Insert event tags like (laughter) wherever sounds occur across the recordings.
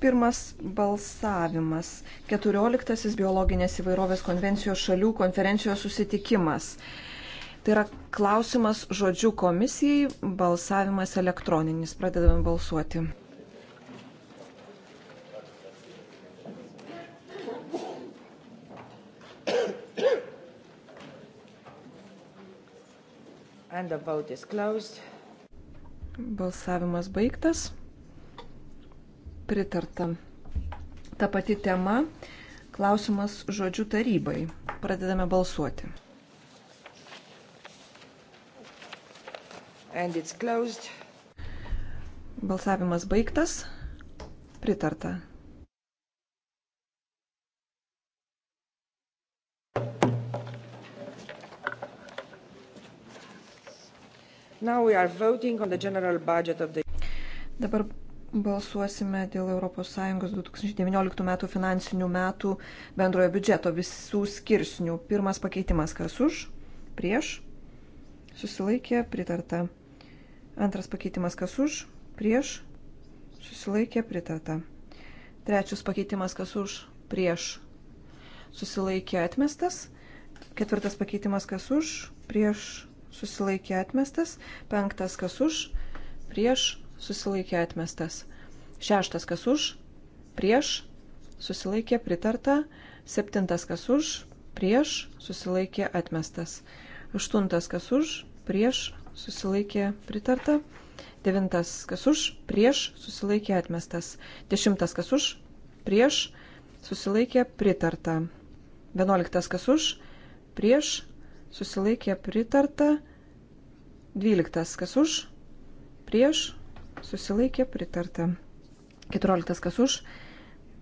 Pirmas balsavimas. 14. biologinės įvairovės konvencijos šalių konferencijos susitikimas. Tai yra klausimas žodžių komisijai, balsavimas elektroninis. Pradedame balsuoti. Balsavimas baigtas. Pritarta. Ta pati tema. Klausimas žodžių tarybai. Pradedame balsuoti. Balsavimas baigtas. Pritarta. The... Dabar balsuosime dėl ES 2019 metų finansinių metų bendrojo biudžeto visų skirsnių. Pirmas pakeitimas kas už, prieš, susilaikė, pritarta. Antras pakeitimas kas už, prieš, susilaikė, pritarta. Trečias pakeitimas kas už, prieš, susilaikė, atmestas. Ketvirtas pakeitimas kas už, prieš, susilaikė, atmestas. Penktas kas už, prieš, susilaikė atmestas. Šeštas kas už, prieš, susilaikė pritarta. Septintas kas už, prieš, susilaikė atmestas. Aštuntas kas už, prieš, susilaikė pritarta. Devintas kas už, prieš, susilaikė atmestas. Dešimtas kas už, prieš, susilaikė pritarta. Vienuoliktas kas už, prieš, susilaikė pritarta. Dvyliktas kas už, prieš, susilaikė, pritarta. 14 kas už,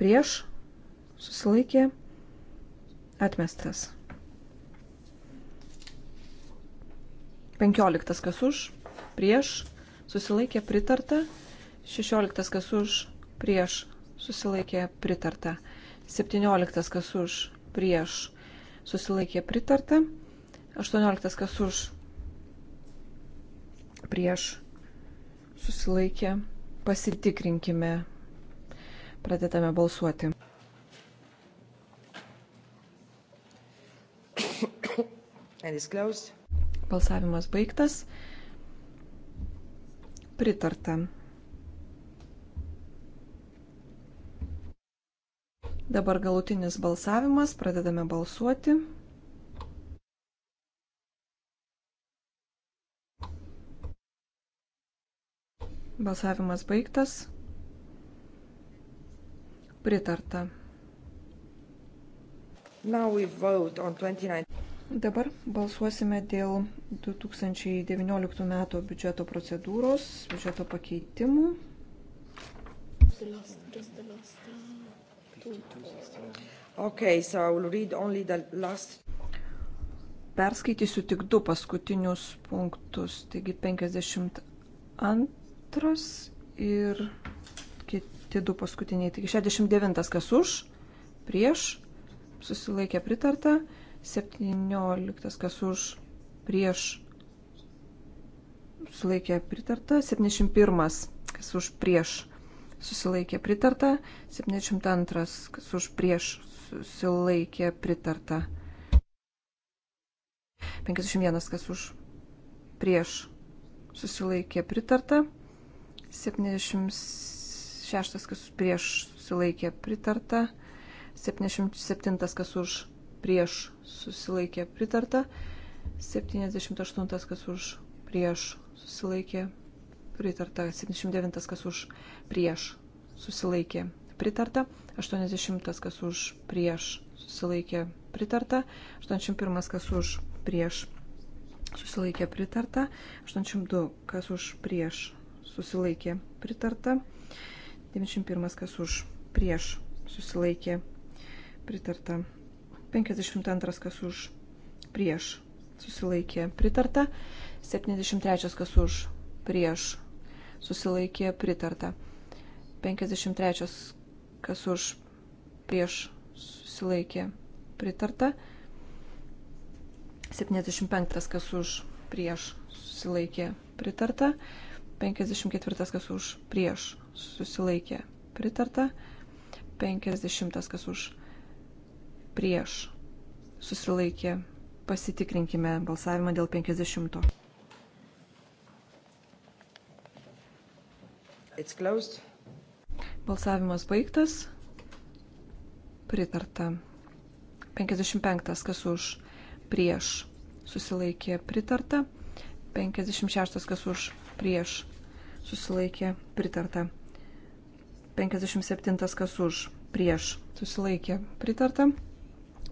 prieš, susilaikė, atmestas. 15 kas už, prieš, susilaikė, pritarta. 16 kas už, prieš, susilaikė, pritarta. 17 kas už, prieš, susilaikė, pritarta. 18 kas už, prieš, susilaikė, pasitikrinkime. Pradedame balsuoti. Balsavimas baigtas. Pritarta. Dabar galutinis balsavimas. Pradedame balsuoti. Balsavimas baigtas. Pritarta. Dabar balsuosime dėl 2019 m. biudžeto procedūros, biudžeto pakeitimų. Okay, so last... Perskaitysiu tik du paskutinius punktus, taigi 52 2 ir kiti du paskutiniai. Taigi 69 kas už, prieš, susilaikė pritarta, 17 kas už, prieš, susilaikė pritarta, 71 kas už, prieš, susilaikė pritarta, 72 kas už, prieš, susilaikė pritarta. 51 kas už, prieš, susilaikė pritarta. 76 kas prieš susilaikė pritarta, 77 kas už prieš susilaikė pritarta, 78 kas už prieš susilaikė pritarta, 79 kas už prieš susilaikė pritarta, 80 kas už prieš susilaikė pritarta, 81 kas už prieš susilaikė pritarta, 82 kas už prieš susilaikė pritarta. 91 kas už prieš susilaikė pritarta. 52 kas už prieš susilaikė pritarta. 73 kas už prieš susilaikė pritarta. 53 kas už prieš susilaikė pritarta. 75 kas už prieš susilaikė pritarta. 54 kas už prieš susilaikė pritarta, 50 kas už prieš susilaikė. Pasitikrinkime balsavimą dėl 50. Balsavimas baigtas. Pritarta. 55 kas už prieš susilaikė pritarta. 56 kas už prieš prieš susilaikė pritarta. 57 kas už prieš susilaikė pritarta.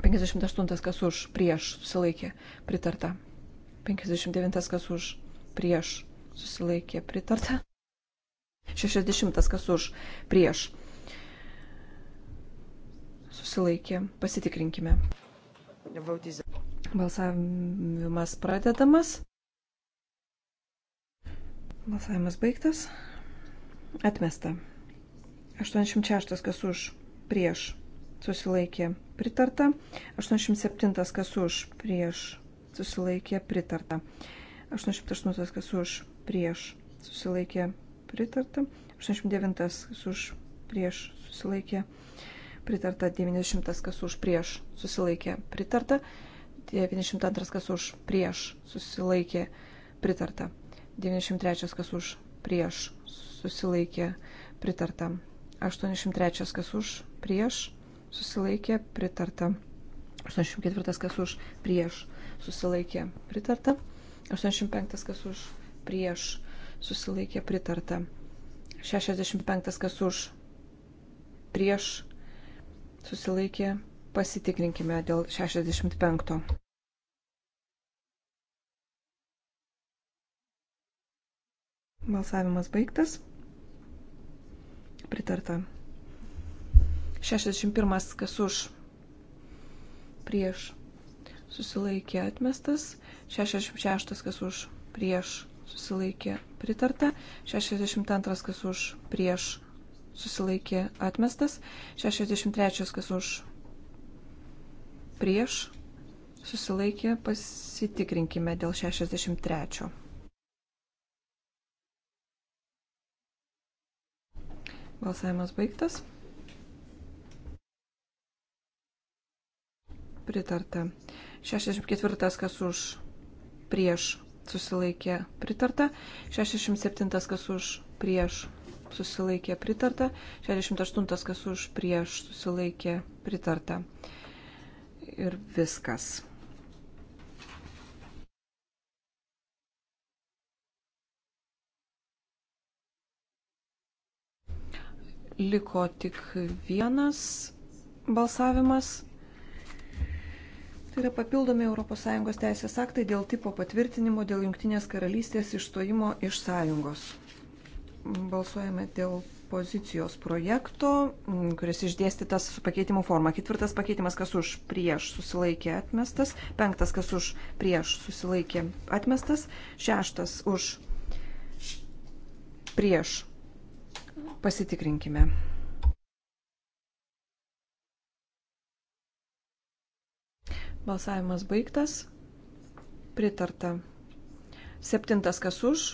58 kas už prieš susilaikė pritarta. 59 kas už prieš susilaikė pritarta. 60 kas už prieš susilaikė. Pasitikrinkime. Balsavimas pradedamas. Balsavimas baigtas. Atmesta. 86 kas už, prieš, susilaikė, pritarta. 87 kas už, prieš, susilaikė, pritarta. 88 kas už, prieš, susilaikė, pritarta. 89 kas už, prieš, susilaikė, pritarta. 90 kas už, prieš, susilaikė, pritarta. 92 kas už, prieš, susilaikė, pritarta. 93 kas už prieš susilaikė pritarta. 83 kas už prieš susilaikė pritarta. 84 kas už prieš susilaikė pritarta. 85 kas už prieš susilaikė pritarta. 65 kas už prieš susilaikė. Pasitikrinkime dėl 65. Balsavimas baigtas. Pritarta. 61. Kas už? Prieš. Susilaikė atmestas. 66. Kas už? Prieš. Susilaikė pritarta. 62. Kas už? Prieš. Susilaikė atmestas. 63. Kas už? Prieš. Susilaikė pasitikrinkime dėl 63. Balsavimas baigtas. Pritarta. 64 kas už prieš susilaikė pritarta. 67 kas už prieš susilaikė pritarta. 68 kas už prieš susilaikė pritarta. Ir viskas. Liko tik vienas balsavimas. Tai yra papildomi ES teisės aktai dėl tipo patvirtinimo dėl Junktinės karalystės išstojimo iš sąjungos. Balsuojame dėl pozicijos projekto, kuris išdėstytas su pakeitimo forma. Ketvirtas pakeitimas, kas už prieš susilaikė atmestas. Penktas, kas už prieš susilaikė atmestas. Šeštas už prieš Pasitikrinkime. Balsavimas baigtas. Pritarta. Septintas kas už,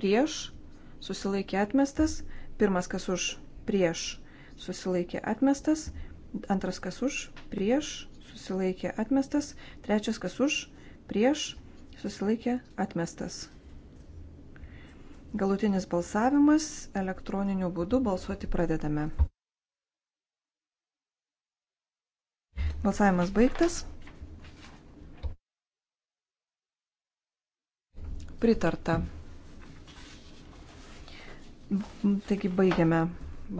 prieš, susilaikė atmestas. Pirmas kas už, prieš, susilaikė atmestas. Antras kas už, prieš, susilaikė atmestas. Trečias kas už, prieš, susilaikė atmestas. Galutinis balsavimas elektroniniu būdu balsuoti pradedame. Balsavimas baigtas. Pritarta. Taigi baigiame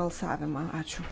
balsavimą. Ačiū.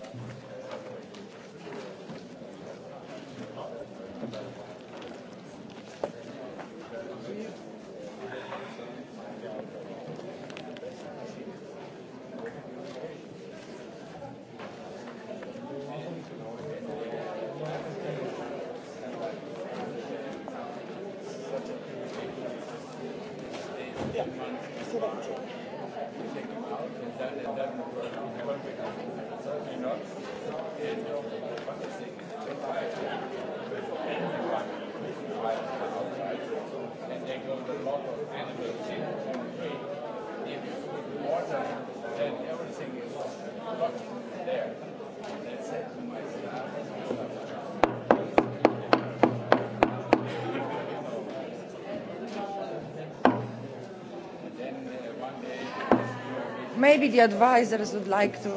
the advisors would like to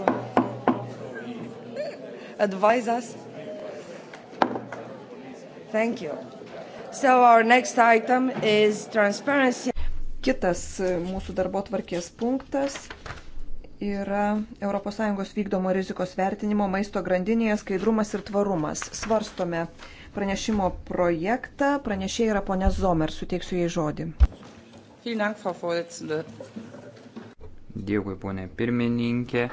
advise us? Thank you. So our next item is transparency. Kitas e, mūsų darbo tvarkės punktas yra ES vykdomo rizikos vertinimo maisto grandinėje skaidrumas ir tvarumas. Svarstome pranešimo projektą. Pranešė yra ponė Zomer. Suteiksiu jai žodį. Vielen Dank, Frau Vorsitzende. Dėkui, ponė pirmininkė.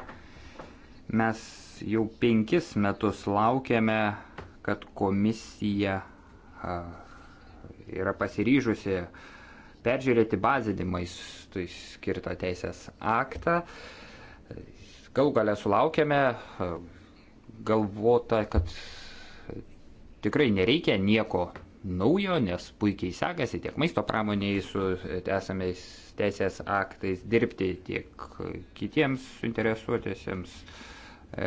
Mes jau penkis metus laukiame, kad komisija yra pasiryžusi peržiūrėti bazinį maistui skirtą teisės aktą. Gal galę sulaukėme, galvota, kad tikrai nereikia nieko naujo, nes puikiai sekasi tiek maisto pramoniai su esamais teisės aktais dirbti tiek kitiems suinteresuotiesiems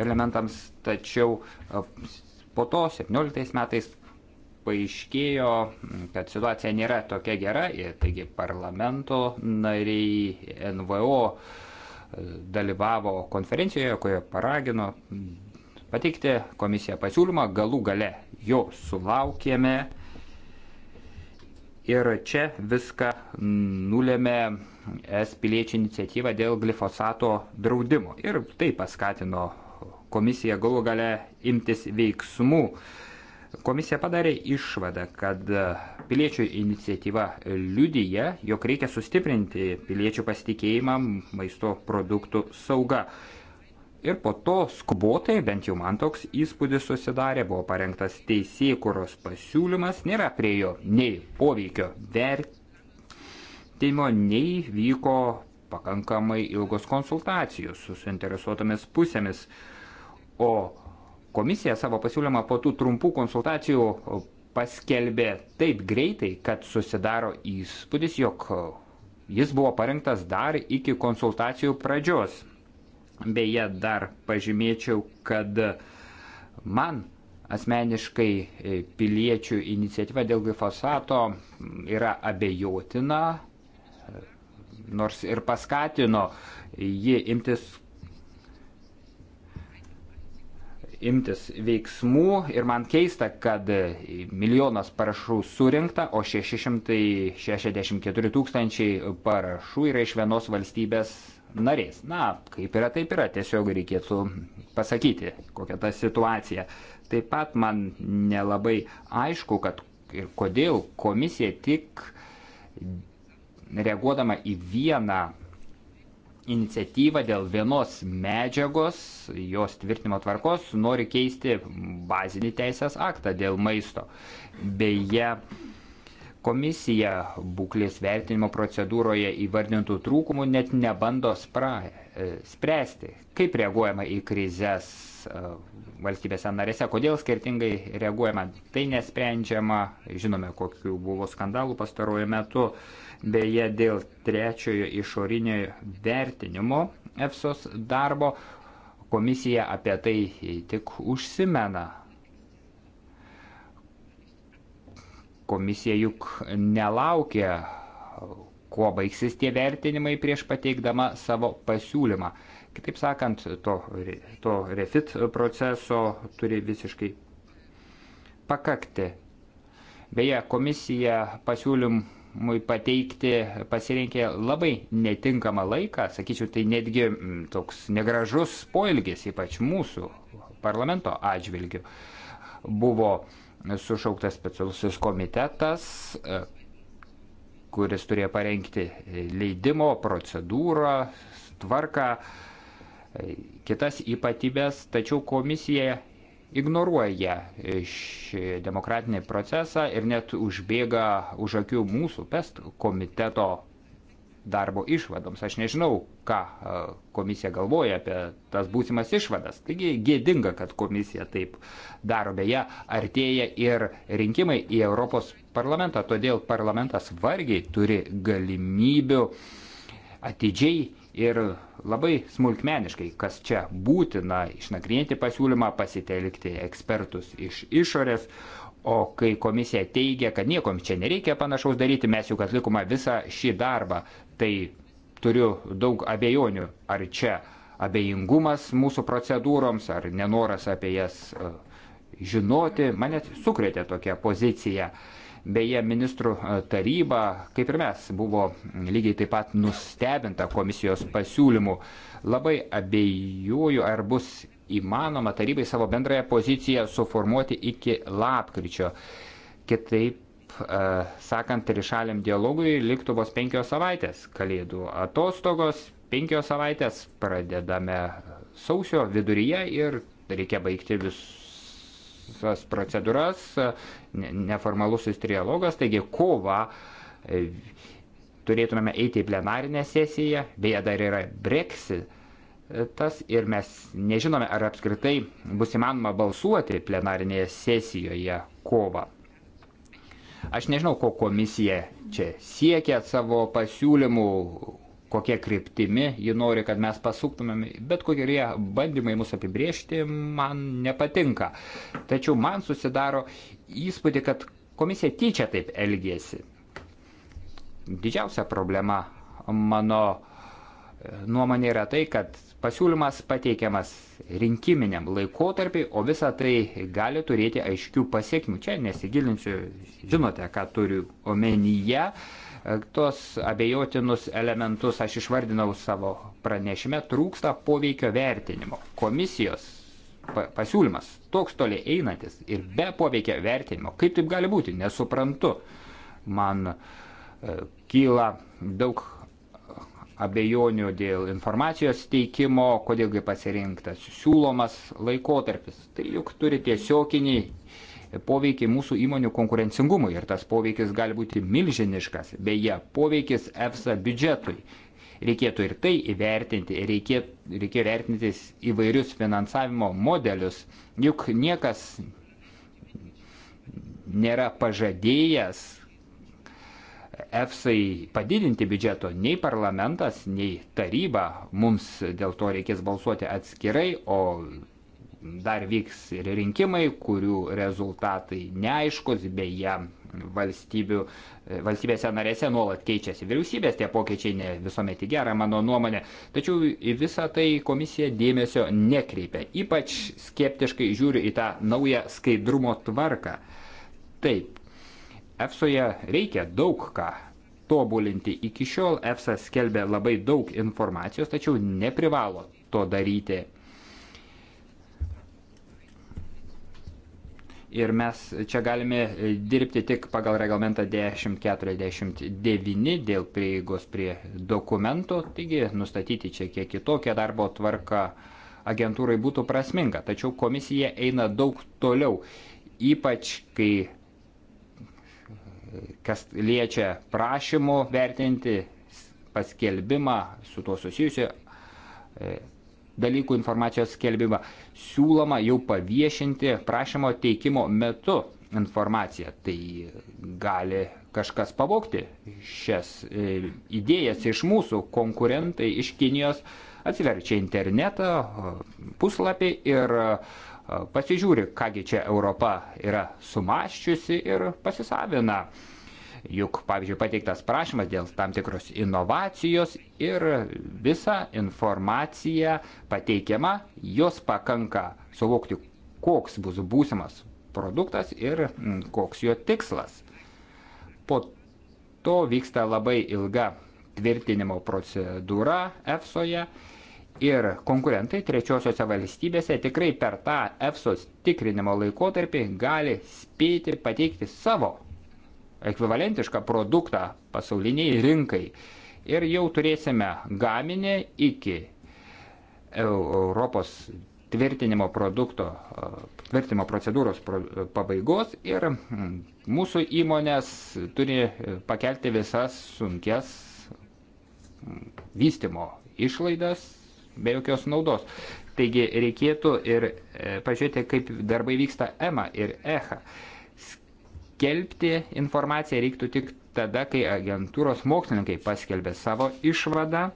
elementams, tačiau po to 17 metais paaiškėjo, kad situacija nėra tokia gera, taigi parlamento nariai NVO dalyvavo konferencijoje, kurioje paragino pateikti komisiją pasiūlymą, galų gale jo sulaukėme Ir čia viską nulėmė es piliečių iniciatyva dėl glifosato draudimo. Ir tai paskatino komisiją galų gale imtis veiksmų. Komisija padarė išvadą, kad piliečių iniciatyva liudyje, jog reikia sustiprinti piliečių pasitikėjimą maisto produktų sauga. Ir po to skubotai, bent jau man toks įspūdis susidarė, buvo parengtas teisėkuros pasiūlymas, nėra prie jo nei poveikio vertimo, nei vyko pakankamai ilgos konsultacijos su suinteresuotomis pusėmis. O komisija savo pasiūlymą po tų trumpų konsultacijų paskelbė taip greitai, kad susidaro įspūdis, jog jis buvo parengtas dar iki konsultacijų pradžios. Beje, dar pažymėčiau, kad man asmeniškai e, piliečių iniciatyva dėl glifosato yra abejotina, e, nors ir paskatino ji imtis, imtis veiksmų ir man keista, kad milijonas parašų surinkta, o 664 tūkstančiai parašų yra iš vienos valstybės nariais. Na, kaip yra, taip yra, tiesiog reikėtų pasakyti, kokia ta situacija. Taip pat man nelabai aišku, kad ir kodėl komisija tik reaguodama į vieną iniciatyvą dėl vienos medžiagos, jos tvirtinimo tvarkos, nori keisti bazinį teisės aktą dėl maisto. Beje, Komisija būklės vertinimo procedūroje įvardintų trūkumų net nebando spra, e, spręsti. Kaip reaguojama į krizės e, valstybėse narėse, kodėl skirtingai reaguojama, tai nesprendžiama, žinome, kokiu buvo skandalų pastaruoju metu, beje, dėl trečiojo išorinio vertinimo EFSOS darbo komisija apie tai tik užsimena. Komisija juk nelaukia, kuo baigsis tie vertinimai prieš pateikdama savo pasiūlymą. Kitaip sakant, to, to refit proceso turi visiškai pakakti. Beje, komisija pasiūlymui pateikti pasirinkė labai netinkamą laiką, sakyčiau, tai netgi mm, toks negražus poilgis, ypač mūsų parlamento atžvilgių. Buvo uh, sušauktas specialusis komitetas, e, kuris turėjo parengti leidimo procedūrą, tvarką, e, kitas ypatybės, tačiau komisija ignoruoja e, šį demokratinį procesą ir net užbėga už akių mūsų PEST komiteto darbo išvadoms. Aš nežinau, ką e, komisija galvoja apie tas būsimas išvadas. Taigi gėdinga, kad komisija taip daro. Beje, artėja ir rinkimai į Europos parlamentą, todėl parlamentas vargiai turi galimybių atidžiai ir labai smulkmeniškai, kas čia būtina, išnagrinėti pasiūlymą, pasitelkti ekspertus iš išorės, O kai komisija teigia, kad niekom čia nereikia panašaus daryti, mes juk atlikome visą šį darbą, tai turiu daug abejonių, ar čia abejingumas mūsų procedūroms, ar nenoras apie jas e, žinoti, mane sukrėtė tokia pozicija. Beje, ministrų e, taryba, kaip ir mes, buvo lygiai taip pat nustebinta komisijos pasiūlymų. Labai abejoju, ar bus įmanoma tarybai savo bendrąją poziciją suformuoti iki lapkričio. Kitaip e, sakant, trišaliam dialogui liktų vos penkios savaitės. Kalėdų atostogos, penkios savaitės, pradedame sausio viduryje ir reikia baigti visas procedūras, neformalusis trialogas, taigi kova e, turėtumėme eiti į plenarinę sesiją, beje dar yra Brexit tas ir mes nežinome, ar apskritai bus įmanoma balsuoti plenarinėje sesijoje kovą. Aš nežinau, ko komisija čia siekia savo pasiūlymų, kokie kryptimi ji nori, kad mes pasuktumėm, bet kokie bandymai mus apibriežti man nepatinka. Tačiau man susidaro įspūdį, kad komisija tyčia taip elgėsi. Didžiausia problema mano nuomonė yra tai, kad Pasiūlymas pateikiamas rinkiminiam laikotarpiai, o visa tai gali turėti aiškių pasiekmių. Čia nesigilinsiu, žinote, ką turiu omenyje. E, Tos abejotinus elementus aš išvardinau savo pranešime, trūksta poveikio vertinimo. Komisijos pasiūlymas toks toliai einantis ir be poveikio vertinimo. Kaip taip gali būti, nesuprantu. Man e, kyla daug abejonių dėl informacijos teikimo, kodėlgi pasirinktas siūlomas laikotarpis. Tai juk turi tiesioginį poveikį mūsų įmonių konkurencingumui ir tas poveikis gali būti milžiniškas. Beje, poveikis EFSA biudžetui. Reikėtų ir tai įvertinti, reikėtų, reikėtų vertinti įvairius finansavimo modelius, juk niekas nėra pažadėjęs EFSAI padidinti biudžeto nei parlamentas, nei taryba. Mums dėl to reikės balsuoti atskirai, o dar vyks ir rinkimai, kurių rezultatai neaiškus, beje, valstybėse narėse nuolat keičiasi vyriausybės, tie pokyčiai ne visuomet į gerą, mano nuomonė. Tačiau į visą tai komisija dėmesio nekreipia. Ypač skeptiškai žiūriu į tą naują skaidrumo tvarką. Taip, EFSOje reikia daug ką tobulinti. Iki šiol EFSA skelbė labai daug informacijos, tačiau neprivalo to daryti. Ir mes čia galime dirbti tik pagal reglamentą 1049 dėl prieigos prie dokumentų, taigi nustatyti čia kiek kitokią darbo tvarką agentūrai būtų prasminga. Tačiau komisija eina daug toliau, ypač kai kas liečia prašymų vertinti paskelbimą su tuo susijusiu e, dalykų informacijos skelbimą. Siūloma jau paviešinti prašymo teikimo metu informaciją. Tai gali kažkas pavokti šias e, idėjas iš mūsų konkurentai iš Kinijos. Atsiverčia internetą, puslapį ir pasižiūri, kągi čia Europa yra sumaščiusi ir pasisavina. Juk, pavyzdžiui, pateiktas prašymas dėl tam tikros inovacijos ir visa informacija pateikiama, jos pakanka suvokti, koks bus būsimas produktas ir mm, koks jo tikslas. Po to vyksta labai ilga tvirtinimo procedūra EFSOje ir konkurentai trečiosiose valstybėse tikrai per tą EFSOS tikrinimo laikotarpį gali spėti pateikti savo ekvivalentišką produktą pasauliniai rinkai. Ir jau turėsime gaminę iki Europos tvirtinimo produkto, tvirtinimo procedūros pabaigos ir mūsų įmonės turi pakelti visas sunkes vystimo išlaidas be jokios naudos. Taigi reikėtų ir e, pažiūrėti, kaip darbai vyksta EMA ir EHA. Skelbti informaciją reiktų tik tada, kai agentūros mokslininkai paskelbė savo išvadą.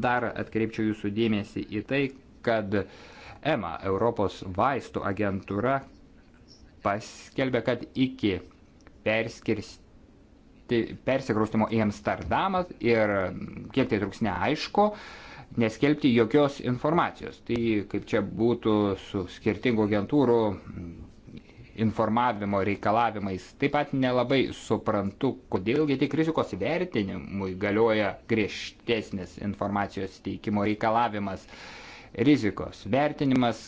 Dar atkreipčiau jūsų dėmesį į tai, kad EMA, Europos vaistų agentūra, paskelbė, kad iki persikraustimo į Amsterdamą ir kiek tai truks neaišku, neskelbti jokios informacijos. Tai kaip čia būtų su skirtingų agentūrų informavimo reikalavimais. Taip pat nelabai suprantu, kodėlgi tik rizikos vertinimui galioja griežtesnis informacijos teikimo reikalavimas. Rizikos vertinimas,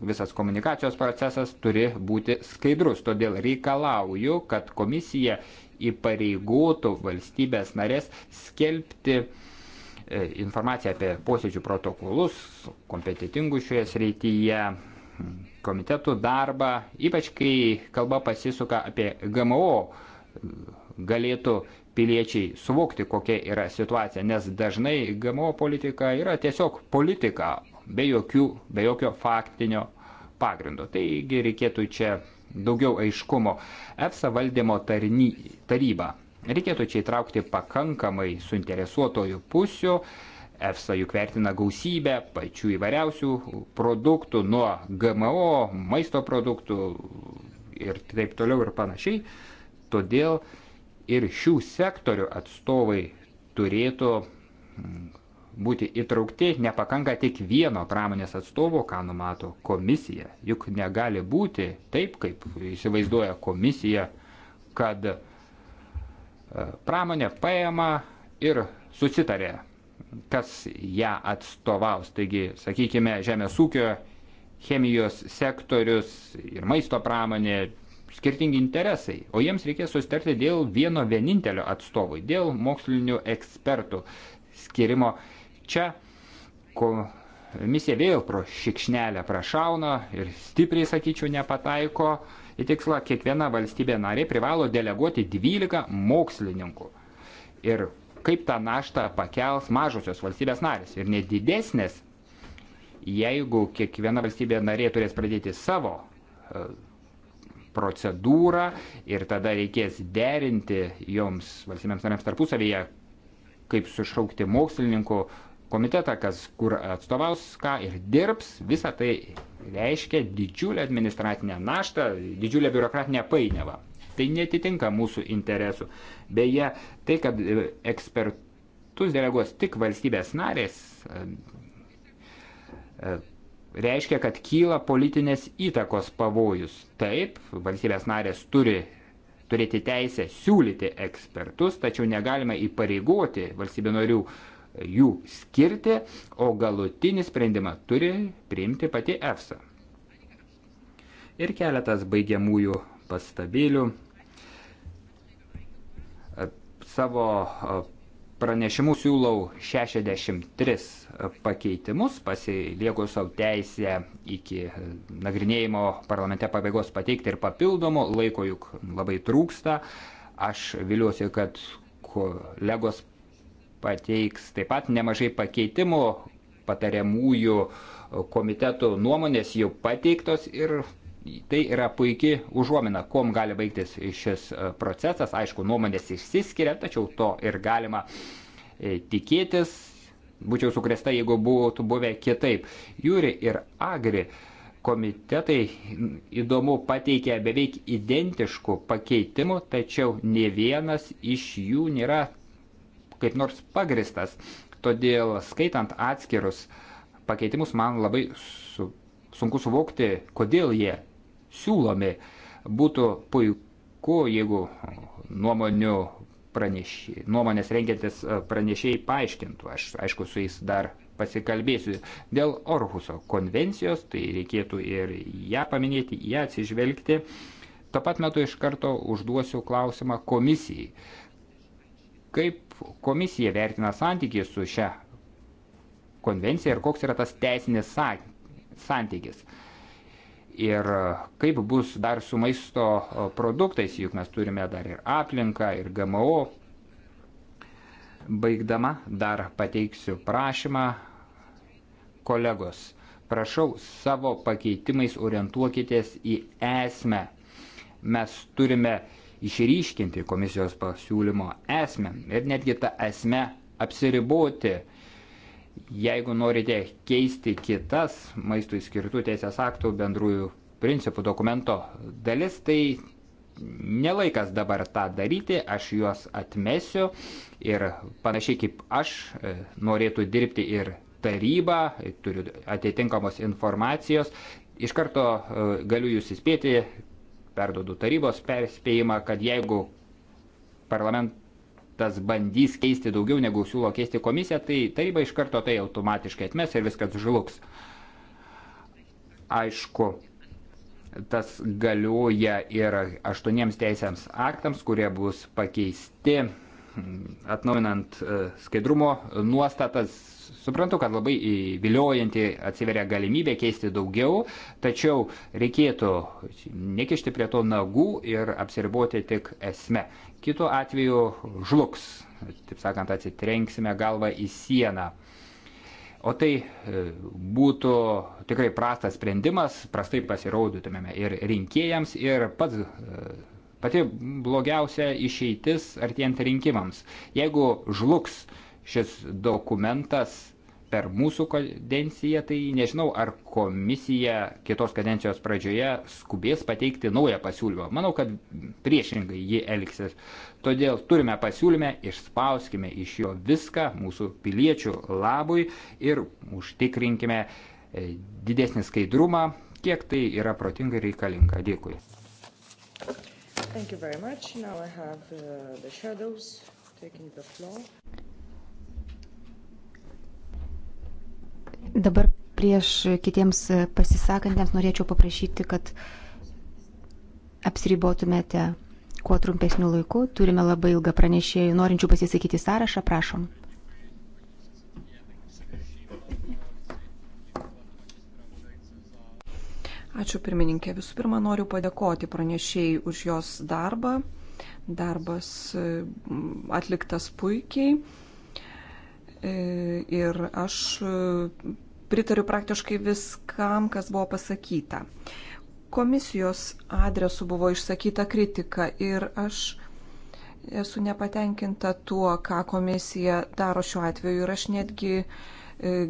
visas komunikacijos procesas turi būti skaidrus, todėl reikalauju, kad komisija įpareigotų valstybės narės skelbti E, informaciją apie posėdžių protokolus, kompetitingų šioje srityje, komitetų darbą, ypač kai kalba pasisuka apie GMO, galėtų piliečiai suvokti, kokia yra situacija, nes dažnai GMO politika yra tiesiog politika, be, jokių, be jokio faktinio pagrindo. Taigi reikėtų čia daugiau aiškumo. EFSA valdymo taryba Reikėtų čia įtraukti pakankamai suinteresuotojų pusių. EFSA juk vertina gausybę pačių įvairiausių produktų nuo GMO, maisto produktų ir taip toliau ir panašiai. Todėl ir šių sektorių atstovai turėtų mm, būti įtraukti, nepakanka tik vieno pramonės atstovo, ką numato komisija. Juk negali būti taip, kaip įsivaizduoja komisija, kad uh, pramonė paėma ir susitarė, kas ją atstovaus. Taigi, sakykime, žemės ūkio, chemijos sektorius ir maisto pramonė skirtingi interesai, o jiems reikės susitarti dėl vieno vienintelio atstovui, dėl mokslinių ekspertų skirimo. Čia komisija vėl pro šikšnelę prašauna ir stipriai, sakyčiau, nepataiko į tikslą kiekviena valstybė narė privalo deleguoti 12 mokslininkų. Ir kaip tą naštą pakels mažosios valstybės narės ir nedidesnės, jeigu kiekviena valstybė narė turės pradėti savo e, procedūrą ir tada reikės derinti joms valstybėms narėms tarpusavyje, kaip sušaukti mokslininkų komitetą, kas kur atstovaus ką ir dirbs, visą tai reiškia didžiulę administracinę naštą, didžiulę biurokratinę painiavą. Tai netitinka mūsų interesų. Beje, tai, kad e, ekspertus deleguos tik valstybės narės, e, e, reiškia, kad kyla politinės įtakos pavojus. Taip, valstybės narės turi turėti teisę siūlyti ekspertus, tačiau negalime įpareigoti valstybių narių uh, jų skirti, o galutinį sprendimą turi priimti pati EFSA. Ir keletas baigiamųjų pastabėlių. Savo pranešimu siūlau 63 pakeitimus, pasilieku savo teisę iki nagrinėjimo parlamente pabaigos pateikti ir papildomų, laiko juk labai trūksta. Aš viliuosi, kad kolegos pateiks taip pat nemažai pakeitimų patariamųjų komitetų nuomonės jau pateiktos ir tai yra puikiai užuomina, kom gali baigtis šis e, procesas. Aišku, nuomonės išsiskiria, tačiau to ir galima e, tikėtis. Būčiau sukresta, jeigu būtų buvę kitaip. Jūri ir Agri komitetai įdomu pateikė beveik identiškų pakeitimų, tačiau ne vienas iš jų nėra kaip nors pagristas. Todėl skaitant atskirus pakeitimus man labai su, sunku suvokti, kodėl jie siūlomi. Būtų puiku, jeigu nuomonių pranešė, nuomonės rengiantis e, pranešėjai paaiškintų. Aš aišku su jais dar pasikalbėsiu. Dėl Orhuso konvencijos, tai reikėtų ir ją paminėti, ją atsižvelgti. Tuo pat metu iš karto užduosiu klausimą komisijai. Kaip komisija vertina santykį su šia konvencija ir koks yra tas teisinis santykis. Ir kaip bus dar su maisto produktais, juk mes turime dar ir aplinką, ir GMO. Baigdama dar pateiksiu prašymą kolegos. Prašau, savo pakeitimais orientuokitės į esmę. Mes turime uh, išryškinti komisijos pasiūlymo esmę ir netgi tą esmę apsiriboti. Jeigu norite keisti kitas maistui skirtų teisės aktų bendrųjų principų dokumento dalis, tai nelaikas dabar tą daryti, aš juos atmesiu ir panašiai kaip aš e, norėtų dirbti ir taryba, turiu atitinkamos informacijos. Iš karto e, galiu jūs įspėti, perdodu tarybos perspėjimą, kad jeigu parlamentas bandys keisti daugiau negu siūlo keisti komisija, tai taryba iš karto tai automatiškai atmes ir viskas žlugs. Aišku, tas galioja ir aštuoniems teisėms aktams, kurie bus pakeisti atnaujinant e, skaidrumo nuostatas suprantu, kad labai viliojanti atsiveria galimybė keisti daugiau, tačiau reikėtų nekišti prie to nagų ir apsiriboti tik esme. Kitu atveju žlugs, taip sakant, atsitrenksime galvą į sieną. O tai e, būtų tikrai prastas sprendimas, prastai pasirodytumėme ir rinkėjams, ir pats, e, pati blogiausia išeitis artėjant rinkimams. Jeigu žlugs šis dokumentas per mūsų kadenciją, tai nežinau, ar komisija kitos kadencijos pradžioje skubės pateikti naują pasiūlymą. Manau, kad priešingai ji elgsis. Todėl turime pasiūlymę, išspauskime iš jo viską mūsų piliečių labui ir užtikrinkime e, didesnį skaidrumą, kiek tai yra protingai reikalinga. Dėkui. Thank you very much. Now I have uh, the shadows taking the floor. Dabar prieš kitiems pasisakantiems norėčiau paprašyti, kad apsiribotumėte kuo trumpesniu laiku. Turime labai ilgą pranešėjų norinčių pasisakyti sąrašą, prašom. Ačiū pirmininkė. Visų pirma, noriu padėkoti pranešėjai už jos darbą. Darbas atliktas puikiai. E, ir aš e, pritariu praktiškai viskam, kas buvo pasakyta. Komisijos adresu buvo išsakyta kritika ir aš esu nepatenkinta tuo, ką komisija daro šiuo atveju ir aš netgi e,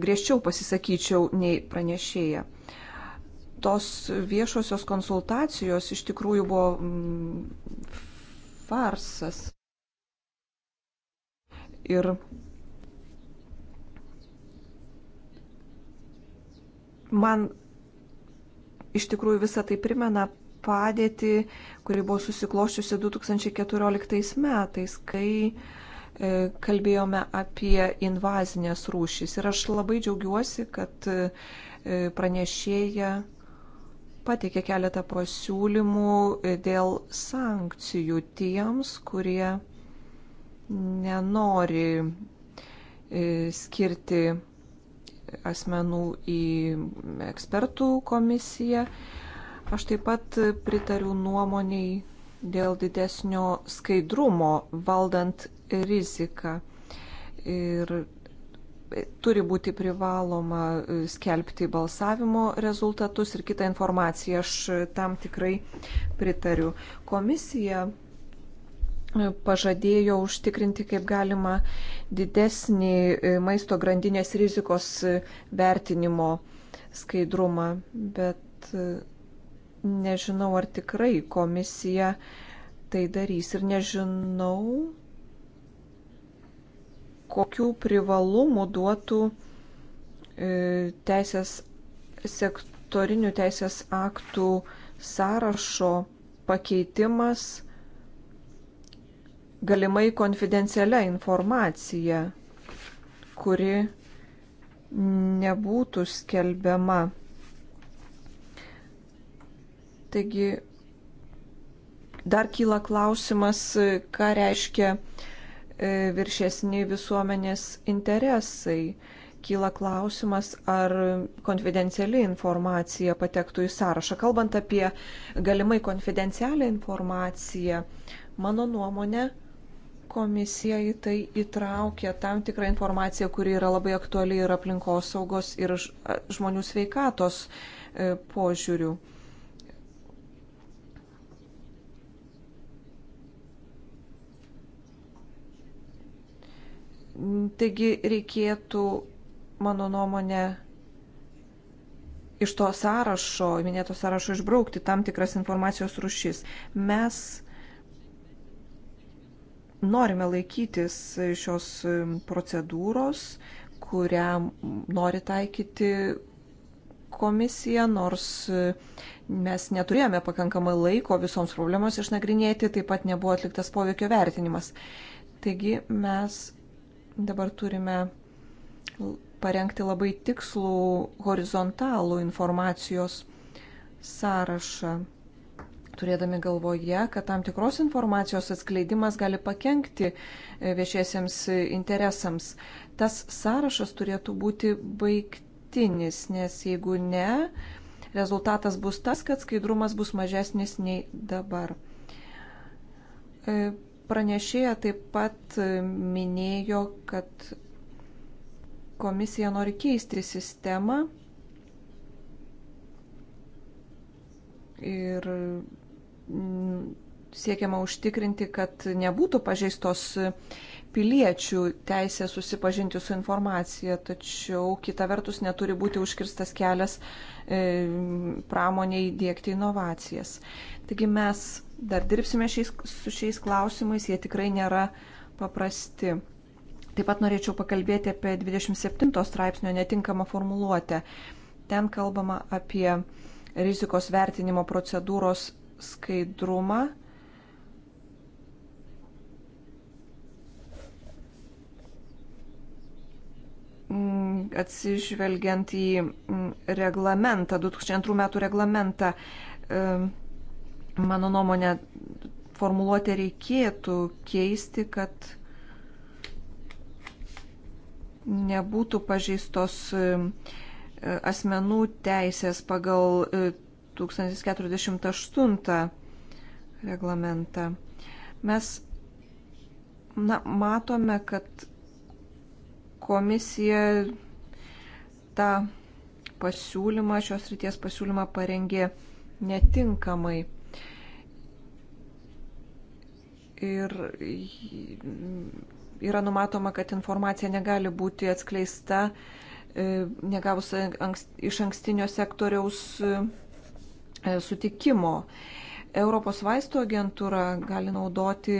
griežčiau pasisakyčiau nei pranešėja. Tos viešosios konsultacijos iš tikrųjų buvo mm, farsas. Ir man iš tikrųjų visą tai primena padėtį, kuri buvo susikloščiusi 2014 metais, kai e, kalbėjome apie invazinės rūšys. Ir aš labai džiaugiuosi, kad e, pranešėja pateikė keletą pasiūlymų e, dėl sankcijų tiems, kurie nenori skirti asmenų į ekspertų komisiją. Aš taip pat pritariu nuomoniai dėl didesnio skaidrumo valdant riziką. Ir turi būti privaloma skelbti balsavimo rezultatus ir kitą informaciją. Aš tam tikrai pritariu. Komisija pažadėjo užtikrinti kaip galima didesnį e, maisto grandinės rizikos e, vertinimo skaidrumą, bet e, nežinau, ar tikrai komisija tai darys ir nežinau, kokių privalumų duotų teisės sektorinių teisės aktų sąrašo pakeitimas galimai konfidencialia informacija, kuri nebūtų skelbiama. Taigi dar kyla klausimas, ką reiškia e, viršesni visuomenės interesai. Kyla klausimas, ar konfidenciali informacija patektų į sąrašą. Kalbant apie galimai konfidencialią informaciją, mano nuomonė, komisija į tai įtraukia tam tikrą informaciją, kuri yra labai aktuali ir aplinkosaugos, ir žmonių sveikatos e, požiūrių. Taigi reikėtų, mano nuomonė, iš to sąrašo, minėto sąrašo išbraukti tam tikras informacijos rušis. Mes norime laikytis šios procedūros, kurią nori taikyti komisija, nors mes neturėjome pakankamai laiko visoms problemos išnagrinėti, taip pat nebuvo atliktas poveikio vertinimas. Taigi mes dabar turime parengti labai tikslų horizontalų informacijos sąrašą turėdami galvoje, kad tam tikros informacijos atskleidimas gali pakengti e, viešiesiems e, interesams. Tas sąrašas turėtų būti baigtinis, nes jeigu ne, rezultatas bus tas, kad skaidrumas bus mažesnis nei dabar. E, pranešėja taip pat minėjo, kad komisija nori keisti sistemą ir Mm, siekiama užtikrinti, kad nebūtų pažeistos piliečių teisė susipažinti su informacija, tačiau kita vertus neturi būti užkirstas kelias e, pramoniai dėkti inovacijas. Taigi mes dar dirbsime šiais, su šiais klausimais, jie tikrai nėra paprasti. Taip pat norėčiau pakalbėti apie 27 straipsnio netinkamą formuluotę. Ten kalbama apie rizikos vertinimo procedūros skaidrumą. Mm, atsižvelgiant į mm, reglamentą, 2002 metų reglamentą, mano nuomonė, formuluotę reikėtų keisti, kad nebūtų pažeistos asmenų teisės pagal e, 1048 reglamentą. Mes na, matome, kad komisija tą pasiūlymą, šios ryties pasiūlymą parengė netinkamai. Ir yra numatoma, kad informacija negali būti atskleista e, negavus iš ankstinio sektoriaus E, sutikimo. Europos vaistų agentūra gali naudoti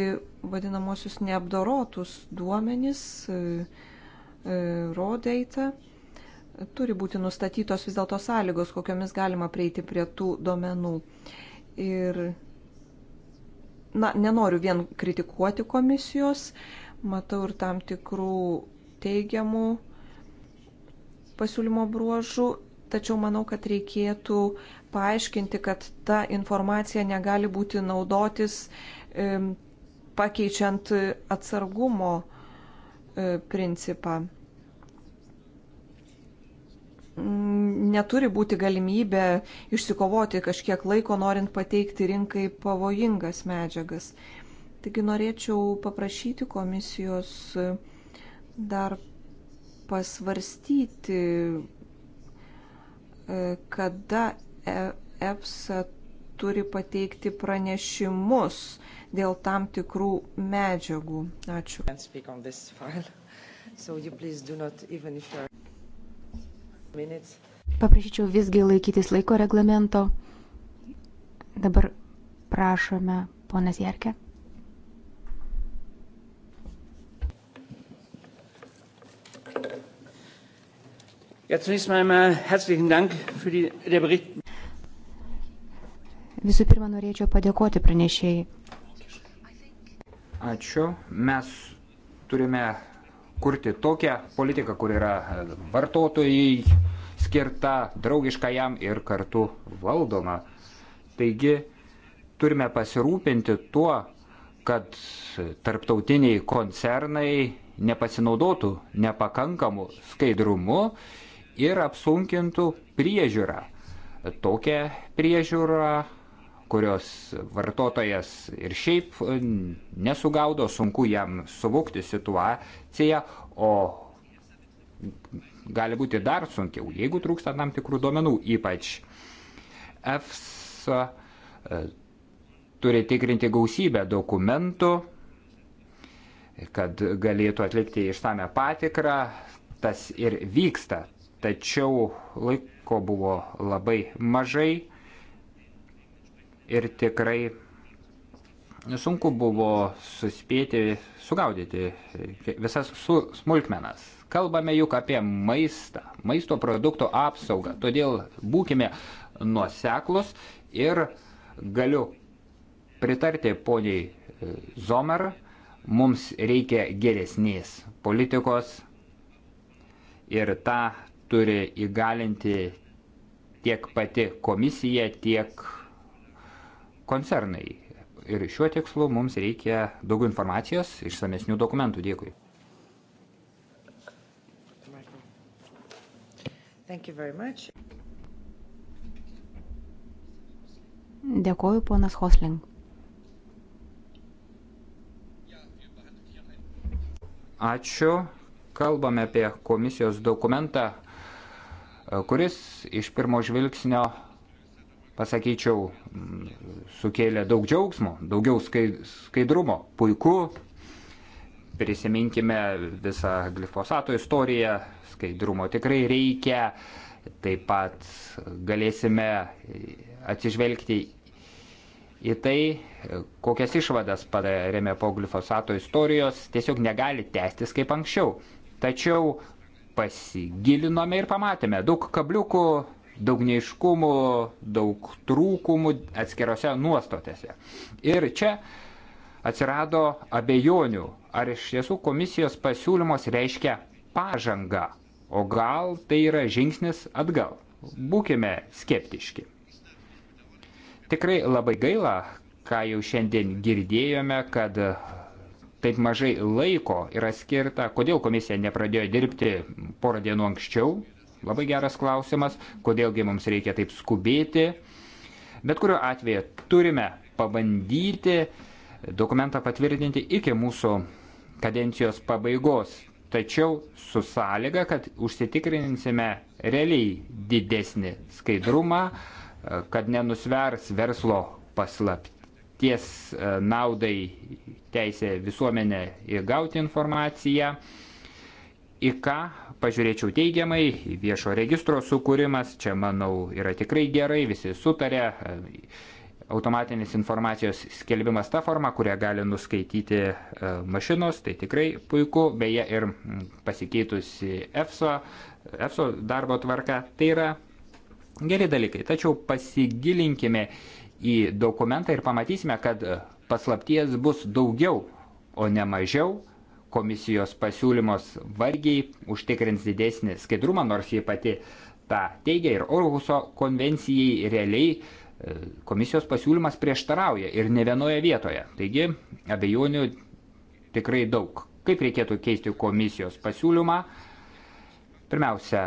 vadinamosius neapdorotus duomenis, e, e, raw data. Turi būti nustatytos vis dėlto sąlygos, kokiomis galima prieiti prie tų duomenų. Ir, na, nenoriu vien kritikuoti komisijos, matau ir tam tikrų teigiamų pasiūlymo bruožų, tačiau manau, kad reikėtų paaiškinti, kad ta informacija negali būti naudotis pakeičiant atsargumo e, principą. Mm, neturi būti galimybė išsikovoti kažkiek laiko, norint pateikti rinkai pavojingas medžiagas. Taigi norėčiau paprašyti komisijos e, dar pasvarstyti, e, kada E, EPSA turi pateikti pranešimus dėl tam tikrų medžiagų. Ačiū. (laughs) Paprašyčiau visgi laikytis laiko reglamento. Dabar prašome, ponas Jerke. Ja, zunächst mal einmal herzlichen Dank für die, der Bericht. Visų pirma, norėčiau padėkoti pranešėjai. Ačiū. Mes turime kurti tokią politiką, kur yra vartotojai skirta, draugiška jam ir kartu valdoma. Taigi turime pasirūpinti tuo, kad tarptautiniai koncernai nepasinaudotų nepakankamu skaidrumu ir apsunkintų priežiūrą. Tokią priežiūrą kurios vartotojas ir šiaip e, nesugaudo, sunku jam suvokti situaciją, o gali būti dar sunkiau, jeigu trūksta tam tikrų duomenų, ypač EFSA e, turi tikrinti gausybę dokumentų, kad galėtų atlikti išsame patikrą, tas ir vyksta, tačiau laiko buvo labai mažai ir tikrai sunku buvo suspėti, sugaudyti visas su smulkmenas. Kalbame juk apie maistą, maisto produkto apsaugą, todėl būkime nuoseklus ir galiu pritarti poniai e, Zomer, mums reikia geresnės politikos ir tą turi įgalinti tiek pati komisija, tiek koncernai. Ir šiuo tikslu mums reikia daugiau informacijos, išsamesnių dokumentų. Dėkui. Dėkoju, ponas Hosling. Ačiū. Kalbame apie komisijos dokumentą, kuris iš pirmo žvilgsnio, pasakyčiau, sukėlė daug džiaugsmo, daugiau skaidrumo. Puiku, prisiminkime visą glifosato istoriją, skaidrumo tikrai reikia, taip pat galėsime atsižvelgti į tai, kokias išvadas padarėme po glifosato istorijos, tiesiog negali tęstis kaip anksčiau. Tačiau pasigilinome ir pamatėme daug kabliukų daug neiškumų, daug trūkumų atskirose nuostatėse. Ir čia atsirado abejonių, ar iš tiesų komisijos pasiūlymos reiškia pažangą, o gal tai yra žingsnis atgal. Būkime skeptiški. Tikrai labai gaila, ką jau šiandien girdėjome, kad taip mažai laiko yra skirta, kodėl komisija nepradėjo dirbti porą dienų anksčiau, Labai geras klausimas, kodėlgi mums reikia taip skubėti. Bet kuriuo atveju turime pabandyti dokumentą patvirtinti iki mūsų kadencijos pabaigos, tačiau su sąlyga, kad užsitikrinsime realiai didesnį skaidrumą, kad nenusvers verslo paslapties e, naudai teisė visuomenė įgauti informaciją, į ką pažiūrėčiau teigiamai, viešo registro sukūrimas, čia manau yra tikrai gerai, visi sutarė, e, automatinis informacijos skelbimas ta forma, kurią gali nuskaityti e, mašinos, tai tikrai puiku, beje ir pasikeitusi EFSO, EFSO darbo tvarka, tai yra geri dalykai, tačiau pasigilinkime į dokumentą ir pamatysime, kad e, paslapties bus daugiau, o ne mažiau komisijos pasiūlymos vargiai užtikrins didesnį skaidrumą, nors jie pati tą teigia ir Orhuso konvencijai realiai e, komisijos pasiūlymas prieštarauja ir ne vienoje vietoje. Taigi abejonių tikrai daug. Kaip reikėtų keisti komisijos pasiūlymą? Pirmiausia,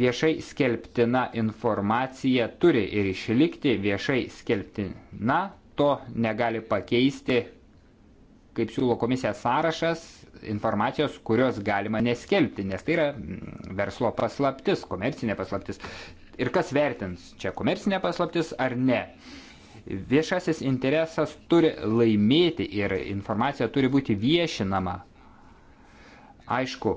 viešai skelbtina informacija turi ir išlikti viešai skelbtina, to negali pakeisti kaip siūlo komisija, sąrašas informacijos, kurios galima neskelbti, nes tai yra mm, verslo paslaptis, komercinė paslaptis. Ir kas vertins, čia komercinė paslaptis ar ne? Viešasis interesas turi laimėti ir informacija turi būti viešinama. Aišku,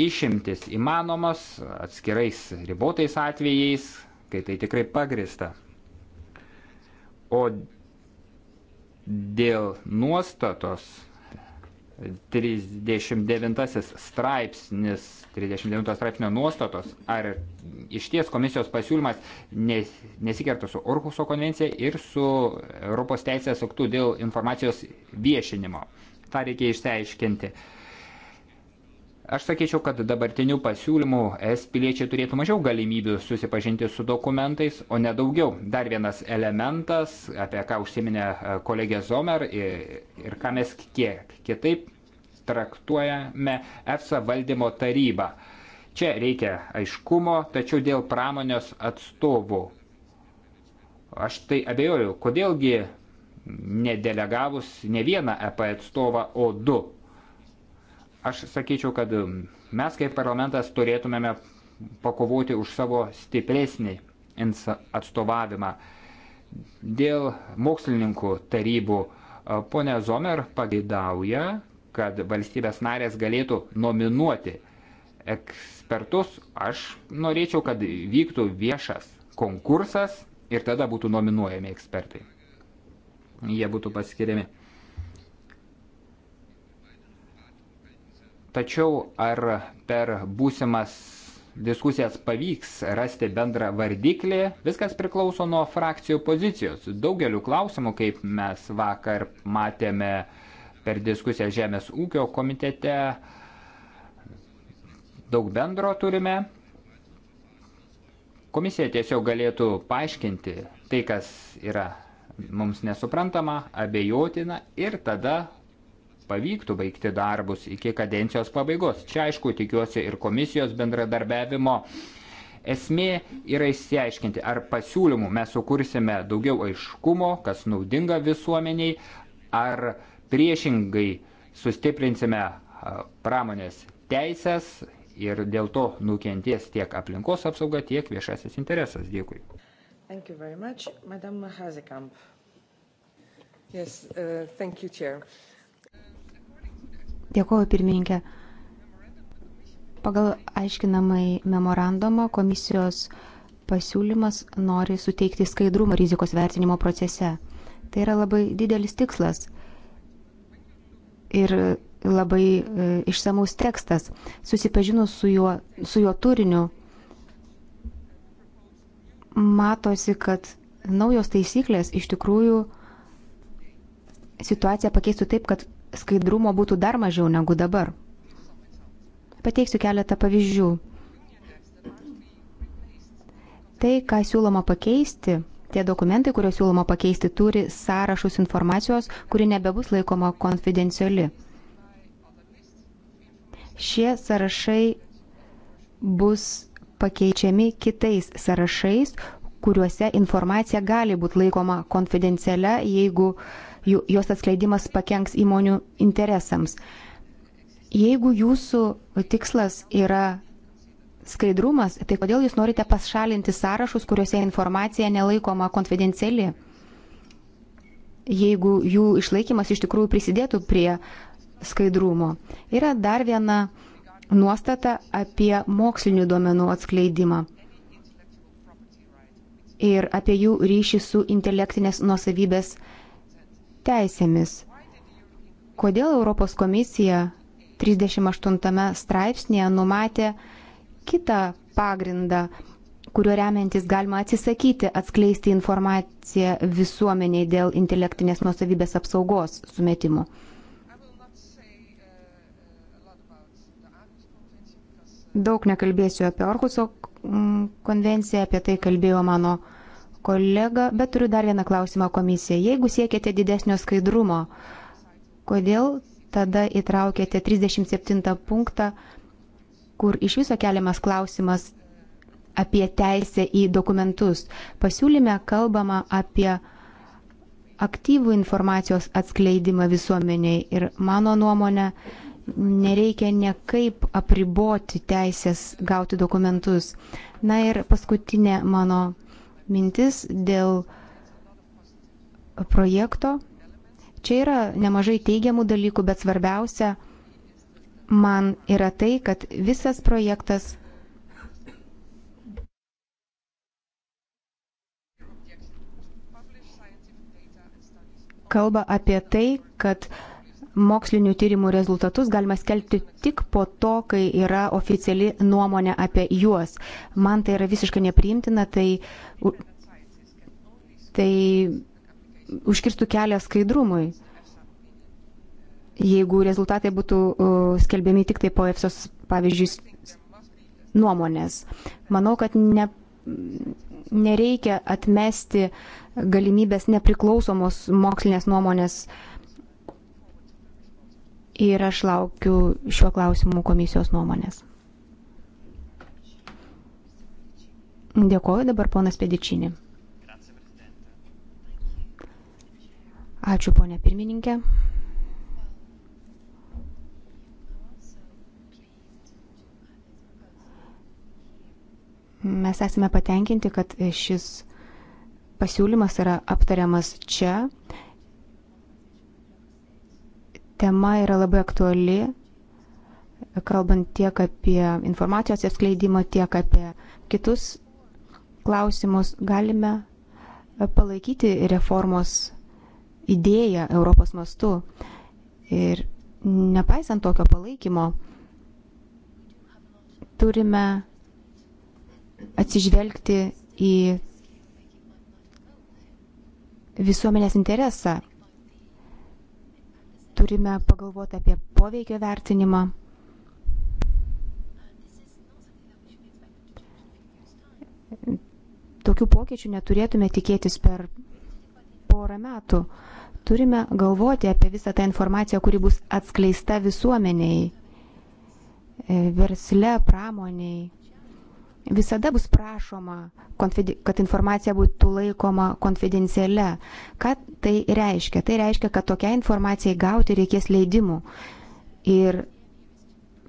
išimtis įmanomos atskirais ribotais atvejais, kai tai tikrai pagrista. O Dėl nuostatos 39 straipsnis, 39 straipsnio nuostatos, ar iš ties komisijos pasiūlymas nes, nesikerta su Orkuso konvencija ir su Europos teisės aktu dėl informacijos viešinimo. Ta reikia išsiaiškinti. Uh, Aš sakyčiau, kad dabartinių pasiūlymų es piliečiai turėtų mažiau galimybių susipažinti su dokumentais, o ne daugiau. Dar vienas elementas, apie ką užsiminė e, kolegė Zomer ir, ir ką mes kiek kitaip traktuojame EFSA valdymo tarybą. Čia reikia aiškumo, tačiau dėl pramonės atstovų. Aš tai abejoju, kodėlgi nedelegavus ne vieną EP atstovą, o du Aš sakyčiau, kad um, mes kaip parlamentas turėtumėme pakovoti už savo stipresnį atstovavimą. Dėl mokslininkų tarybų ponė Zomer pagaidauja, kad valstybės narės galėtų nominuoti ekspertus. Aš norėčiau, kad vyktų viešas konkursas ir tada būtų nominuojami ekspertai. Jie būtų paskiriami. Tačiau ar per būsimas diskusijas pavyks rasti bendrą vardiklį, viskas priklauso nuo frakcijų pozicijos. Daugeliu klausimų, kaip mes vakar matėme per diskusiją Žemės ūkio komitete, daug bendro turime. Komisija tiesiog galėtų paaiškinti tai, kas yra mums nesuprantama, abejotina ir tada pavyktų baigti darbus iki kadencijos pabaigos. Čia aišku tikiuosi ir komisijos bendradarbiavimo. Esmė yra išsiaiškinti, ar pasiūlymų mes sukursime daugiau aiškumo, kas naudinga visuomeniai, ar priešingai sustiprinsime pramonės teisės ir dėl to nukenties tiek aplinkos apsauga, tiek viešasis interesas. Dėkui. Thank you very much. Madame Hazekamp. Yes, uh, thank you, Chair. Dėkuoju, pirmininkė. Pagal aiškinamai memorandumą komisijos pasiūlymas nori suteikti skaidrumą rizikos vertinimo procese. Tai yra labai didelis tikslas ir labai e, išsamus tekstas. Susipažinus su juo, su juo turiniu, matosi, kad naujos taisyklės iš tikrųjų situaciją pakeistų taip, kad skaidrumo būtų dar mažiau negu dabar. Pateiksiu keletą pavyzdžių. Tai, ką siūloma pakeisti, tie dokumentai, kuriuos siūloma pakeisti, turi sąrašus informacijos, kuri nebebus laikoma konfidenciali. Šie sąrašai bus pakeičiami kitais sąrašais, kuriuose informacija gali būti laikoma konfidencialia, jeigu uh, jos atskleidimas pakenks įmonių interesams. Jeigu jūsų tikslas yra skaidrumas, tai kodėl jūs norite pašalinti sąrašus, kuriuose informacija nelaikoma konfidenciali? Jeigu jų išlaikymas iš tikrųjų prisidėtų prie skaidrumo. Yra dar viena nuostata apie mokslinių duomenų atskleidimą ir apie jų ryšį su intelektinės nuosavybės teisėmis. Kodėl Europos komisija 38 straipsnėje numatė kitą pagrindą, kuriuo remiantis galima atsisakyti atskleisti informaciją visuomeniai dėl intelektinės nuosavybės apsaugos sumetimų. Daug nekalbėsiu apie Orkuso konvenciją, apie tai kalbėjo mano kolegos kolegą, bet turiu dar vieną klausimą komisijai. Jeigu siekiate didesnio skaidrumo, kodėl tada įtraukėte 37 punktą, kur iš viso keliamas klausimas apie teisę į dokumentus. Pasiūlyme kalbama apie aktyvų informacijos atskleidimą visuomeniai ir mano nuomonė nereikia niekaip apriboti teisės gauti dokumentus. Na ir paskutinė mano mintis dėl projekto. Čia yra nemažai teigiamų dalykų, bet svarbiausia man yra tai, kad visas projektas kalba apie tai, kad uh, mokslinių tyrimų rezultatus galima skelbti tik po to, kai yra oficiali nuomonė apie juos. Man tai yra visiškai nepriimtina, tai, tai užkirstų kelią skaidrumui jeigu rezultatai būtų skelbiami tik tai po EFSOS, pavyzdžiui, nuomonės. Manau, kad ne, nereikia atmesti galimybės nepriklausomos mokslinės nuomonės uh, ir aš laukiu šiuo klausimu komisijos nuomonės. Dėkoju dabar ponas Pedičinį. Ačiū ponė pirmininkė. Mes esame patenkinti, kad šis pasiūlymas yra aptariamas čia tema yra labai aktuali, kalbant tiek apie informacijos atskleidimą, tiek apie kitus klausimus. Galime palaikyti reformos idėją Europos mastu. Ir nepaisant tokio palaikymo, turime atsižvelgti į visuomenės interesą turime pagalvoti apie poveikio vertinimą. Tokių pokyčių neturėtume tikėtis per porą metų. Turime galvoti apie visą tą informaciją, kuri bus atskleista visuomeniai, e, versle, pramoniai visada bus prašoma, kad informacija būtų laikoma konfidencialia. Ką tai reiškia? Tai reiškia, kad tokia informacija gauti reikės leidimų. Ir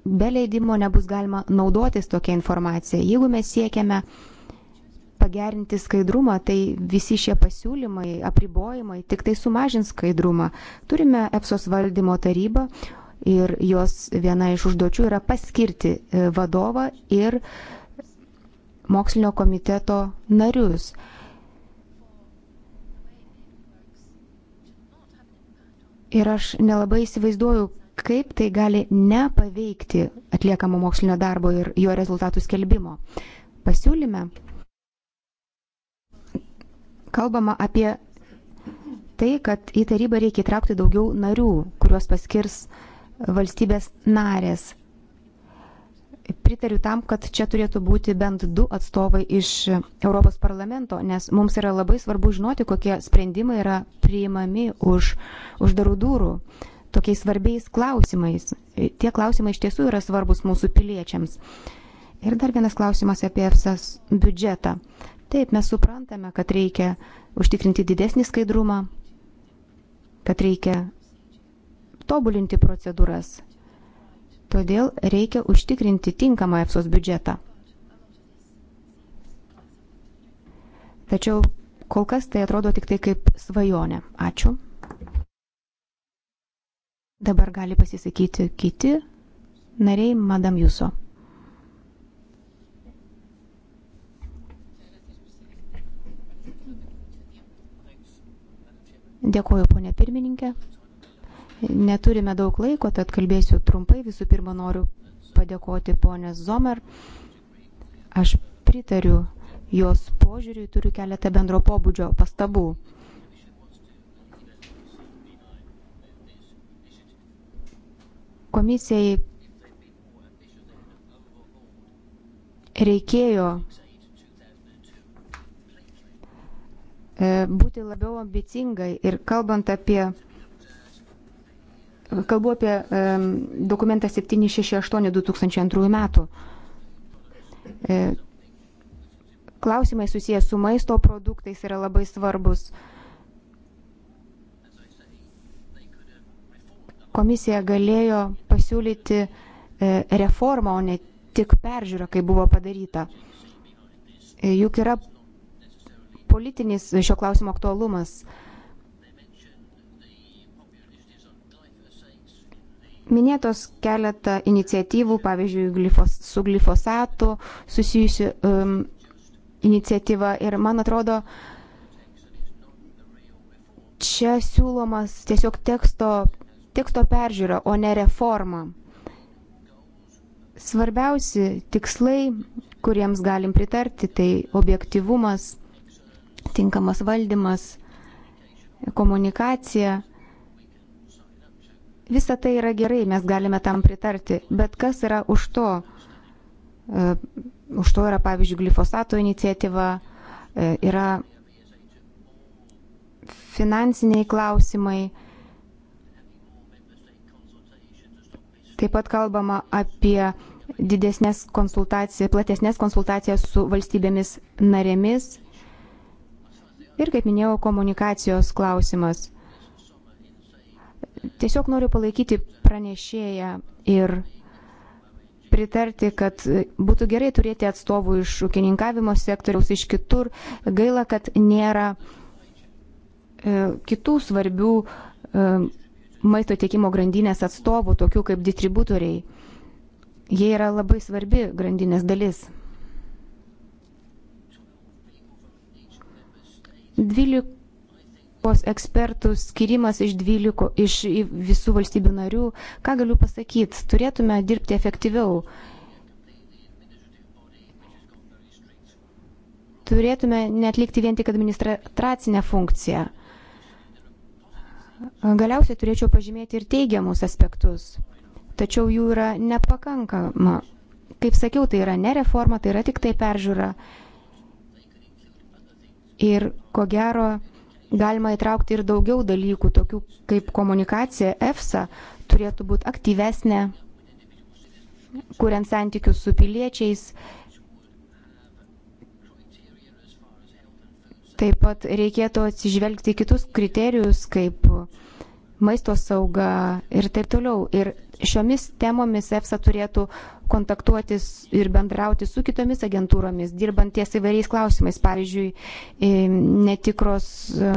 be leidimo nebus galima naudotis tokia informacija. Jeigu mes siekiame pagerinti skaidrumą, tai visi šie pasiūlymai, apribojimai tik tai sumažins skaidrumą. Turime EPSOS valdymo tarybą ir jos viena iš užduočių yra paskirti e, vadovą ir uh, mokslinio komiteto narius. Ir aš nelabai įsivaizduoju, kaip tai gali nepaveikti atliekamo mokslinio darbo ir jo rezultatų skelbimo. Pasiūlyme kalbama apie tai, kad į tarybą reikia įtraukti daugiau narių, kuriuos paskirs valstybės narės pritariu tam, kad čia turėtų būti bent du atstovai iš Europos parlamento, nes mums yra labai svarbu žinoti, kokie sprendimai yra priimami už uždarų durų tokiais svarbiais klausimais. Tie klausimai iš tiesų yra svarbus mūsų piliečiams. Ir dar vienas klausimas apie EFSAS biudžetą. Taip, mes suprantame, kad reikia užtikrinti didesnį skaidrumą, kad reikia tobulinti procedūras, Todėl reikia užtikrinti tinkamą EFSOS biudžetą. Tačiau kol kas tai atrodo tik tai kaip svajonė. Ačiū. Dabar gali pasisakyti kiti nariai, madam jūsų. Dėkuoju, ponė pirmininkė. Neturime daug laiko, tad kalbėsiu trumpai. Visų pirma, noriu padėkoti ponės Zomer. Aš pritariu jos požiūriui, turiu keletą bendro pobūdžio pastabų. Komisijai reikėjo e, būti labiau ambicingai ir kalbant apie Kalbu apie dokumentą 768 2002 metų. E, klausimai susijęs su maisto produktais yra labai svarbus. Komisija galėjo pasiūlyti e, reformą, o ne tik peržiūrą, kai buvo padaryta. E, juk yra politinis šio klausimo aktualumas. Minėtos keletą iniciatyvų, pavyzdžiui, glifos, su glifosatu susijusi um, iniciatyva ir man atrodo, čia siūlomas tiesiog teksto, teksto peržiūra, o ne reforma. Svarbiausi tikslai, kuriems galim pritarti, tai objektivumas, tinkamas valdymas, komunikacija Visa tai yra gerai, mes galime tam pritarti, bet kas yra už to? E, už to yra, pavyzdžiui, glifosato iniciatyva, e, yra finansiniai klausimai. Taip pat kalbama apie didesnės konsultacijas, platesnės konsultacijas su valstybėmis narėmis ir, kaip minėjau, komunikacijos klausimas. Tiesiog noriu palaikyti pranešėją ir pritarti, kad būtų gerai turėti atstovų iš ūkininkavimo sektoriaus, iš kitur. Gaila, kad nėra e, kitų svarbių e, maisto tiekimo grandinės atstovų, tokių kaip distributoriai. Jie yra labai svarbi grandinės dalis. 12 Europos ekspertų skirimas iš, 12, iš visų valstybių narių, ką galiu pasakyti, turėtume dirbti efektyviau. Turėtume netlikti vien tik administracinę funkciją. Galiausiai turėčiau pažymėti ir teigiamus aspektus, tačiau jų yra nepakankama. Kaip sakiau, tai yra ne reforma, tai yra tik tai peržiūra. Ir ko gero, galima įtraukti ir daugiau dalykų, tokių kaip komunikacija, EFSA turėtų būti aktyvesnė, kuriant santykius su piliečiais. Taip pat reikėtų atsižvelgti kitus kriterijus, kaip maisto sauga ir taip toliau. Ir šiomis temomis EFSA turėtų kontaktuoti ir bendrauti su kitomis agentūromis, dirbant ties įvairiais klausimais, pavyzdžiui, e, netikros e,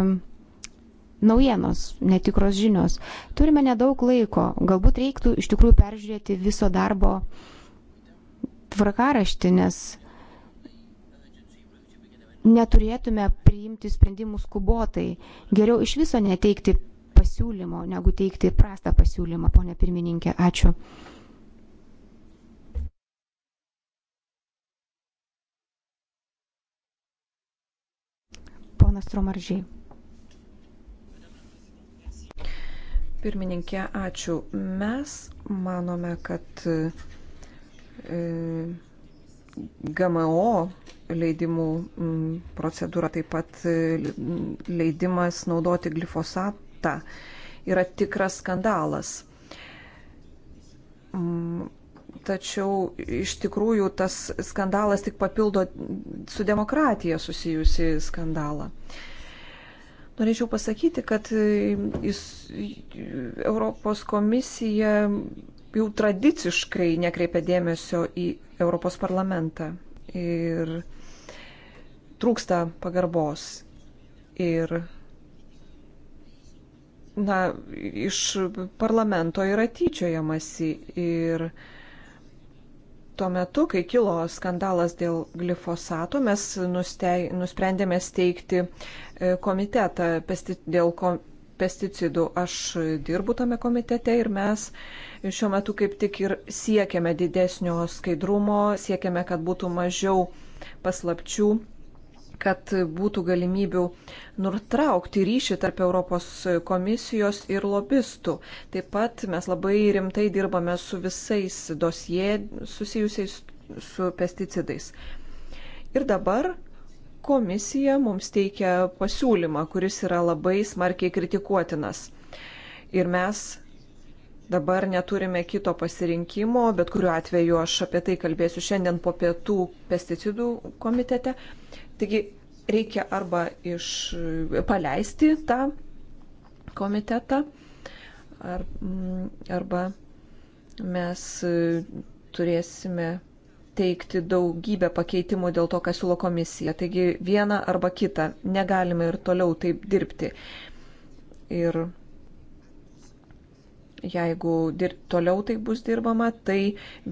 naujienos, netikros žinios. Turime nedaug laiko, galbūt reiktų iš tikrųjų peržiūrėti viso darbo tvarkaraštį, nes neturėtume priimti sprendimus skubotai. Geriau iš viso neteikti pasiūlymo, negu teikti prastą pasiūlymą, ponė pirmininkė. Ačiū. Ponas Tromaržiai. Pirmininkė, ačiū. Mes manome, kad e, GMO leidimų procedūra, taip pat e, leidimas naudoti glifosat, atlikta, yra tikras skandalas. Mm, tačiau iš tikrųjų tas skandalas tik papildo su demokratija susijusi skandalą. Norėčiau pasakyti, kad jis, Europos komisija jau tradiciškai nekreipia dėmesio į Europos parlamentą ir trūksta pagarbos. Ir na, iš parlamento yra tyčiojamasi ir tuo metu, kai kilo skandalas dėl glifosato, mes nustei, nusprendėme steigti e, komitetą pesti, dėl kom, pesticidų. Aš dirbu tame komitete ir mes šiuo metu kaip tik ir siekiame didesnio skaidrumo, siekiame, kad būtų mažiau paslapčių kad būtų galimybių nutraukti ryšį tarp Europos komisijos ir lobistų. Taip pat mes labai rimtai dirbame su visais dosie susijusiais su pesticidais. Ir dabar komisija mums teikia pasiūlymą, kuris yra labai smarkiai kritikuotinas. Ir mes dabar neturime kito pasirinkimo, bet kuriuo atveju aš apie tai kalbėsiu šiandien po pietų pesticidų komitete, Taigi reikia arba iš, paleisti tą komitetą, ar, mm, arba mes e, turėsime teikti daugybę pakeitimų dėl to, ką siūlo komisija. Taigi vieną arba kitą negalime ir toliau taip dirbti. Ir jeigu dir toliau taip bus dirbama, tai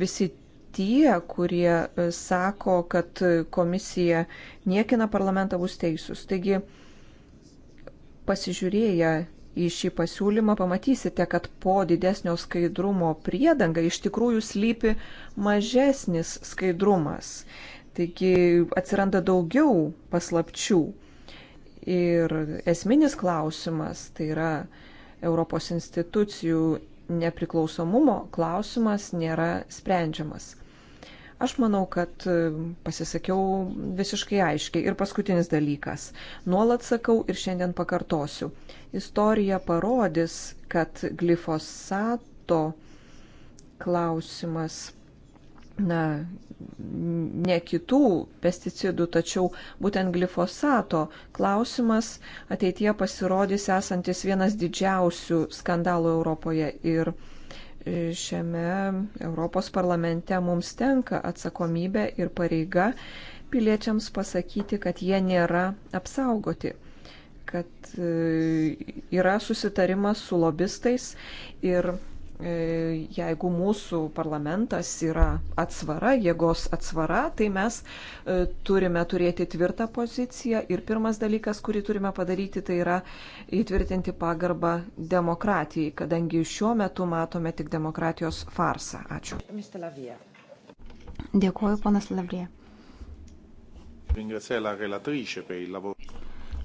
visi tie, kurie e, sako, kad komisija niekina parlamentą bus teisūs. Taigi, pasižiūrėję į šį pasiūlymą, pamatysite, kad po didesnio skaidrumo priedanga iš tikrųjų slypi mažesnis skaidrumas. Taigi atsiranda daugiau paslapčių. Ir esminis klausimas tai yra Europos institucijų nepriklausomumo klausimas nėra sprendžiamas. Aš manau, kad e, pasisakiau visiškai aiškiai. Ir paskutinis dalykas. Nuolat sakau ir šiandien pakartosiu. Istorija parodys, kad glifosato klausimas na, ne kitų pesticidų, tačiau būtent glifosato klausimas ateityje pasirodys esantis vienas didžiausių skandalų Europoje ir Europoje šiame Europos parlamente mums tenka atsakomybė ir pareiga piliečiams pasakyti, kad jie nėra apsaugoti, kad e, yra susitarimas su lobistais ir E, jeigu mūsų parlamentas yra atsvara, jėgos atsvara, tai mes e, turime turėti tvirtą poziciją ir pirmas dalykas, kurį turime padaryti, tai yra įtvirtinti pagarbą demokratijai, kadangi šiuo metu matome tik demokratijos farsą. Ačiū. Dėkuoju, ponas Lavrė.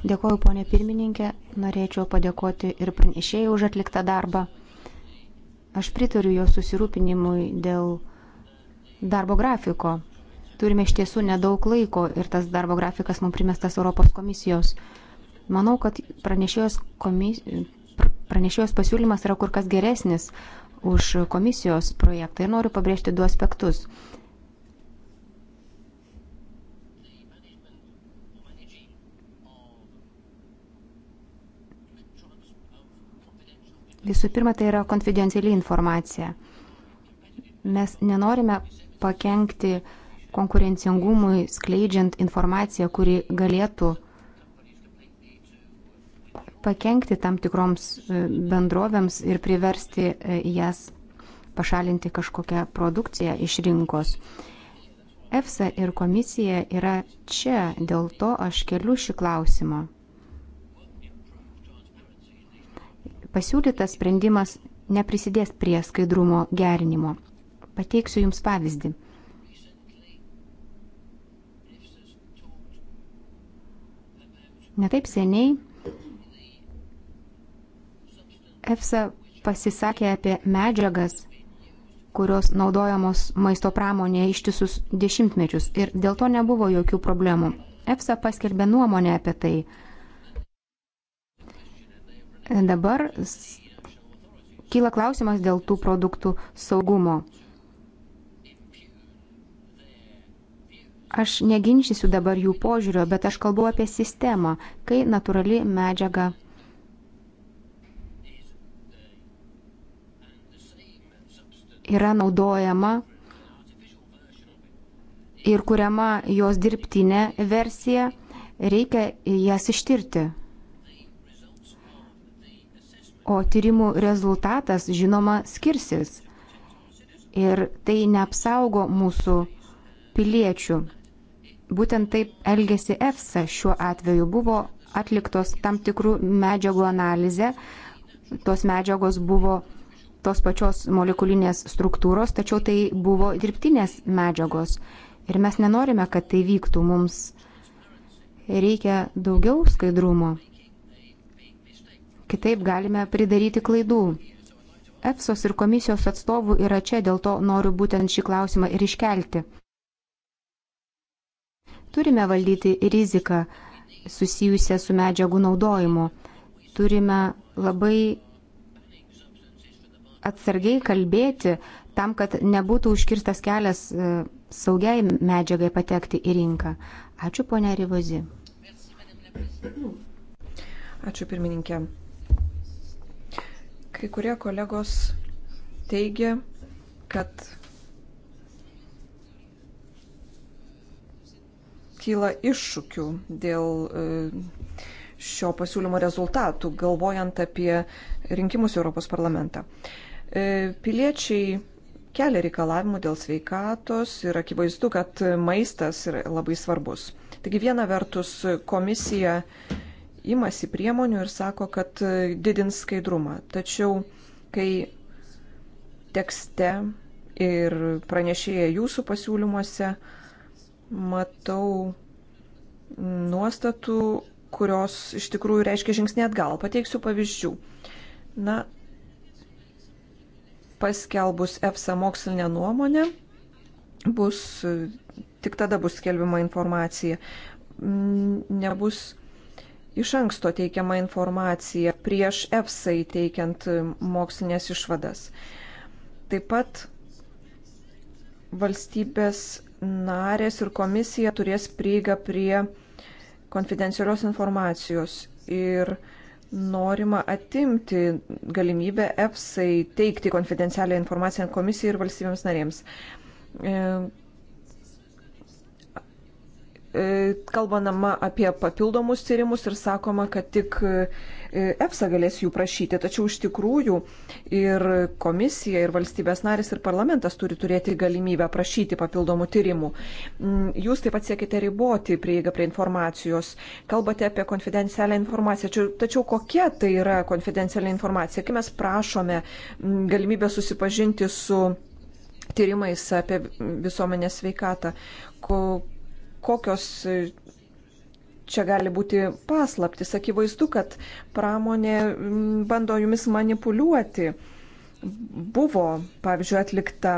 Dėkuoju, ponė pirmininkė. Norėčiau padėkoti ir pranešėjai už atliktą darbą. Aš pritariu jo susirūpinimui dėl darbo grafiko. Turime iš tiesų nedaug laiko ir tas darbo grafikas mums primestas Europos komisijos. Manau, kad pranešėjos, komis... pranešėjos pasiūlymas yra kur kas geresnis už komisijos projektą ir noriu pabrėžti du aspektus. Visų pirma, tai yra konfidenciali informacija. Mes nenorime pakengti konkurencingumui, skleidžiant informaciją, kuri galėtų pakengti tam tikroms e, bendrovėms ir priversti e, jas pašalinti kažkokią produkciją iš rinkos. EFSA ir komisija yra čia, dėl to aš keliu šį klausimą. pasiūlytas sprendimas neprisidės prie skaidrumo gerinimo. Pateiksiu Jums pavyzdį. Netaip seniai EFSA pasisakė apie medžiagas, kurios naudojamos maisto pramonėje ištisus dešimtmečius ir dėl to nebuvo jokių problemų. EFSA paskelbė nuomonę apie tai Dabar kyla klausimas dėl tų produktų saugumo. Aš neginčysiu dabar jų požiūrio, bet aš kalbu apie sistemą, kai natūrali medžiaga. Yra naudojama ir kuriama jos dirbtinė versija, reikia jas ištirti o tyrimų rezultatas, žinoma, skirsis. Ir tai neapsaugo mūsų piliečių. Būtent taip elgėsi EFSA šiuo atveju. Buvo atliktos tam tikrų medžiagų analizė. Tos medžiagos buvo tos pačios molekulinės struktūros, tačiau tai buvo dirbtinės medžiagos. Ir mes nenorime, kad tai vyktų. Mums reikia daugiau skaidrumo. Kitaip galime pridaryti klaidų. EFSOS ir komisijos atstovų yra čia, dėl to noriu būtent šį klausimą ir iškelti. Turime valdyti riziką susijusią su medžiagų naudojimu. Turime labai atsargiai kalbėti tam, kad nebūtų užkirstas kelias e, saugiai medžiagai patekti į rinką. Ačiū, ponia Rivozi. Ačiū, pirmininkė. Kai kurie kolegos teigia, kad kyla iššūkių dėl e, šio pasiūlymo rezultatų, galvojant apie rinkimus Europos parlamentą. E, piliečiai kelia reikalavimų dėl sveikatos ir akivaizdu, kad maistas yra labai svarbus. Taigi viena vertus komisija imasi priemonių ir sako, kad e, didins skaidrumą. Tačiau, kai tekste ir pranešėja jūsų pasiūlymuose matau nuostatų, kurios iš tikrųjų reiškia žingsnį atgal. Pateiksiu pavyzdžių. Na, paskelbus EFSA mokslinę nuomonę, bus, tik tada bus skelbima informacija. Nebus iš anksto teikiama informacija prieš EFSAI teikiant mokslinės išvadas. Taip pat valstybės narės ir komisija turės prieigą prie konfidencialios informacijos ir norima atimti galimybę EFSAI teikti konfidencialią informaciją komisijai ir valstybėms narėms E, kalbanama apie papildomus tyrimus ir sakoma, kad tik e, EFSA galės jų prašyti. Tačiau iš tikrųjų ir komisija, ir valstybės narės, ir parlamentas turi turėti galimybę prašyti papildomų tyrimų. Mm, jūs taip pat siekite riboti prieigą prie informacijos. Kalbate apie konfidencialią informaciją. Tačiau kokia tai yra konfidencialią informaciją? Kai mes prašome mm, galimybę susipažinti su tyrimais apie visuomenės sveikatą, ko kokios e, čia gali būti paslaptis. Akivaizdu, kad pramonė bando jumis manipuliuoti. Buvo, pavyzdžiui, atlikta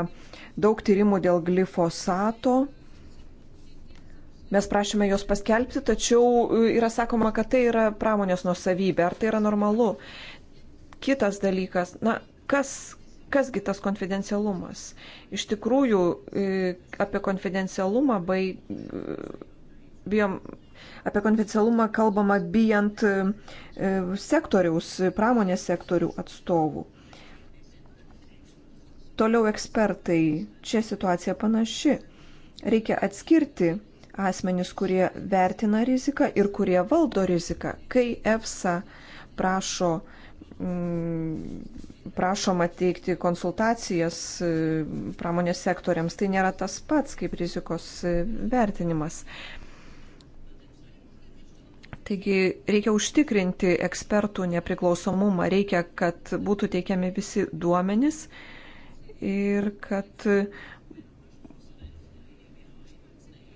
daug tyrimų dėl glifosato. Mes prašome juos paskelbti, tačiau e, yra sakoma, kad tai yra pramonės nusavybė. Ar tai yra normalu? Kitas dalykas, na, kas, kasgi tas konfidencialumas. Iš tikrųjų, e, apie konfidencialumą bai, e, bijom, apie konfidencialumą kalbama bijant e, sektoriaus, pramonės sektorių atstovų. Toliau ekspertai. Čia situacija panaši. Reikia atskirti asmenys, kurie vertina riziką ir kurie valdo riziką. Kai EFSA prašo mm, prašoma teikti konsultacijas e, pramonės sektoriams, tai nėra tas pats kaip rizikos e, vertinimas. Taigi reikia užtikrinti ekspertų nepriklausomumą, reikia, kad būtų teikiami visi duomenys ir kad.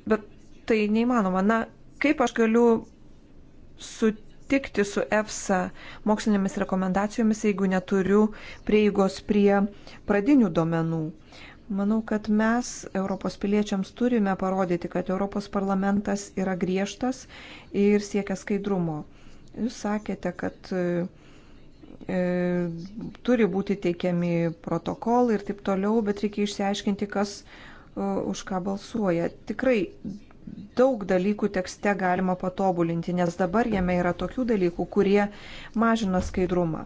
Bet tai neįmanoma. Na, kaip aš galiu su sutikti su EFSA mokslinėmis rekomendacijomis, jeigu neturiu prieigos prie pradinių duomenų. Manau, kad mes Europos piliečiams turime parodyti, kad Europos parlamentas yra griežtas ir siekia skaidrumo. Jūs sakėte, kad e, e, turi būti teikiami protokolai ir taip toliau, bet reikia išsiaiškinti, kas e, už ką balsuoja. Tikrai daug dalykų tekste galima patobulinti, nes dabar jame yra tokių dalykų, kurie mažina skaidrumą.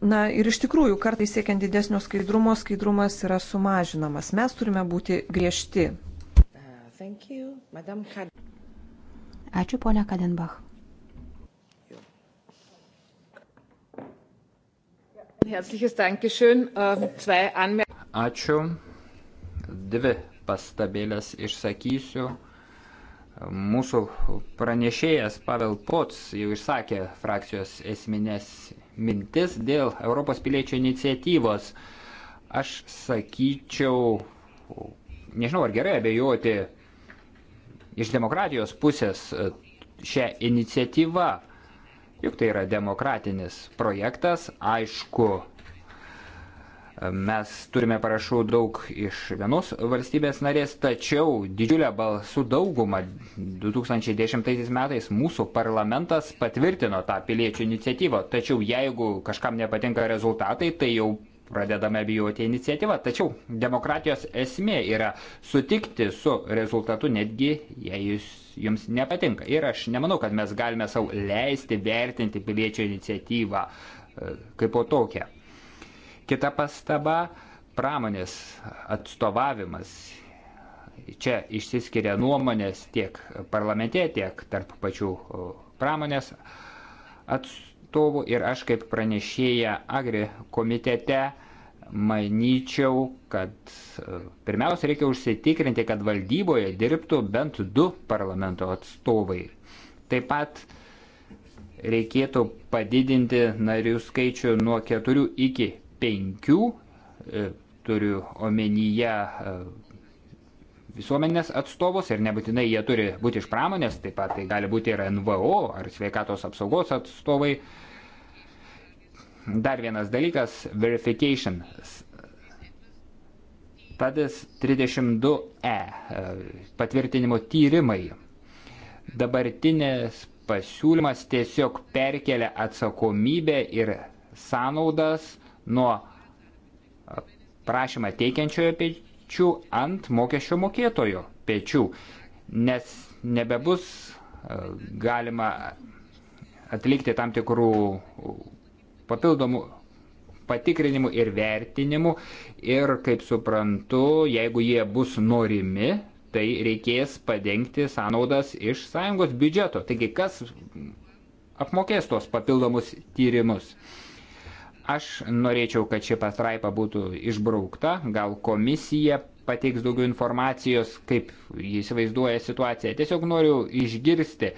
Na ir iš tikrųjų, kartais siekiant didesnio skaidrumo, skaidrumas yra sumažinamas. Mes turime būti griežti. Ačiū, ponia Kadenbach. Ähm, Ačiū. Dvi pastabėlės išsakysiu. Mūsų pranešėjas Pavel Pots jau išsakė frakcijos esminės mintis dėl Europos piliečių iniciatyvos. Aš sakyčiau, nežinau ar gerai abejoti iš demokratijos pusės šią iniciatyvą. Juk tai yra demokratinis projektas, aišku, Mes turime parašų daug iš vienos valstybės narės, tačiau didžiulę balsų daugumą 2010 metais mūsų parlamentas patvirtino tą piliečių iniciatyvą. Tačiau jeigu kažkam nepatinka rezultatai, tai jau pradedame bijoti iniciatyvą. Tačiau demokratijos esmė yra sutikti su rezultatu, netgi jei jis jums nepatinka. Ir aš nemanau, kad mes galime savo leisti vertinti piliečių iniciatyvą e, kaip po tokią. Kita pastaba - pramonės atstovavimas. Čia išsiskiria nuomonės tiek parlamente, tiek tarp pačių pramonės atstovų ir aš kaip pranešėja Agri komitete manyčiau, kad e, pirmiausia reikia užsitikrinti, kad valdyboje dirbtų bent du parlamento atstovai. Taip pat reikėtų padidinti narių skaičių nuo keturių iki penkių, e, turiu omenyje e, visuomenės atstovus ir nebūtinai jie turi būti iš pramonės, taip pat tai gali būti ir NVO ar sveikatos apsaugos atstovai. Dar vienas dalykas - verification. Tadis 32e e, patvirtinimo tyrimai. Dabartinės pasiūlymas tiesiog perkelia atsakomybę ir sąnaudas nuo prašymą teikiančiojo pečių ant mokesčio mokėtojo pečių, nes nebebus galima atlikti tam tikrų papildomų patikrinimų ir vertinimų ir, kaip suprantu, jeigu jie bus norimi, tai reikės padengti sąnaudas iš sąjungos biudžeto. Taigi kas apmokės tuos papildomus tyrimus? Aš norėčiau, kad ši pastraipa būtų išbraukta, gal komisija pateiks daugiau informacijos, kaip jis vaizduoja situaciją. Tiesiog noriu išgirsti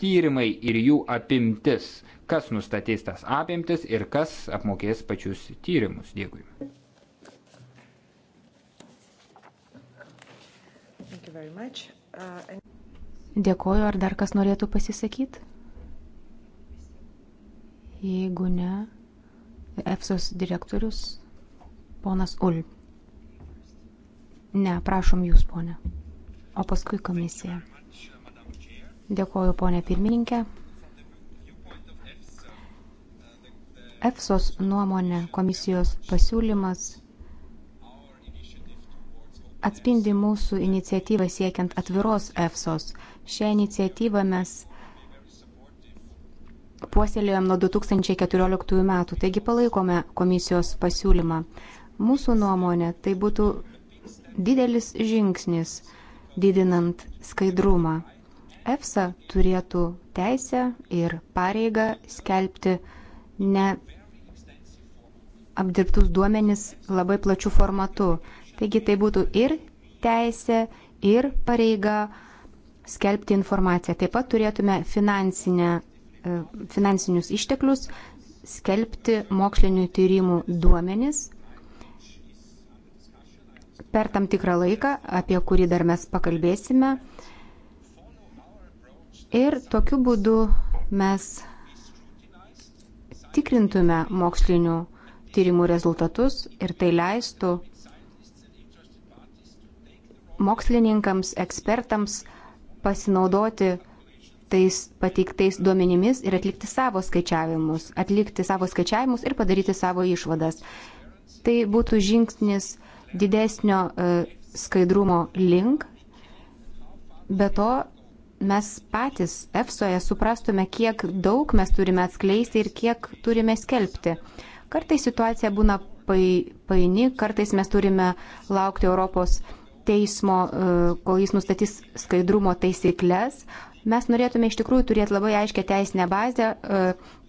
tyrimai ir jų apimtis, kas nustatys tas apimtis ir kas apmokės pačius tyrimus. Dėkui. Uh, Dėkuoju, ar dar kas norėtų pasisakyti? Jeigu ne, EFSOS direktorius ponas Ul. Ne, prašom jūs, ponė. O paskui komisija. Dėkuoju, ponė pirmininkė. EFSOS nuomonė komisijos pasiūlymas atspindi mūsų iniciatyvą siekiant atviros EFSOS. Šią iniciatyvą mes puoselėjom nuo 2014 metų, taigi palaikome komisijos pasiūlymą. Mūsų nuomonė tai būtų didelis žingsnis didinant skaidrumą. EFSA turėtų teisę ir pareigą skelbti ne apdirbtus duomenis labai plačių formatų. Taigi tai būtų ir teisė, ir pareiga skelbti informaciją. Taip pat turėtume finansinę E, finansinius išteklius, skelbti mokslinių tyrimų duomenis per tam tikrą laiką, apie kurį dar mes pakalbėsime. Ir tokiu būdu mes tikrintume mokslinių tyrimų rezultatus ir tai leistų mokslininkams, ekspertams pasinaudoti tais pateiktais duomenimis ir atlikti savo skaičiavimus, atlikti savo skaičiavimus ir padaryti savo išvadas. Tai būtų žingsnis didesnio e, skaidrumo link. Be to, mes patys EFSOje suprastume, kiek daug mes turime atskleisti ir kiek turime skelbti. Kartais situacija būna paini, kartais mes turime laukti Europos teismo, e, kol jis nustatys skaidrumo taisyklės, Mes norėtume iš tikrųjų turėti labai aiškę teisinę bazę, e,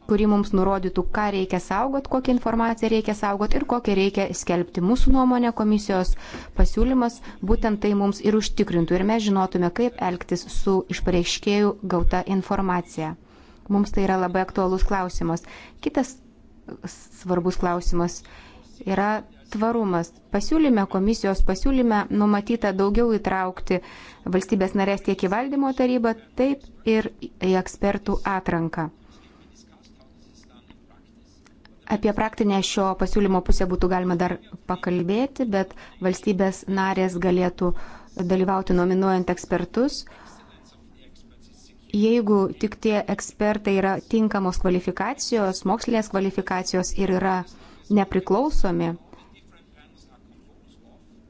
kuri mums nurodytų, ką reikia saugot, kokią informaciją reikia saugot ir kokią reikia skelbti. Mūsų nuomonė komisijos pasiūlymas būtent tai mums ir užtikrintų ir mes žinotume, kaip elgtis su išpareiškėjų gauta informacija. Mums tai yra labai aktuolus klausimas. Kitas svarbus klausimas yra tvarumas. Pasiūlyme, komisijos pasiūlyme numatyta daugiau įtraukti valstybės narės tiek į valdymo tarybą, taip ir į ekspertų atranką. Apie praktinę šio pasiūlymo pusę būtų galima dar pakalbėti, bet valstybės narės galėtų dalyvauti nominuojant ekspertus. Jeigu tik tie ekspertai yra tinkamos kvalifikacijos, mokslinės kvalifikacijos ir yra nepriklausomi,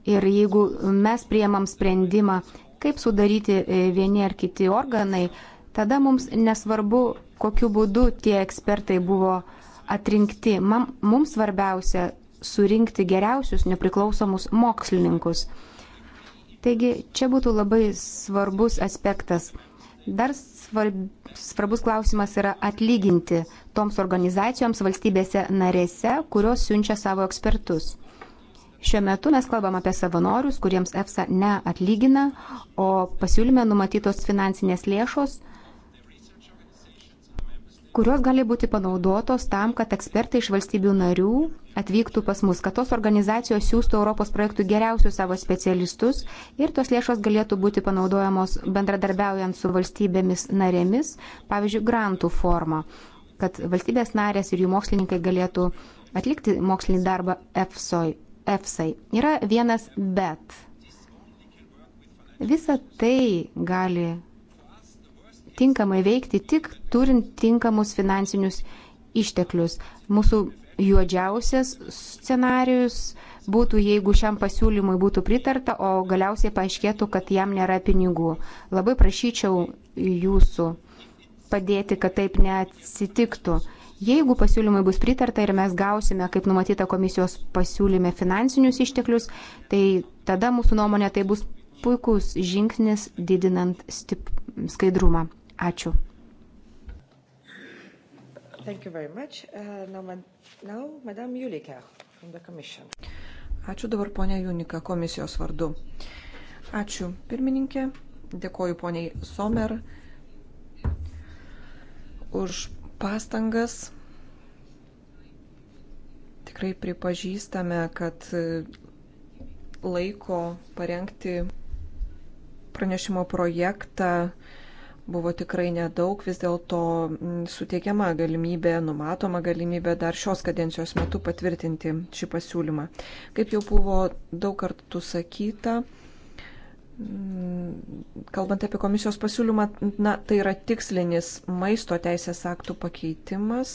Ir jeigu mes priemam sprendimą, kaip sudaryti e, vieni ar kiti organai, tada mums nesvarbu, kokiu būdu tie ekspertai buvo atrinkti. Mums svarbiausia surinkti geriausius nepriklausomus mokslininkus. Taigi čia būtų labai svarbus aspektas. Dar svarb, svarbus klausimas yra atlyginti toms organizacijoms valstybėse narėse, kurios siunčia savo ekspertus. Šiuo metu mes kalbam apie savanorius, kuriems EFSA neatlygina, o pasiūlyme numatytos finansinės lėšos kurios gali būti panaudotos tam, kad ekspertai iš valstybių narių atvyktų pas mus, kad tos organizacijos siūstų Europos projektų geriausius savo specialistus ir tos lėšos galėtų būti panaudojamos bendradarbiaujant su valstybėmis narėmis, pavyzdžiui, grantų forma, kad valstybės narės ir jų mokslininkai galėtų atlikti mokslinį darbą EFSOI EFSAI. Yra vienas bet. Visa tai gali tinkamai veikti tik turint tinkamus finansinius išteklius. Mūsų juodžiausias scenarius būtų, jeigu šiam pasiūlymui būtų pritarta, o galiausiai paaiškėtų, kad jam nėra pinigų. Labai prašyčiau jūsų padėti, kad taip neatsitiktų. Jeigu pasiūlymai bus pritarta ir mes gausime, kaip numatyta komisijos pasiūlyme, finansinius išteklius, tai tada mūsų nuomonė tai bus puikus žingsnis didinant stip... skaidrumą. Ačiū. Uh, now, now, Julika, Ačiū dabar ponia Junika komisijos vardu. Ačiū pirmininkė, dėkoju poniai Somer už pastangas. Tikrai pripažįstame, kad e, laiko parengti pranešimo projektą buvo tikrai nedaug, vis dėlto suteikiama galimybė, numatoma galimybė dar šios kadencijos metu patvirtinti šį pasiūlymą. Kaip jau buvo daug kartų sakyta, Mm, kalbant apie komisijos pasiūlymą, na, tai yra tikslinis maisto teisės aktų pakeitimas.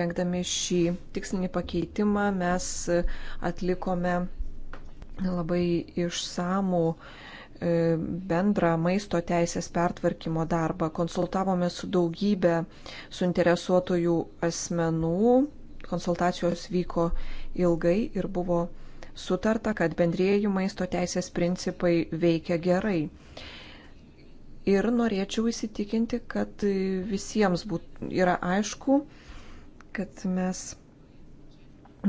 Rengdami šį tikslinį pakeitimą mes atlikome labai išsamų e, bendrą maisto teisės pertvarkymo darbą. Konsultavome su daugybė suinteresuotųjų asmenų. Konsultacijos vyko ilgai ir buvo sutarta, kad bendrėjų maisto teisės principai veikia gerai. Ir norėčiau įsitikinti, kad visiems būt, yra aišku, kad mes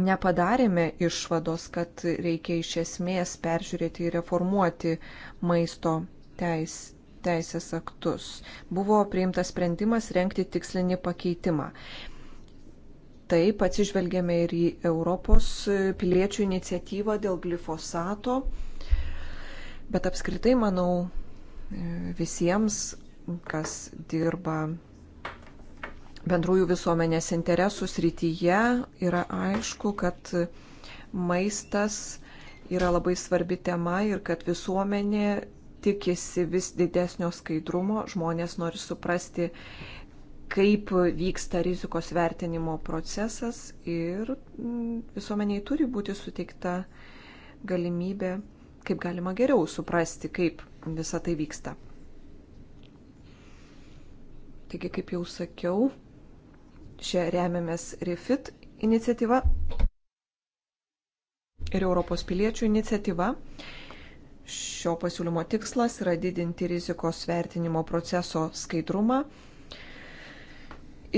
nepadarėme išvados, kad reikia iš esmės peržiūrėti ir reformuoti maisto teis, teisės aktus. Buvo priimtas sprendimas renkti tikslinį pakeitimą. Taip, atsižvelgėme ir į Europos piliečių iniciatyvą dėl glifosato, bet apskritai, manau, visiems, kas dirba bendrųjų visuomenės interesų srityje, yra aišku, kad maistas yra labai svarbi tema ir kad visuomenė tikisi vis didesnio skaidrumo, žmonės nori suprasti kaip vyksta rizikos vertinimo procesas ir mm, visuomeniai turi būti suteikta galimybė, kaip galima geriau suprasti, kaip visa tai vyksta. Taigi, kaip jau sakiau, čia remiamės REFIT iniciatyva ir Europos piliečių iniciatyva. Šio pasiūlymo tikslas yra didinti rizikos vertinimo proceso skaidrumą,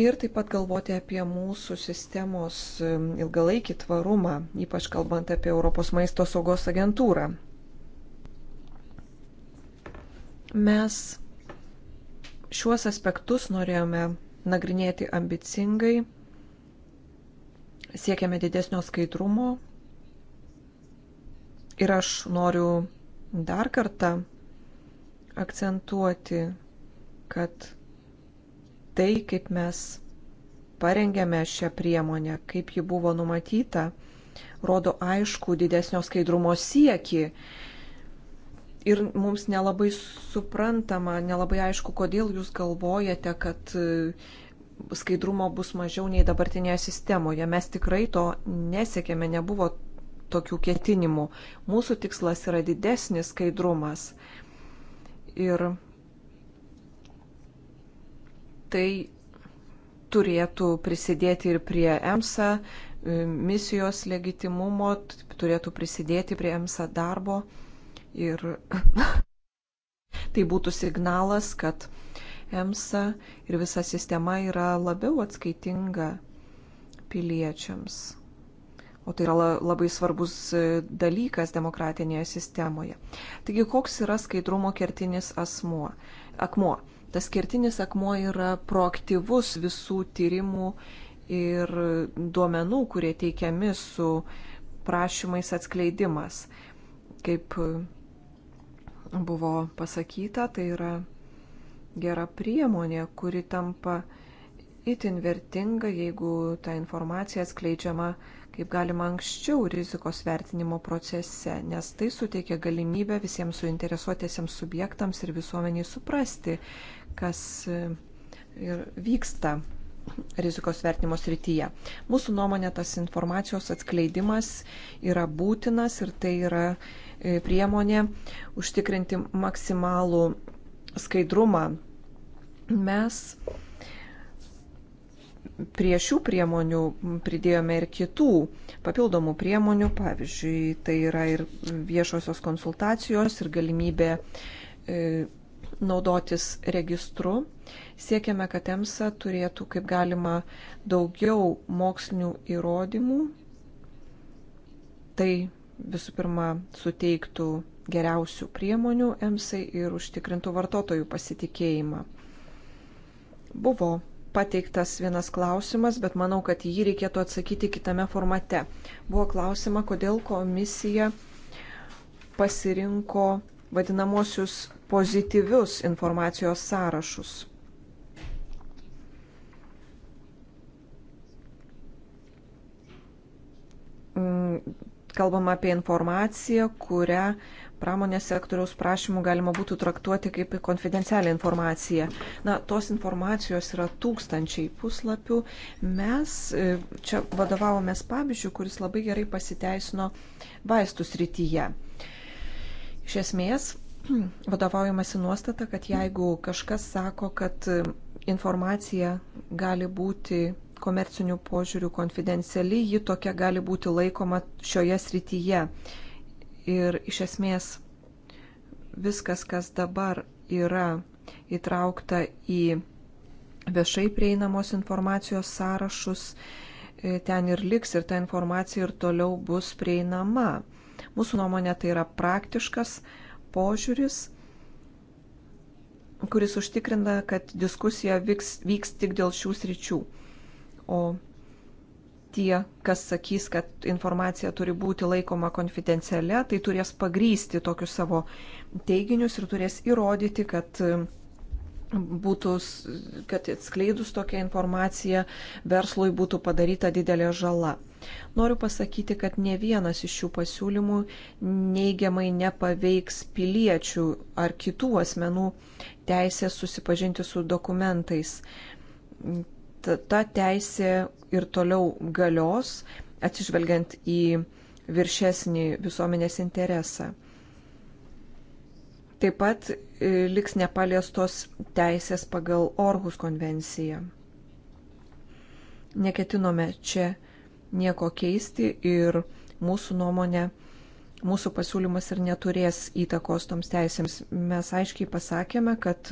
ir taip pat galvoti apie mūsų sistemos ilgalaikį tvarumą, ypač kalbant apie Europos maisto saugos agentūrą. Mes šiuos aspektus norėjome nagrinėti ambicingai, siekiame didesnio skaidrumo ir aš noriu dar kartą akcentuoti, kad tai, kaip mes parengėme šią priemonę, kaip ji buvo numatyta, rodo aišku didesnio skaidrumo sieki. Ir mums nelabai suprantama, nelabai aišku, kodėl jūs galvojate, kad e, skaidrumo bus mažiau nei dabartinėje sistemoje. Mes tikrai to nesiekėme, nebuvo tokių ketinimų. Mūsų tikslas yra didesnis skaidrumas. Ir Tai turėtų prisidėti ir prie EMSA e, misijos legitimumo, turėtų prisidėti prie EMSA darbo. Ir (laughs) tai būtų signalas, kad EMSA ir visa sistema yra labiau atskaitinga piliečiams. O tai yra labai svarbus e, dalykas demokratinėje sistemoje. Taigi, koks yra skaidrumo kertinis asmuo, akmuo? tas kertinis akmuo yra proaktyvus visų tyrimų ir duomenų, kurie teikiami su prašymais atskleidimas. Kaip buvo pasakyta, tai yra gera priemonė, kuri tampa itin vertinga, jeigu ta informacija atskleidžiama kaip galima anksčiau rizikos vertinimo procese, nes tai suteikia galimybę visiems suinteresuotėsiams subjektams ir visuomeniai suprasti, kas e, ir vyksta rizikos vertinimo srityje. Mūsų nuomonė tas informacijos atskleidimas yra būtinas ir tai yra e, priemonė užtikrinti maksimalų skaidrumą. Mes prie šių priemonių pridėjome ir kitų papildomų priemonių, pavyzdžiui, tai yra ir viešosios konsultacijos, ir galimybė e, naudotis registru. Siekiame, kad EMSA turėtų kaip galima daugiau mokslinių įrodymų. Tai visų pirma suteiktų geriausių priemonių EMSAI ir užtikrintų vartotojų pasitikėjimą. Buvo pateiktas vienas klausimas, bet manau, kad jį reikėtų atsakyti kitame formate. Buvo klausima, kodėl komisija pasirinko vadinamosius pozityvius informacijos sąrašus. Mm, Kalbama apie informaciją, kurią pramonės sektoriaus prašymų galima būtų traktuoti kaip konfidencialią informaciją. Na, tos informacijos yra tūkstančiai puslapių. Mes e, čia vadovavomės pavyzdžių, kuris labai gerai pasiteisino vaistų srityje. Iš esmės, (clears throat) vadovaujamasi nuostata, kad jeigu kažkas sako, kad e, informacija gali būti komercinių požiūrių konfidenciali, ji tokia gali būti laikoma šioje srityje. Ir iš esmės viskas, kas dabar yra įtraukta į viešai prieinamos informacijos sąrašus, e, ten ir liks ir ta informacija ir toliau bus prieinama. Mūsų nuomonė tai yra praktiškas požiūris, kuris užtikrina, kad diskusija vyks, vyks tik dėl šių sričių. O tie, kas sakys, kad informacija turi būti laikoma konfidencialia, tai turės pagrysti tokius savo teiginius ir turės įrodyti, kad būtų, kad atskleidus tokią informaciją verslui būtų padaryta didelė žala. Noriu pasakyti, kad ne vienas iš šių pasiūlymų neigiamai nepaveiks piliečių ar kitų asmenų teisės susipažinti su dokumentais. Ta teisė ir toliau galios, atsižvelgiant į viršesnį visuomenės interesą. Taip pat e, liks nepaliestos teisės pagal Orhus konvenciją. Neketinome čia nieko keisti ir mūsų nuomonė, mūsų pasiūlymas ir neturės įtakos toms teisėms. Mes aiškiai pasakėme, kad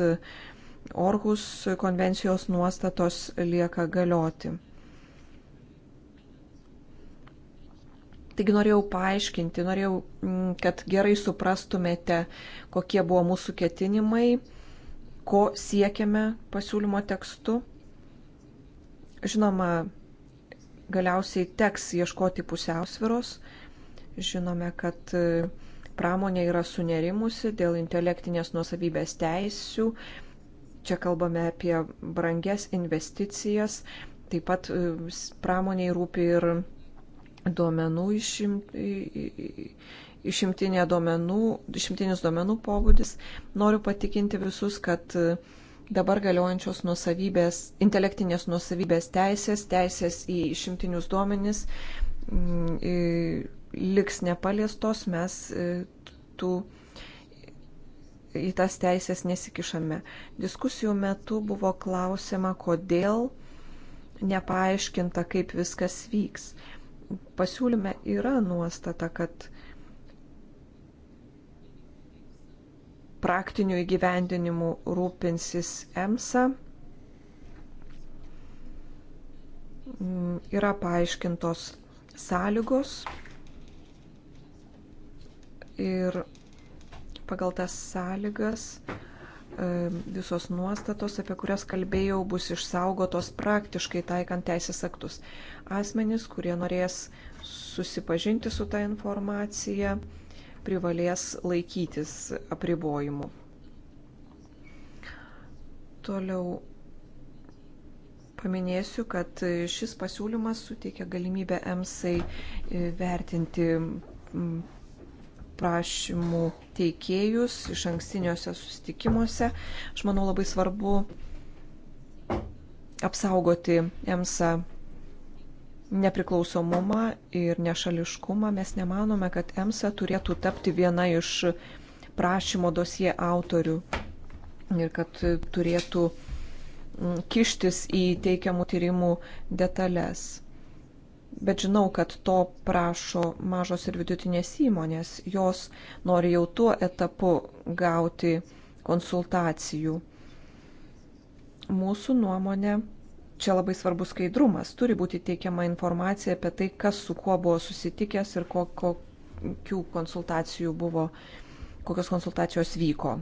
Orhus konvencijos nuostatos lieka galioti. Taigi norėjau paaiškinti, norėjau, mm, kad gerai suprastumėte, kokie buvo mūsų ketinimai, ko siekiame pasiūlymo tekstu. Žinoma, galiausiai teks ieškoti pusiausviros. Žinome, kad e, pramonė yra sunerimusi dėl intelektinės nuosavybės teisių. Čia kalbame apie brangias investicijas. Taip pat e, pramoniai rūpi ir duomenų išimt, išimtinė duomenų, išimtinis duomenų pobūdis. Noriu patikinti visus, kad e, dabar galiojančios nusavybės, intelektinės nusavybės teisės, teisės į išimtinius duomenis mm, liks nepaliestos, mes e, tų į tas teisės nesikišame. Diskusijų metu buvo klausima, kodėl nepaaiškinta, kaip viskas vyks. Pasiūlyme yra nuostata, kad praktiniu įgyvendinimu rūpinsis EMSA. Mm, yra paaiškintos sąlygos ir pagal tas sąlygas e, visos nuostatos, apie kurias kalbėjau, bus išsaugotos praktiškai taikant teisės aktus. Asmenys, kurie norės susipažinti su tą informaciją, privalės laikytis apribojimų. Toliau paminėsiu, kad šis pasiūlymas suteikia galimybę EMSAI vertinti prašymų teikėjus iš ankstiniuose sustikimuose. Aš manau labai svarbu apsaugoti EMSA nepriklausomumą ir nešališkumą, mes nemanome, kad EMSA turėtų tapti viena iš prašymo dosie autorių ir kad turėtų mm, kištis į teikiamų tyrimų detalės. Bet žinau, kad to prašo mažos ir vidutinės įmonės. Jos nori jau tuo etapu gauti konsultacijų. Mūsų nuomonė čia labai svarbus skaidrumas. Turi būti teikiama informacija apie tai, kas su kuo buvo susitikęs ir ko, kokių konsultacijų buvo, kokios konsultacijos vyko.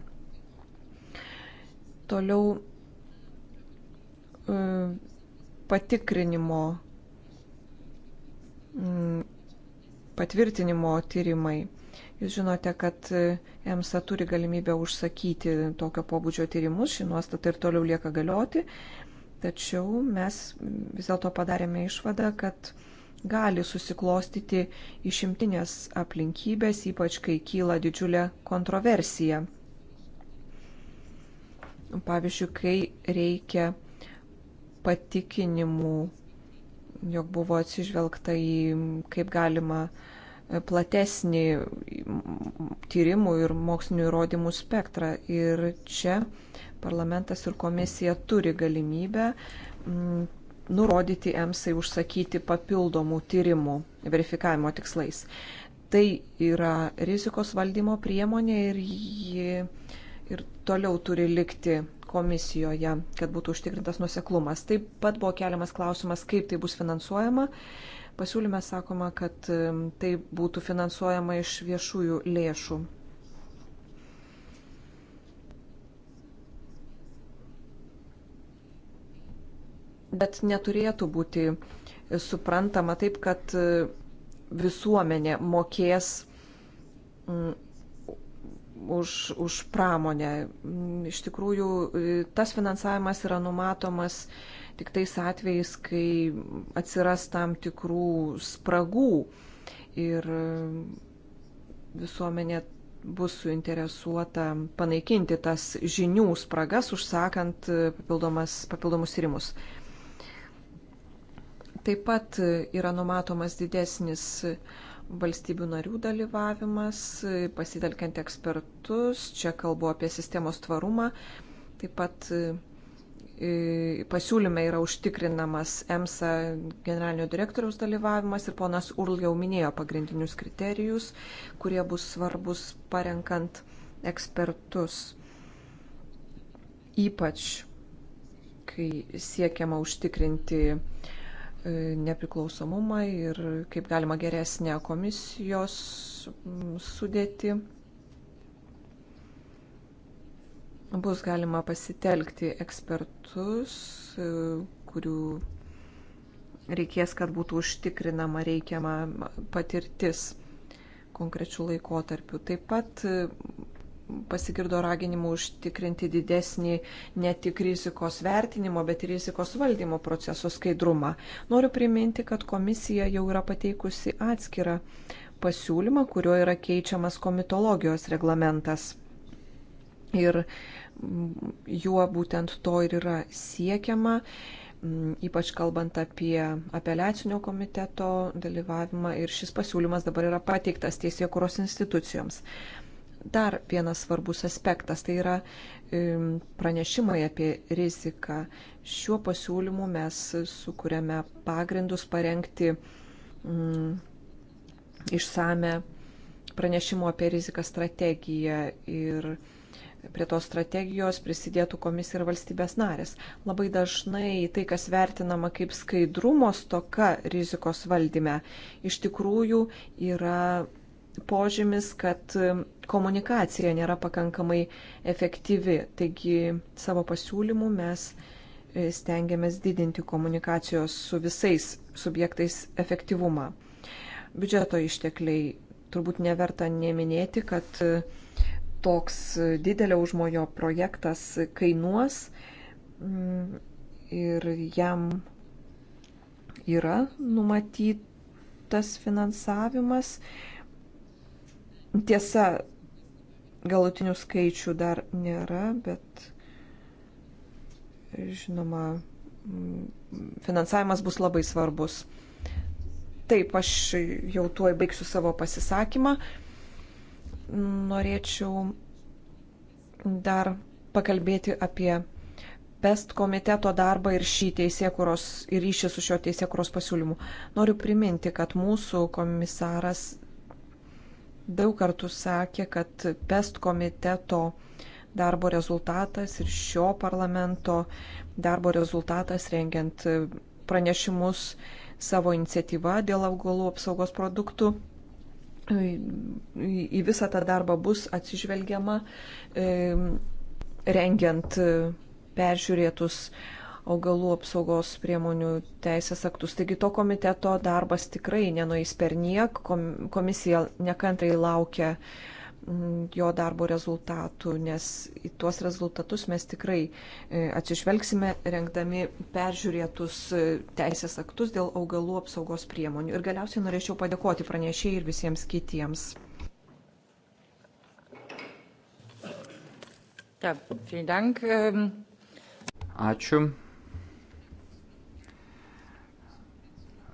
Toliau e, patikrinimo, patvirtinimo tyrimai. Jūs žinote, kad e, EMSA turi galimybę užsakyti tokio pobūdžio tyrimus, ši nuostata ir toliau lieka galioti. Tačiau mes vis dėlto padarėme išvadą, kad gali susiklostyti išimtinės aplinkybės, ypač kai kyla didžiulė kontroversija. Pavyzdžiui, kai reikia patikinimų, jog buvo atsižvelgta į kaip galima platesnį tyrimų ir mokslinių įrodymų spektrą. Ir čia parlamentas ir komisija turi galimybę mm, nurodyti EMSAI užsakyti papildomų tyrimų verifikavimo tikslais. Tai yra rizikos valdymo priemonė ir ji ir toliau turi likti komisijoje, kad būtų užtikrintas nuseklumas. Taip pat buvo keliamas klausimas, kaip tai bus finansuojama. Pasiūlyme sakoma, kad mm, tai būtų finansuojama iš viešųjų lėšų. bet neturėtų būti suprantama taip, kad e, visuomenė mokės už, už pramonę. Iš tikrųjų, e, tas finansavimas yra numatomas tik tais atvejais, kai atsiras tam tikrų spragų ir e, visuomenė bus suinteresuota panaikinti tas žinių spragas, užsakant papildomus tyrimus. Taip pat yra numatomas didesnis valstybių narių dalyvavimas, pasitelkiant ekspertus, čia kalbu apie sistemos tvarumą, taip pat e, pasiūlyme yra užtikrinamas EMSA generalinio direktoriaus dalyvavimas ir ponas Url jau minėjo pagrindinius kriterijus, kurie bus svarbus parenkant ekspertus. Ypač, kai siekiama užtikrinti E, nepriklausomumą ir kaip galima geresnę komisijos sudėti. Bus galima pasitelkti ekspertus, e, kurių reikės, kad būtų užtikrinama reikiama patirtis konkrečių laikotarpių. Taip pat pasigirdo raginimų užtikrinti didesnį ne tik rizikos vertinimo, bet ir rizikos valdymo proceso skaidrumą. Noriu priminti, kad komisija jau yra pateikusi atskirą pasiūlymą, kuriuo yra keičiamas komitologijos reglamentas. Ir mm, juo būtent to ir yra siekiama, mm, ypač kalbant apie apeliacinio komiteto dalyvavimą ir šis pasiūlymas dabar yra pateiktas teisėkuros institucijoms dar vienas svarbus aspektas, tai yra pranešimai apie riziką. Šiuo pasiūlymu mes sukūrėme pagrindus parengti mm, išsame pranešimo apie riziką strategiją ir prie tos strategijos prisidėtų komisija ir valstybės narės. Labai dažnai tai, kas vertinama kaip skaidrumo stoka rizikos valdyme, iš tikrųjų yra požymis, kad komunikacija nėra pakankamai efektyvi. Taigi savo pasiūlymų mes e, stengiamės didinti komunikacijos su visais subjektais efektyvumą. Biudžeto ištekliai turbūt neverta neminėti, kad e, toks didelio užmojo projektas kainuos mm, ir jam yra numatytas finansavimas. Tiesa, galutinių skaičių dar nėra, bet žinoma, mm, finansavimas bus labai svarbus. Taip, aš jau tuoj baigsiu savo pasisakymą. Norėčiau dar pakalbėti apie PEST komiteto darbą ir šį teisėkuros ir ryšį su šio teisėkuros pasiūlymu. Noriu priminti, kad mūsų komisaras daug kartų sakė, kad PEST komiteto darbo rezultatas ir šio parlamento darbo rezultatas rengiant pranešimus savo iniciatyvą dėl augalų apsaugos produktų. Į visą tą darbą bus atsižvelgiama rengiant peržiūrėtus augalų apsaugos priemonių teisės aktus. Taigi to komiteto darbas tikrai nenueis per niek, komisija nekantrai laukia mm, jo darbo rezultatų, nes į tuos rezultatus mes tikrai e, atsižvelgsime, rengdami peržiūrėtus e, teisės aktus dėl augalų apsaugos priemonių. Ir galiausiai norėčiau padėkoti pranešėjai ir visiems kitiems. Ähm. Ačiū.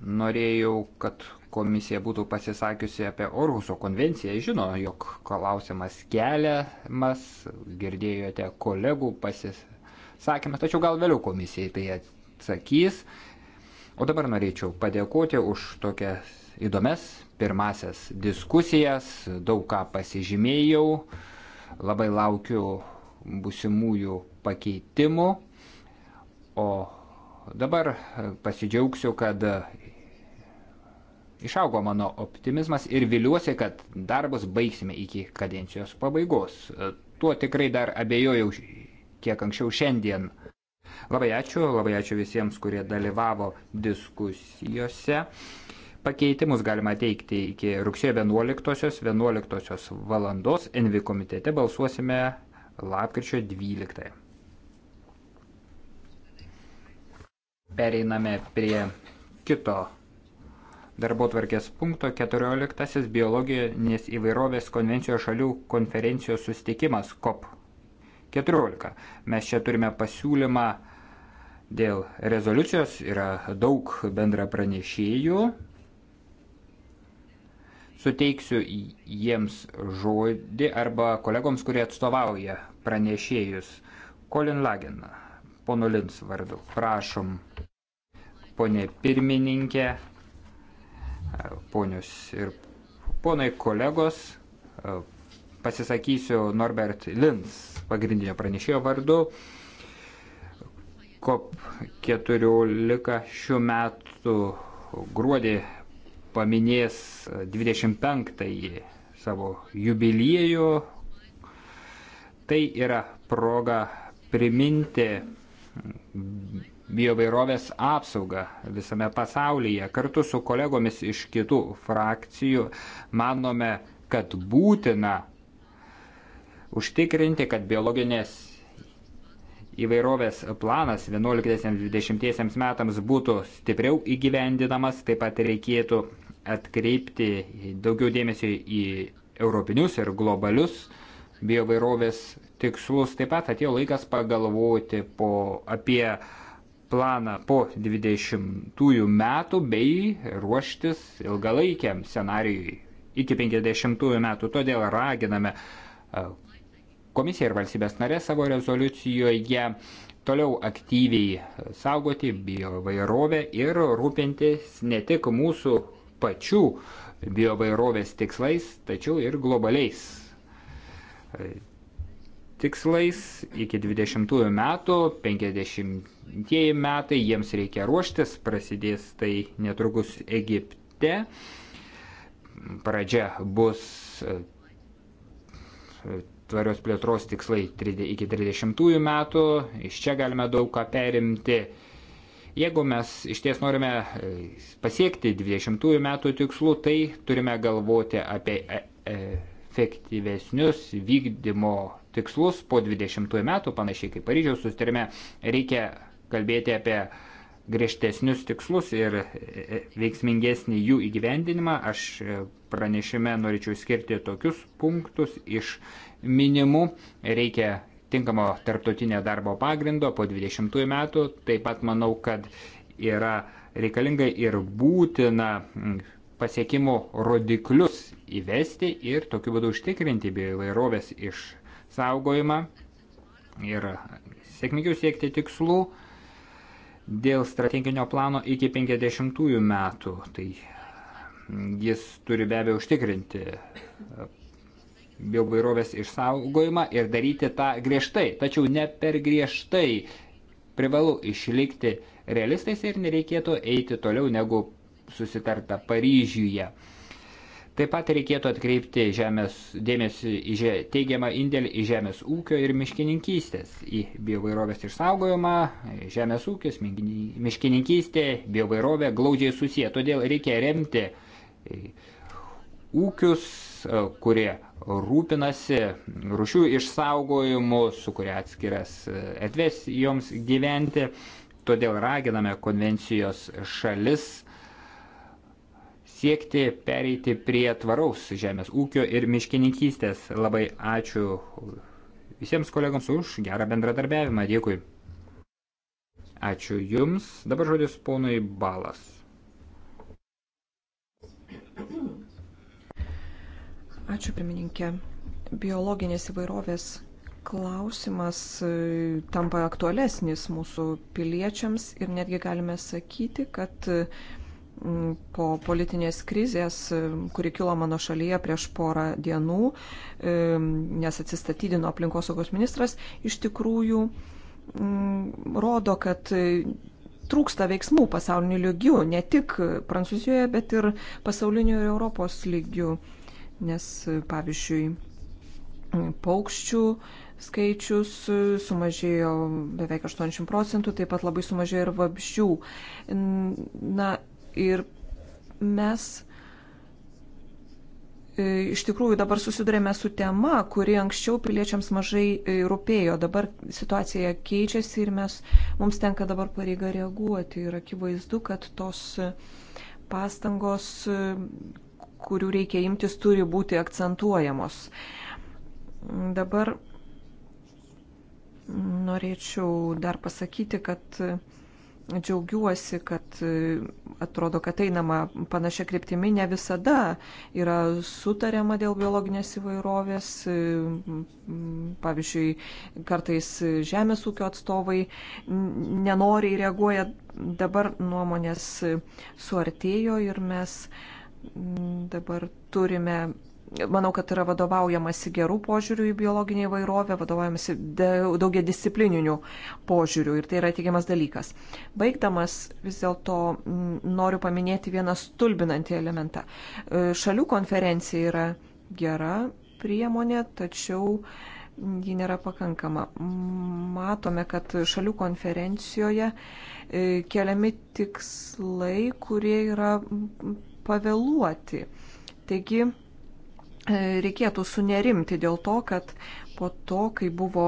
Norėjau, kad komisija būtų pasisakiusi apie Orhuso konvenciją. Žino, jog klausimas keliamas, girdėjote kolegų pasisakymas, tačiau gal vėliau komisijai tai atsakys. O dabar norėčiau padėkoti už tokias įdomias pirmasias diskusijas, daug ką pasižymėjau, labai laukiu busimųjų pakeitimų. O dabar pasidžiaugsiu, kad Išaugo mano optimizmas ir viliuosi, kad darbus baigsime iki kadencijos pabaigos. Tuo tikrai dar abejojau kiek anksčiau šiandien. Labai ačiū, labai ačiū visiems, kurie dalyvavo diskusijose. Pakeitimus galima teikti iki rugsėjo 11-osios, 11-osios valandos. Envi komitete balsuosime lapkričio 12. Pereiname prie kito darbo tvarkės punkto 14 biologinės įvairovės konvencijos šalių konferencijos sustikimas COP 14. Mes čia turime pasiūlymą dėl rezoliucijos, yra daug bendra pranešėjų. Suteiksiu jiems žodį arba kolegoms, kurie atstovauja pranešėjus. Colin Lagen, pono Lins vardu. Prašom, ponė pirmininkė, ponius ir ponai kolegos, e, pasisakysiu Norbert Lins pagrindinio pranešėjo vardu. COP14 šių metų gruodį paminės 25-ąjį savo jubiliejų. Tai yra proga priminti biovairovės apsaugą visame pasaulyje. Kartu su kolegomis iš kitų frakcijų manome, kad būtina užtikrinti, kad biologinės įvairovės planas 11-20 metams būtų stipriau įgyvendinamas, taip pat reikėtų atkreipti daugiau dėmesio į europinius ir globalius biovairovės tikslus. Taip pat atėjo laikas pagalvoti po, apie uh, planą po 20 metų bei ruoštis ilgalaikiam scenarijui iki 50 metų. Todėl raginame e, komisiją ir valstybės narę savo rezoliucijoje toliau aktyviai saugoti biovairovę ir rūpintis ne tik mūsų pačių biovairovės tikslais, tačiau ir globaliais e, tikslais iki 20 metų 50 dieji metai, jiems reikia ruoštis, prasidės tai netrukus Egipte. Pradžia bus e, tvarios plėtros tikslai iki 30 metų, iš čia galime daug ką perimti. Jeigu mes iš ties norime e, pasiekti 20 metų tikslų, tai turime galvoti apie e, efektyvesnius vykdymo tikslus po 20 metų, panašiai kaip Paryžiaus sustarime, reikia kalbėti apie griežtesnius tikslus ir e, e, veiksmingesnį jų įgyvendinimą. Aš e, pranešime norėčiau skirti tokius punktus iš minimų. Reikia tinkamo tarptautinio darbo pagrindo po 20 metų. Taip pat manau, kad yra reikalinga ir būtina pasiekimų rodiklius įvesti ir tokiu būdu užtikrinti bioįvairovės išsaugojimą ir sėkmingiau siekti tikslų dėl strateginio plano iki 50 metų. Tai mm, jis turi be abejo užtikrinti e, biobairovės išsaugojimą ir daryti tą griežtai, tačiau ne per griežtai. Privalu išlikti realistais ir nereikėtų eiti toliau negu susitarta Paryžiuje. Taip pat reikėtų atkreipti žemės, dėmesį į žė, teigiamą indėlį į žemės ūkio ir miškininkystės, į biovairovės išsaugojimą, žemės ūkis, miškininkystė, biovairovė glaudžiai susiję. Todėl reikia remti e, ūkius, e, kurie rūpinasi rušių išsaugojimu, sukuria atskiras e, erdvės joms gyventi. Todėl raginame konvencijos šalis siekti pereiti prie tvaraus žemės ūkio ir miškininkystės. Labai ačiū visiems kolegams už gerą bendradarbiavimą. Dėkui. Ačiū Jums. Dabar žodis ponui Balas. Ačiū pirmininkė. Biologinės įvairovės klausimas e, tampa aktualesnis mūsų piliečiams ir netgi galime sakyti, kad e, po politinės krizės, e, kuri kilo mano šalyje prieš porą dienų, e, nes atsistatydino aplinkosaugos ministras, iš tikrųjų rodo, kad e, trūksta veiksmų pasauliniu lygiu, ne tik Prancūzijoje, bet ir pasauliniu ir Europos lygiu. Nes, pavyzdžiui, paukščių skaičius sumažėjo beveik 80 procentų, taip pat labai sumažėjo ir vabzdžių. Na, Ir mes e, iš tikrųjų dabar susidurėme su tema, kuri anksčiau piliečiams mažai e, rūpėjo. Dabar situacija keičiasi ir mes, mums tenka dabar pareiga reaguoti. Ir akivaizdu, kad tos e, pastangos, kurių reikia imtis, turi būti akcentuojamos. Dabar norėčiau dar pasakyti, kad džiaugiuosi, kad e, atrodo, kad einama panašia kryptimi, ne visada yra sutariama dėl biologinės įvairovės. E, pavyzdžiui, kartais žemės ūkio atstovai nenoriai reaguoja, dabar nuomonės suartėjo ir mes dabar turime manau, kad yra vadovaujamasi gerų požiūrių į biologinį įvairovę, vadovaujamasi daugia disciplininių požiūrių ir tai yra teigiamas dalykas. Baigdamas vis dėlto noriu paminėti vieną stulbinantį elementą. E, šalių konferencija yra gera priemonė, tačiau ji nėra pakankama. Matome, kad šalių konferencijoje e, keliami tikslai, kurie yra pavėluoti. Taigi, E, reikėtų sunerimti dėl to, kad po to, kai buvo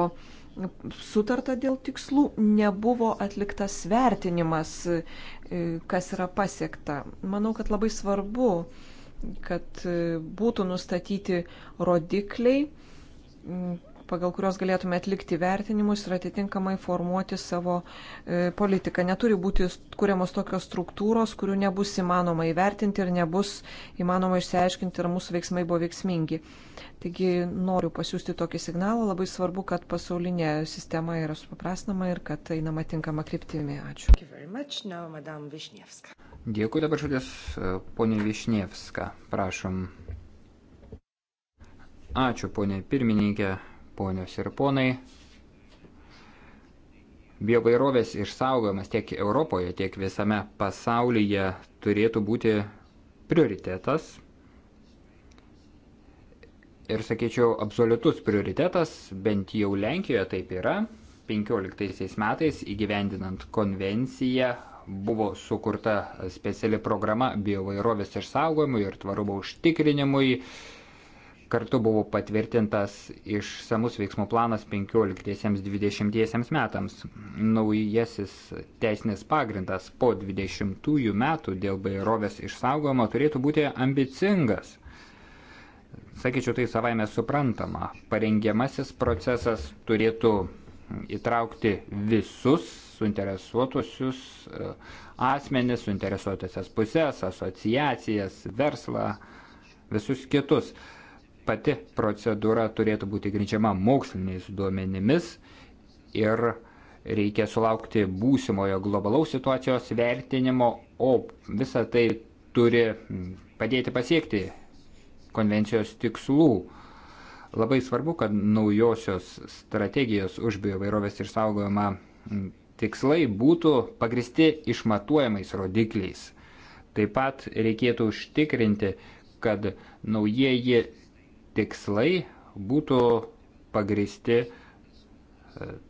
sutarta dėl tikslų, nebuvo atliktas vertinimas, e, kas yra pasiekta. Manau, kad labai svarbu, kad e, būtų nustatyti rodikliai, pagal kurios galėtume atlikti vertinimus ir atitinkamai formuoti savo e, politiką. Neturi būti kuriamos tokios struktūros, kurių nebus įmanoma įvertinti ir nebus įmanoma išsiaiškinti, ar mūsų veiksmai buvo veiksmingi. Taigi noriu pasiūsti tokį signalą. Labai svarbu, kad pasaulinė sistema yra supaprastinama ir kad einama tinkama kryptimi. Ačiū. Dėkui dabar žodis e, ponė Višnievska. Prašom. Ačiū, ponė pirmininkė ponios ir ponai. Biovairovės išsaugojimas tiek Europoje, tiek visame pasaulyje turėtų būti prioritetas. Ir sakyčiau, absoliutus prioritetas, bent jau Lenkijoje taip yra. 15 metais įgyvendinant konvenciją buvo sukurta speciali programa biovairovės išsaugojimui ir tvarumo užtikrinimui. Kartu buvo patvirtintas išsamus veiksmų planas 15-20 metams. Naujasis teisinis pagrindas po 20 metų dėl bairovės išsaugojimo turėtų būti ambicingas. Sakyčiau, tai savaime suprantama. Parengiamasis procesas turėtų įtraukti visus suinteresuotusius e, asmenis, suinteresuotusias pusės, asociacijas, verslą, visus kitus pati procedūra turėtų būti grindžiama moksliniais duomenimis ir reikia sulaukti būsimojo globalaus situacijos vertinimo, o visa tai turi padėti pasiekti konvencijos tikslų. Labai svarbu, kad naujosios strategijos už biovairovės išsaugojimą tikslai būtų pagristi išmatuojamais rodikliais. Taip pat reikėtų užtikrinti, kad naujieji tikslai būtų pagristi e,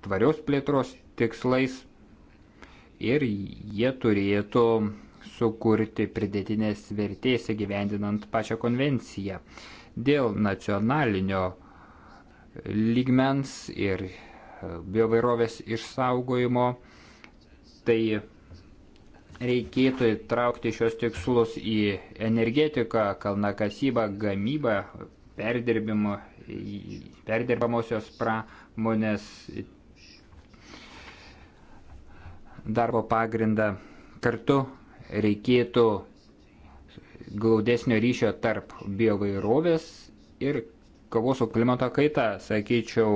tvarios plėtros tikslais ir jie turėtų sukurti pridėtinės vertės įgyvendinant pačią konvenciją. Dėl nacionalinio lygmens ir e, biovairovės išsaugojimo tai reikėtų įtraukti šios tikslus į energetiką, kalnakasybą, gamybą, perdirbamosios pramonės darbo pagrindą. Kartu reikėtų glaudesnio ryšio tarp biovairovės ir kovos su klimato kaita, sakyčiau,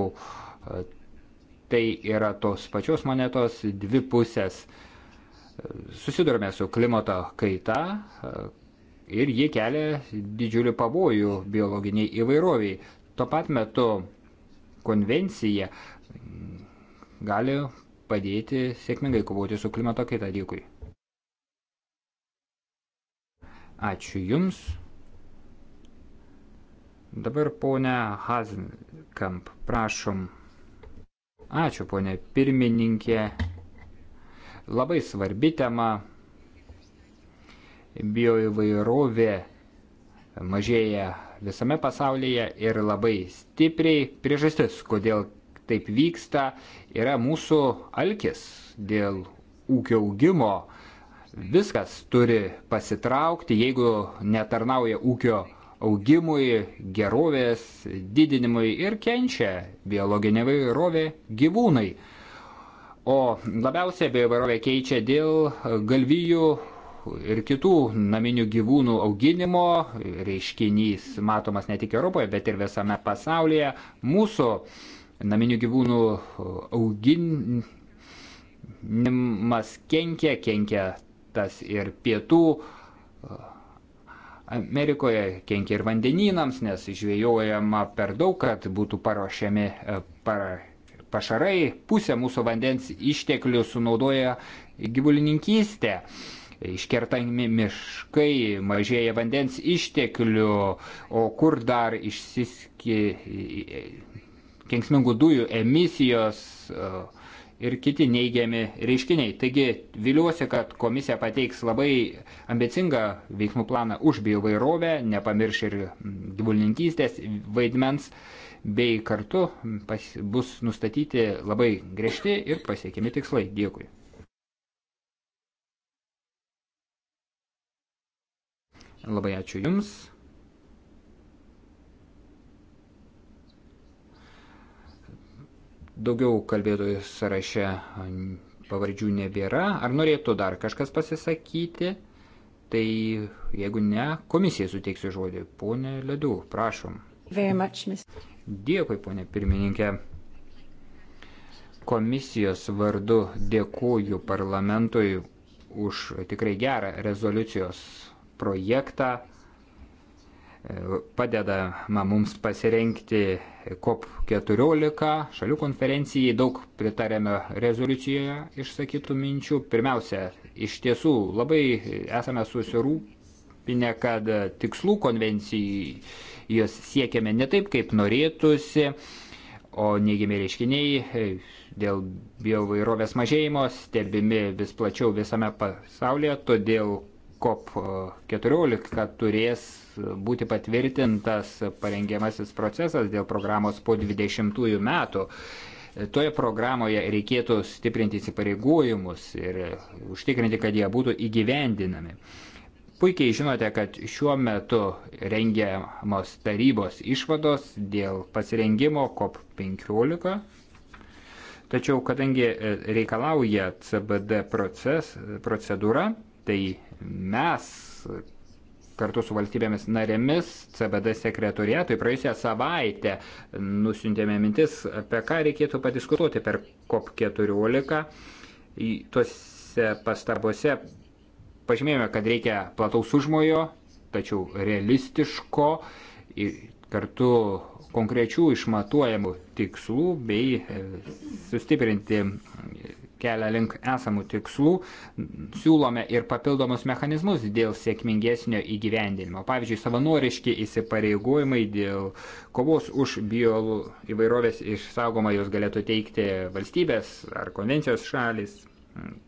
tai yra tos pačios monetos dvi pusės. Susidurime su klimato kaita, ir jie kelia didžiulį pavojų biologiniai įvairoviai. Tuo pat metu konvencija gali padėti sėkmingai kovoti su klimato kaita. Dėkui. Ačiū Jums. Dabar ponia Hazenkamp, prašom. Ačiū ponia pirmininkė. Labai svarbi tema bioįvairovė mažėja visame pasaulyje ir labai stipriai. Priežastis, kodėl taip vyksta, yra mūsų alkis dėl ūkio augimo. Viskas turi pasitraukti, jeigu netarnauja ūkio augimui, gerovės didinimui ir kenčia biologinė vairovė gyvūnai. O labiausiai bioįvairovė keičia dėl galvijų ir kitų naminių gyvūnų auginimo reiškinys matomas ne tik Europoje, bet ir visame pasaulyje. Mūsų naminių gyvūnų auginimas kenkia, kenkia tas ir pietų Amerikoje, kenkia ir vandenynams, nes žvėjojama per daug, kad būtų paruošiami e, para, pašarai, pusę mūsų vandens išteklių sunaudoja gyvulininkystė iškertami miškai, mažėja vandens išteklių, o kur dar išsiski kenksmingų dujų emisijos ir kiti neigiami reiškiniai. Taigi viliuosi, kad komisija pateiks labai ambicingą veiksmų planą už biovairovę, nepamirš ir gyvulininkystės vaidmens bei kartu pas, bus nustatyti labai griežti ir pasiekiami tikslai. Dėkui. Labai ačiū Jums. Daugiau kalbėtojų sąraše pavardžių nebėra. Ar norėtų dar kažkas pasisakyti? Tai jeigu ne, komisijai suteiksiu žodį. Pone Ledu, prašom. Much, Dėkui, ponė pirmininkė. Komisijos vardu dėkuoju parlamentui už tikrai gerą rezoliucijos projektą, e, padedama mums pasirenkti COP14 šalių konferencijai, daug pritarėme rezoliucijoje išsakytų minčių. Pirmiausia, iš tiesų labai esame susirūpinę, kad tikslų konvencijos siekiame ne taip, kaip norėtųsi, o neigiami reiškiniai e, dėl biovairovės mažėjimo stebimi vis plačiau visame pasaulyje, todėl COP14 e, turės e, būti patvirtintas parengiamasis procesas dėl programos po 20 metų. E, toje programoje reikėtų stiprinti įsipareigojimus ir užtikrinti, kad jie būtų įgyvendinami. Puikiai žinote, kad šiuo metu rengiamos tarybos išvados dėl pasirengimo COP15 Tačiau kadangi reikalauja CBD proces, procedūra, tai mes kartu su valstybėmis narėmis CBD sekretoriatui praėjusią savaitę nusintėme mintis, apie ką reikėtų padiskutuoti per COP14. Tuose pastabose pažymėjome, kad reikia plataus užmojo, tačiau realistiško ir kartu konkrečių išmatuojamų tikslų bei sustiprinti kelią link esamų tikslų, siūlome ir papildomus mechanizmus dėl sėkmingesnio įgyvendinimo. Pavyzdžiui, savanoriški įsipareigojimai dėl kovos už bio įvairovės išsaugomą jos galėtų teikti valstybės ar konvencijos šalis,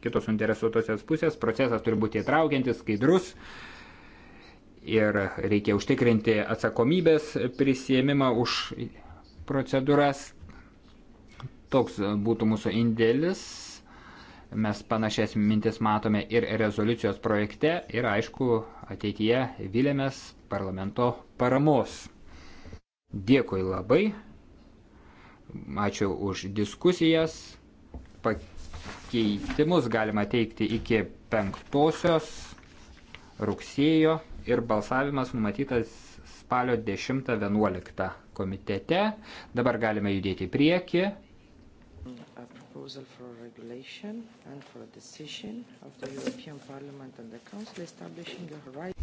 kitos interesuotosios pusės. Procesas turi būti įtraukiantis, skaidrus ir reikia užtikrinti atsakomybės prisėmimą už procedūras. Toks būtų mūsų indėlis Mes panašias mintis matome ir rezoliucijos projekte ir aišku ateityje vilėmės parlamento paramos. Dėkui labai. Ačiū už diskusijas. Pakeitimus galima teikti iki penktosios rugsėjo ir balsavimas numatytas spalio 10-11 komitete. Dabar galime judėti į priekį proposal for a regulation and for a decision of the European Parliament and the Council establishing a horizon.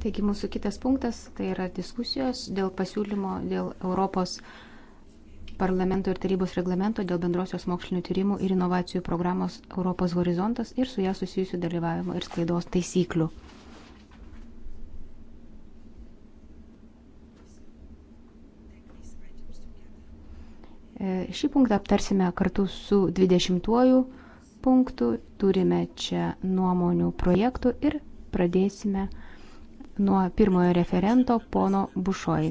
Taigi mūsų kitas punktas tai yra diskusijos dėl pasiūlymo dėl Europos parlamento ir tarybos reglamento dėl bendrosios mokslinių tyrimų ir inovacijų programos Europos horizontas ir su ją susijusių dalyvavimo ir sklaidos taisyklių. E, šį punktą aptarsime kartu su 20-uoju punktu. Turime čia nuomonių projektų ir pradėsime nuo pirmojo referento pono Bušoj.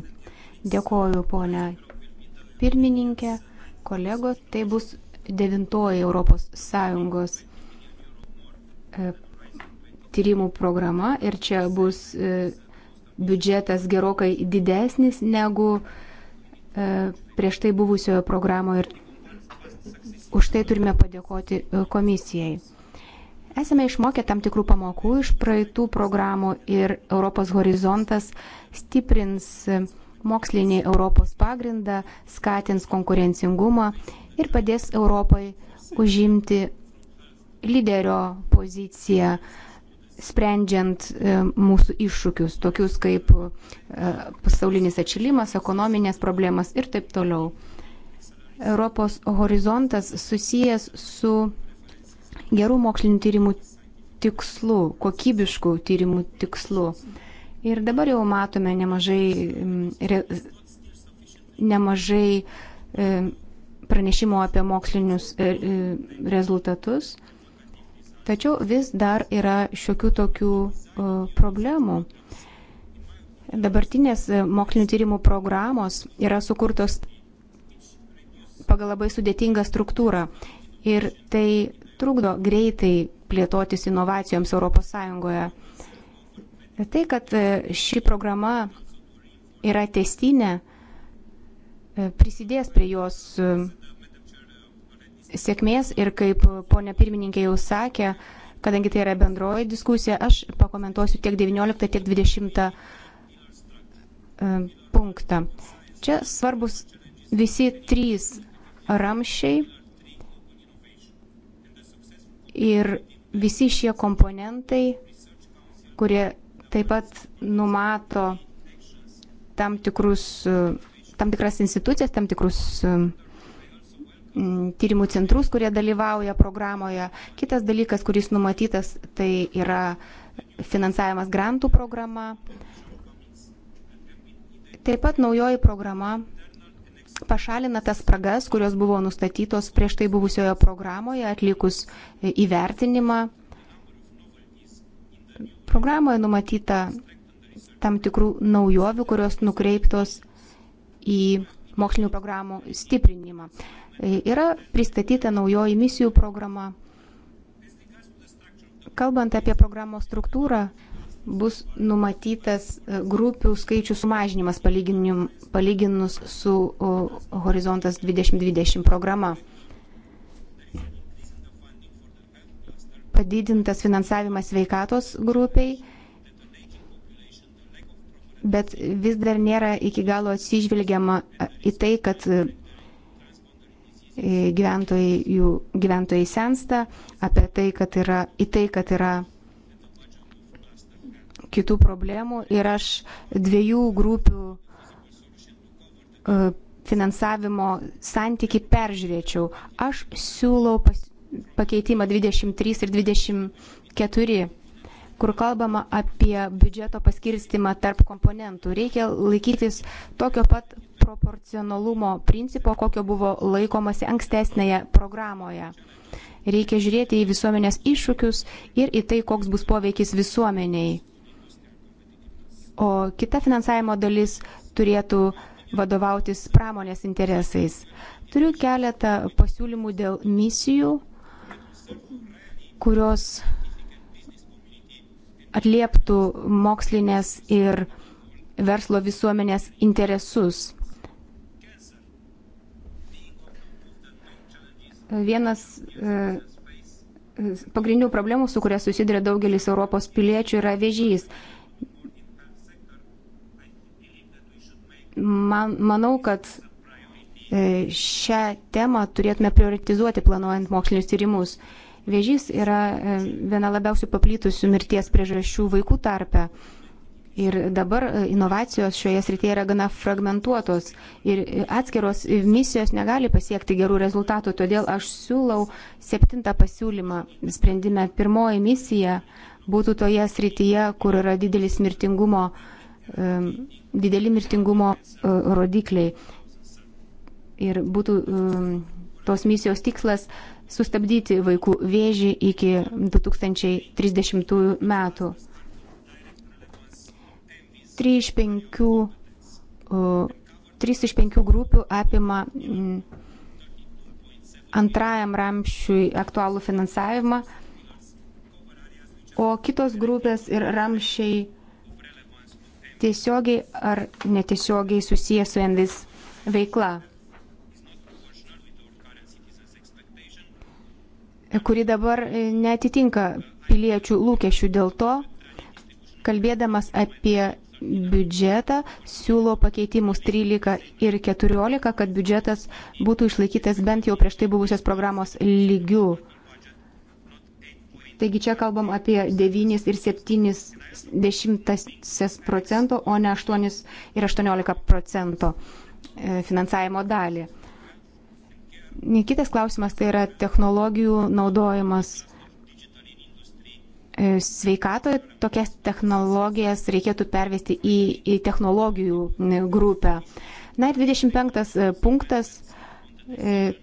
Dėkoju, ponia pirmininkė, kolego. Tai bus 9-oji ES e, tyrimų programa ir čia bus e, biudžetas gerokai didesnis negu E, prieš tai buvusioje programoje ir už tai turime padėkoti e, komisijai. Esame išmokę tam tikrų pamokų iš praeitų programų ir Europos horizontas stiprins mokslinį Europos pagrindą, skatins konkurencingumą ir padės Europai užimti lyderio poziciją sprendžiant e, mūsų iššūkius, tokius kaip e, pasaulinis atšilimas, ekonominės problemas ir taip toliau. Europos horizontas susijęs su gerų mokslinių tyrimų tikslu, kokybiškų tyrimų tikslu. Ir dabar jau matome nemažai, re, nemažai e, pranešimų apie mokslinius rezultatus. Tačiau vis dar yra šiokių tokių e, problemų. Dabartinės e, mokslinio tyrimų programos yra sukurtos pagal labai sudėtingą struktūrą ir tai trukdo greitai plėtotis inovacijoms ES. Tai, kad e, ši programa yra testinė, prisidės prie jos sėkmės ir kaip ponia pirmininkė jau sakė, kadangi tai yra bendroji diskusija, aš pakomentuosiu tiek 19, tiek 20 e, punktą. Čia svarbus visi trys ramšiai ir visi šie komponentai, kurie taip pat numato tam, tikrus, e, tam tikras institucijas, tam tikrus e, Mm, tyrimų centrus, kurie dalyvauja programoje. Kitas dalykas, kuris numatytas, tai yra finansavimas grantų programa. Taip pat naujoji programa pašalina tas spragas, kurios buvo nustatytos prieš tai buvusioje programoje, atlikus įvertinimą. Programoje numatyta tam tikrų naujovių, kurios nukreiptos į mokslinių programų stiprinimą. Yra pristatyta naujoji misijų programa. Kalbant apie programos struktūrą, bus numatytas e, grupių skaičių sumažinimas palyginus su Horizontas 2020 programa. Padidintas finansavimas veikatos grupiai, bet vis dar nėra iki galo atsižvelgiama e, į tai, kad e, gyventojai, jų gyventojai sensta, apie tai, kad yra, į tai, kad yra kitų problemų ir aš dviejų grupių e, finansavimo santyki peržiūrėčiau. Aš siūlau pas, pakeitimą 23 ir 24 kur kalbama apie biudžeto paskirstimą tarp komponentų. Reikia laikytis tokio pat proporcionalumo principo, kokio buvo laikomasi ankstesnėje programoje. Reikia žiūrėti į visuomenės iššūkius ir į tai, koks bus poveikis visuomeniai. O kita finansavimo dalis turėtų vadovautis pramonės interesais. Turiu keletą pasiūlymų dėl misijų, kurios atlieptų mokslinės ir verslo visuomenės interesus. Vienas e, pagrindinių problemų, su kuria susiduria daugelis Europos piliečių, yra vėžys. Man, manau, kad e, šią temą turėtume prioritizuoti planuojant mokslinius tyrimus. Vėžys yra e, viena labiausiai paplytusių mirties priežasčių vaikų tarpe. Ir dabar e, inovacijos šioje srityje yra gana fragmentuotos ir e, atskiros e, misijos negali pasiekti gerų rezultatų, todėl aš siūlau septintą pasiūlymą sprendime. Pirmoji misija būtų toje srityje, kur yra didelis mirtingumo, dideli mirtingumo rodikliai. Ir būtų tos misijos tikslas sustabdyti vaikų vėžį iki 2030 metų. 3 iš 5, 3 iš 5 grupių apima mm, antrajam ramščiui aktualų finansavimą, o kitos grupės ir ramščiai tiesiogiai ar netiesiogiai susiję su endis veikla, kuri dabar e, netitinka piliečių lūkesčių dėl to, kalbėdamas apie biudžetą, siūlo pakeitimus 13 ir 14, kad biudžetas būtų išlaikytas bent jau prieš tai buvusios programos lygių. Taigi čia kalbam apie 9 ir 70 procento, o ne 8 ir 18 procento e, finansavimo dalį. Kitas klausimas tai yra technologijų naudojimas E, sveikatą, tokias technologijas reikėtų pervesti į, į technologijų e, grupę. Na ir 25 e, punktas,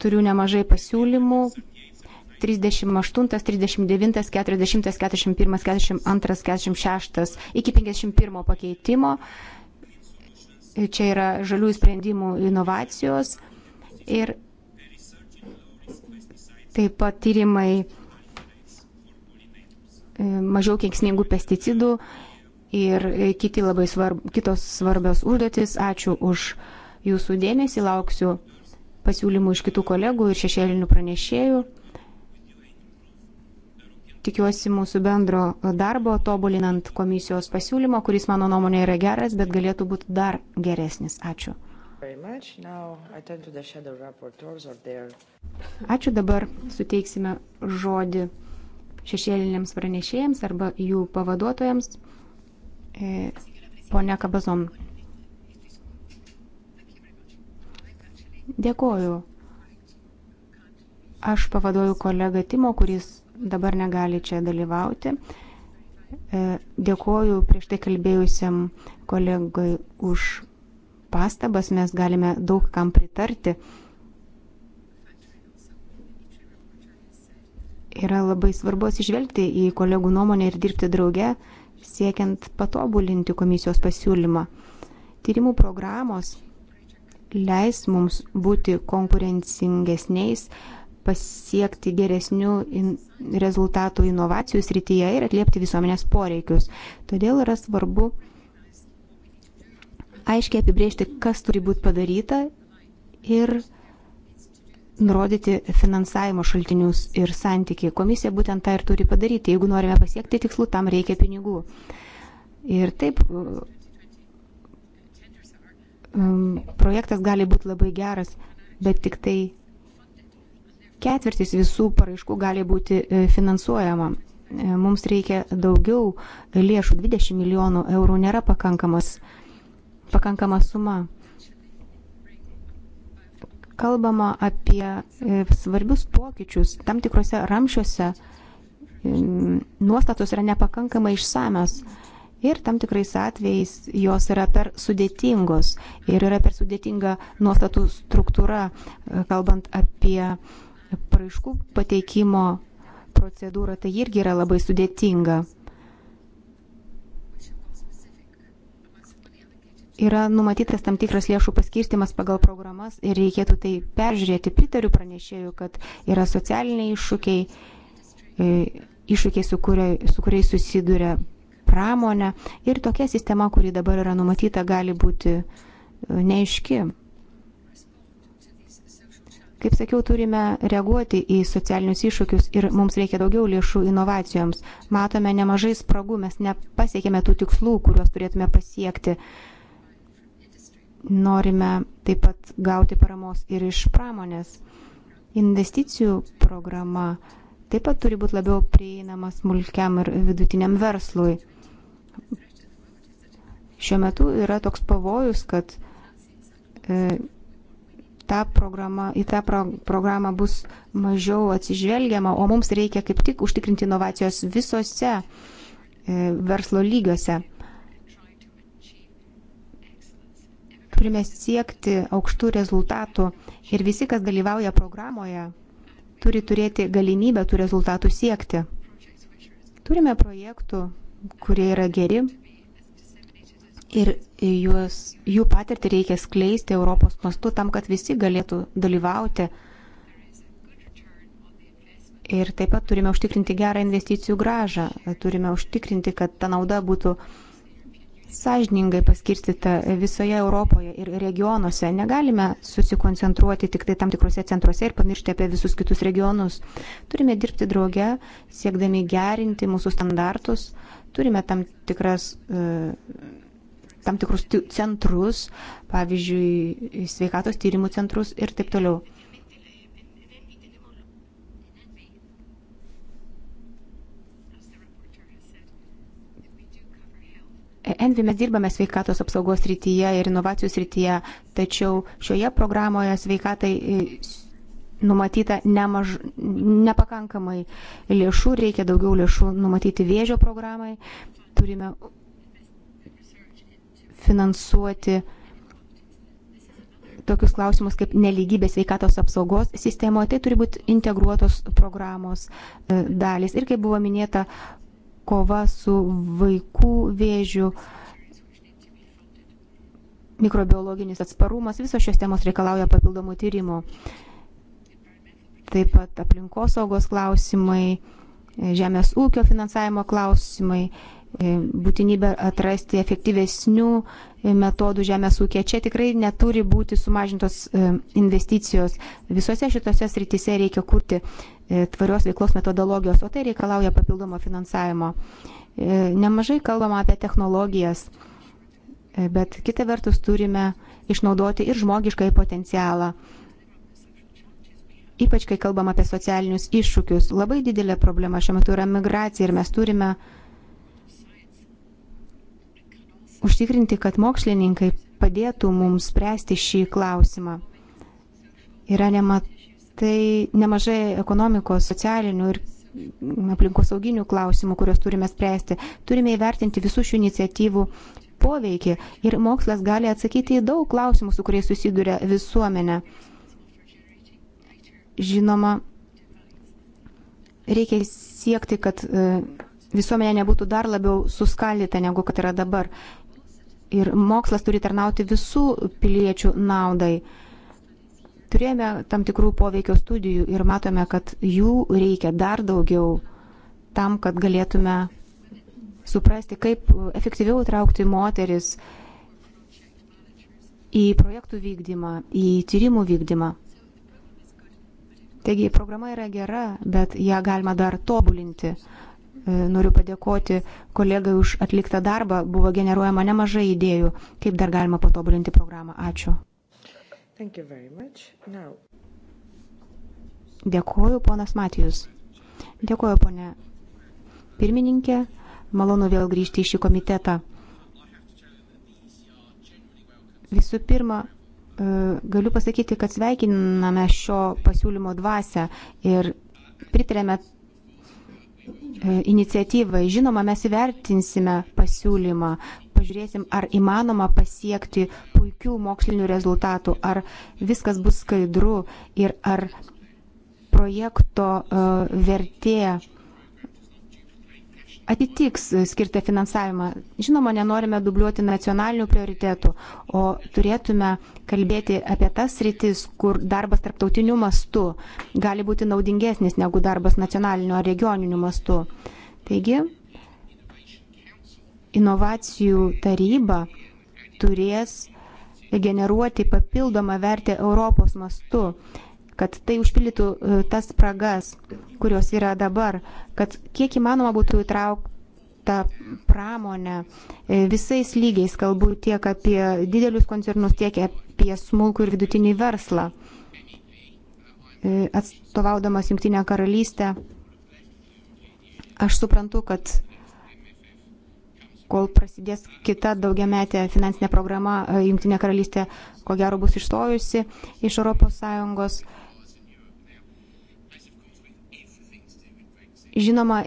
turiu nemažai pasiūlymų. 38, 39, 40, 41, 42, 46 iki 51 pakeitimo. Čia yra žalių sprendimų inovacijos ir taip pat tyrimai mažiau kenksmingų pesticidų ir e, kiti labai svarb, kitos svarbios užduotis. Ačiū už jūsų dėmesį, lauksiu pasiūlymų iš kitų kolegų ir šešėlinių pranešėjų. Tikiuosi mūsų bendro darbo, tobulinant komisijos pasiūlymą, kuris mano nuomonė yra geras, bet galėtų būti dar geresnis. Ačiū. Ačiū dabar suteiksime žodį šešėliniams pranešėjams arba jų pavaduotojams. E, Pone Kabazon. Dėkoju. Aš pavaduoju kolegą Timo, kuris dabar negali čia dalyvauti. E, dėkoju prieš tai kalbėjusiam kolegai už pastabas, mes galime daug kam pritarti. yra labai svarbu atsižvelgti į kolegų nuomonę ir dirbti drauge, siekiant patobulinti komisijos pasiūlymą. Tyrimų programos leis mums būti konkurencingesniais, pasiekti geresnių in rezultatų inovacijų srityje ir atliepti visuomenės poreikius. Todėl yra svarbu aiškiai apibriežti, kas turi būti padaryta ir nurodyti finansavimo šaltinius ir santykiai. Komisija būtent tą ir turi padaryti. Jeigu norime pasiekti tikslų, tam reikia pinigų. Ir taip, um, projektas gali būti labai geras, bet tik tai ketvirtis visų paraiškų gali būti e, finansuojama. E, mums reikia daugiau lėšų, 20 milijonų eurų nėra pakankamas, pakankama suma kalbama apie e, svarbius pokyčius tam tikrose ramšiuose. E, nuostatos yra nepakankamai išsamios ir tam tikrais atvejais jos yra per sudėtingos ir yra per sudėtinga nuostatų struktūra, e, kalbant apie praaiškų pateikimo procedūrą, tai irgi yra labai sudėtinga. yra numatytas tam tikras lėšų paskirstimas pagal programas ir reikėtų tai peržiūrėti. Pritariu pranešėjų, kad yra socialiniai iššūkiai, e, iššūkiai, su, kuria, su kuriais susiduria pramonė ir tokia sistema, kuri dabar yra numatyta, gali būti e, neiški. Kaip sakiau, turime reaguoti į socialinius iššūkius ir mums reikia daugiau lėšų inovacijoms. Matome nemažai spragų, mes nepasiekėme tų tikslų, kuriuos turėtume pasiekti. Uh, Norime taip pat gauti paramos ir iš pramonės. Investicijų programa taip pat turi būti labiau prieinama smulkiam ir vidutiniam verslui. Šiuo metu yra toks pavojus, kad e, ta programa, į tą pro, programą bus mažiau atsižvelgiama, o mums reikia kaip tik užtikrinti inovacijos visose e, verslo lygiuose. turime siekti aukštų rezultatų ir visi, kas dalyvauja programoje, turi turėti galimybę tų rezultatų siekti. Turime projektų, kurie yra geri ir juos, jų patirtį reikia skleisti Europos mastu tam, kad visi galėtų dalyvauti. Ir taip pat turime užtikrinti gerą investicijų gražą, turime užtikrinti, kad ta nauda būtų uh, sąžiningai paskirstyta visoje Europoje ir regionuose. Negalime susikoncentruoti tik tai tam tikrose centruose ir pamiršti apie visus kitus regionus. Turime dirbti drauge, siekdami gerinti mūsų standartus. Turime tam, tikras, e, tam tikrus centrus, pavyzdžiui, sveikatos tyrimų centrus ir taip toliau. Envi mes dirbame sveikatos apsaugos rytyje ir inovacijų srityje, tačiau šioje programoje sveikatai e, numatyta nemaž, nepakankamai lėšų, reikia daugiau lėšų numatyti vėžio programai, turime finansuoti tokius klausimus kaip neligybė sveikatos apsaugos sistemoje, tai turi būti integruotos programos e, dalis. Ir kaip buvo minėta, kova su vaikų vėžiu, mikrobiologinis atsparumas, visos šios temos reikalauja papildomų tyrimų. Taip pat aplinkosaugos klausimai, žemės ūkio finansavimo klausimai, būtinybė atrasti efektyvesnių metodų žemės ūkė. Čia tikrai neturi būti sumažintos e, investicijos. Visose šitose srityse reikia kurti E, tvarios veiklos metodologijos, o tai reikalauja papildomo finansavimo. E, nemažai kalbama apie technologijas, e, bet kita vertus turime išnaudoti ir žmogiškai potencialą. Ypač kai kalbam apie socialinius iššūkius, labai didelė problema šiuo metu yra migracija ir mes turime užtikrinti, kad mokslininkai padėtų mums spręsti šį klausimą. Yra nemat tai nemažai ekonomikos, socialinių ir aplinkosauginių klausimų, kuriuos turime spręsti. Turime įvertinti visų šių iniciatyvų poveikį ir mokslas gali atsakyti į daug klausimų, su kuriais susiduria visuomenė. Žinoma, reikia siekti, kad e, visuomenė nebūtų dar labiau suskaldyta, negu kad yra dabar. Ir mokslas turi tarnauti visų piliečių naudai. Turėjome tam tikrų poveikio studijų ir matome, kad jų reikia dar daugiau tam, kad galėtume suprasti, kaip efektyviau traukti moteris į projektų vykdymą, į tyrimų vykdymą. Taigi programa yra gera, bet ją galima dar tobulinti. E, noriu padėkoti kolegai už atliktą darbą, buvo generuojama nemažai idėjų, kaip dar galima patobulinti programą. Ačiū. Dėkuoju, ponas Matijus. Dėkuoju, ponė pirmininkė. Malonu vėl grįžti į šį komitetą. Visų pirma, e, galiu pasakyti, kad sveikiname šio pasiūlymo dvasę ir pritarėme e, iniciatyvai. Žinoma, mes įvertinsime pasiūlymą, pažiūrėsim, ar įmanoma pasiekti puikių mokslinių rezultatų, ar viskas bus skaidru ir ar projekto e, vertė atitiks skirtą finansavimą. Žinoma, nenorime dubliuoti nacionalinių prioritetų, o turėtume kalbėti apie tas rytis, kur darbas tarptautiniu mastu gali būti naudingesnis negu darbas nacionaliniu ar regioniniu mastu. Taigi, inovacijų taryba turės generuoti papildomą vertę Europos mastu, kad tai užpildytų e, tas spragas, kurios yra dabar, kad kiek įmanoma būtų įtraukta pramonė e, visais lygiais, kalbu tiek apie didelius koncernus, tiek apie smulkų ir vidutinį verslą. E, atstovaudamas Junktinę karalystę, aš suprantu, kad kol prasidės kita daugiametė finansinė programa, e, Junktinė karalystė ko gero bus išstojusi iš ES. Žinoma,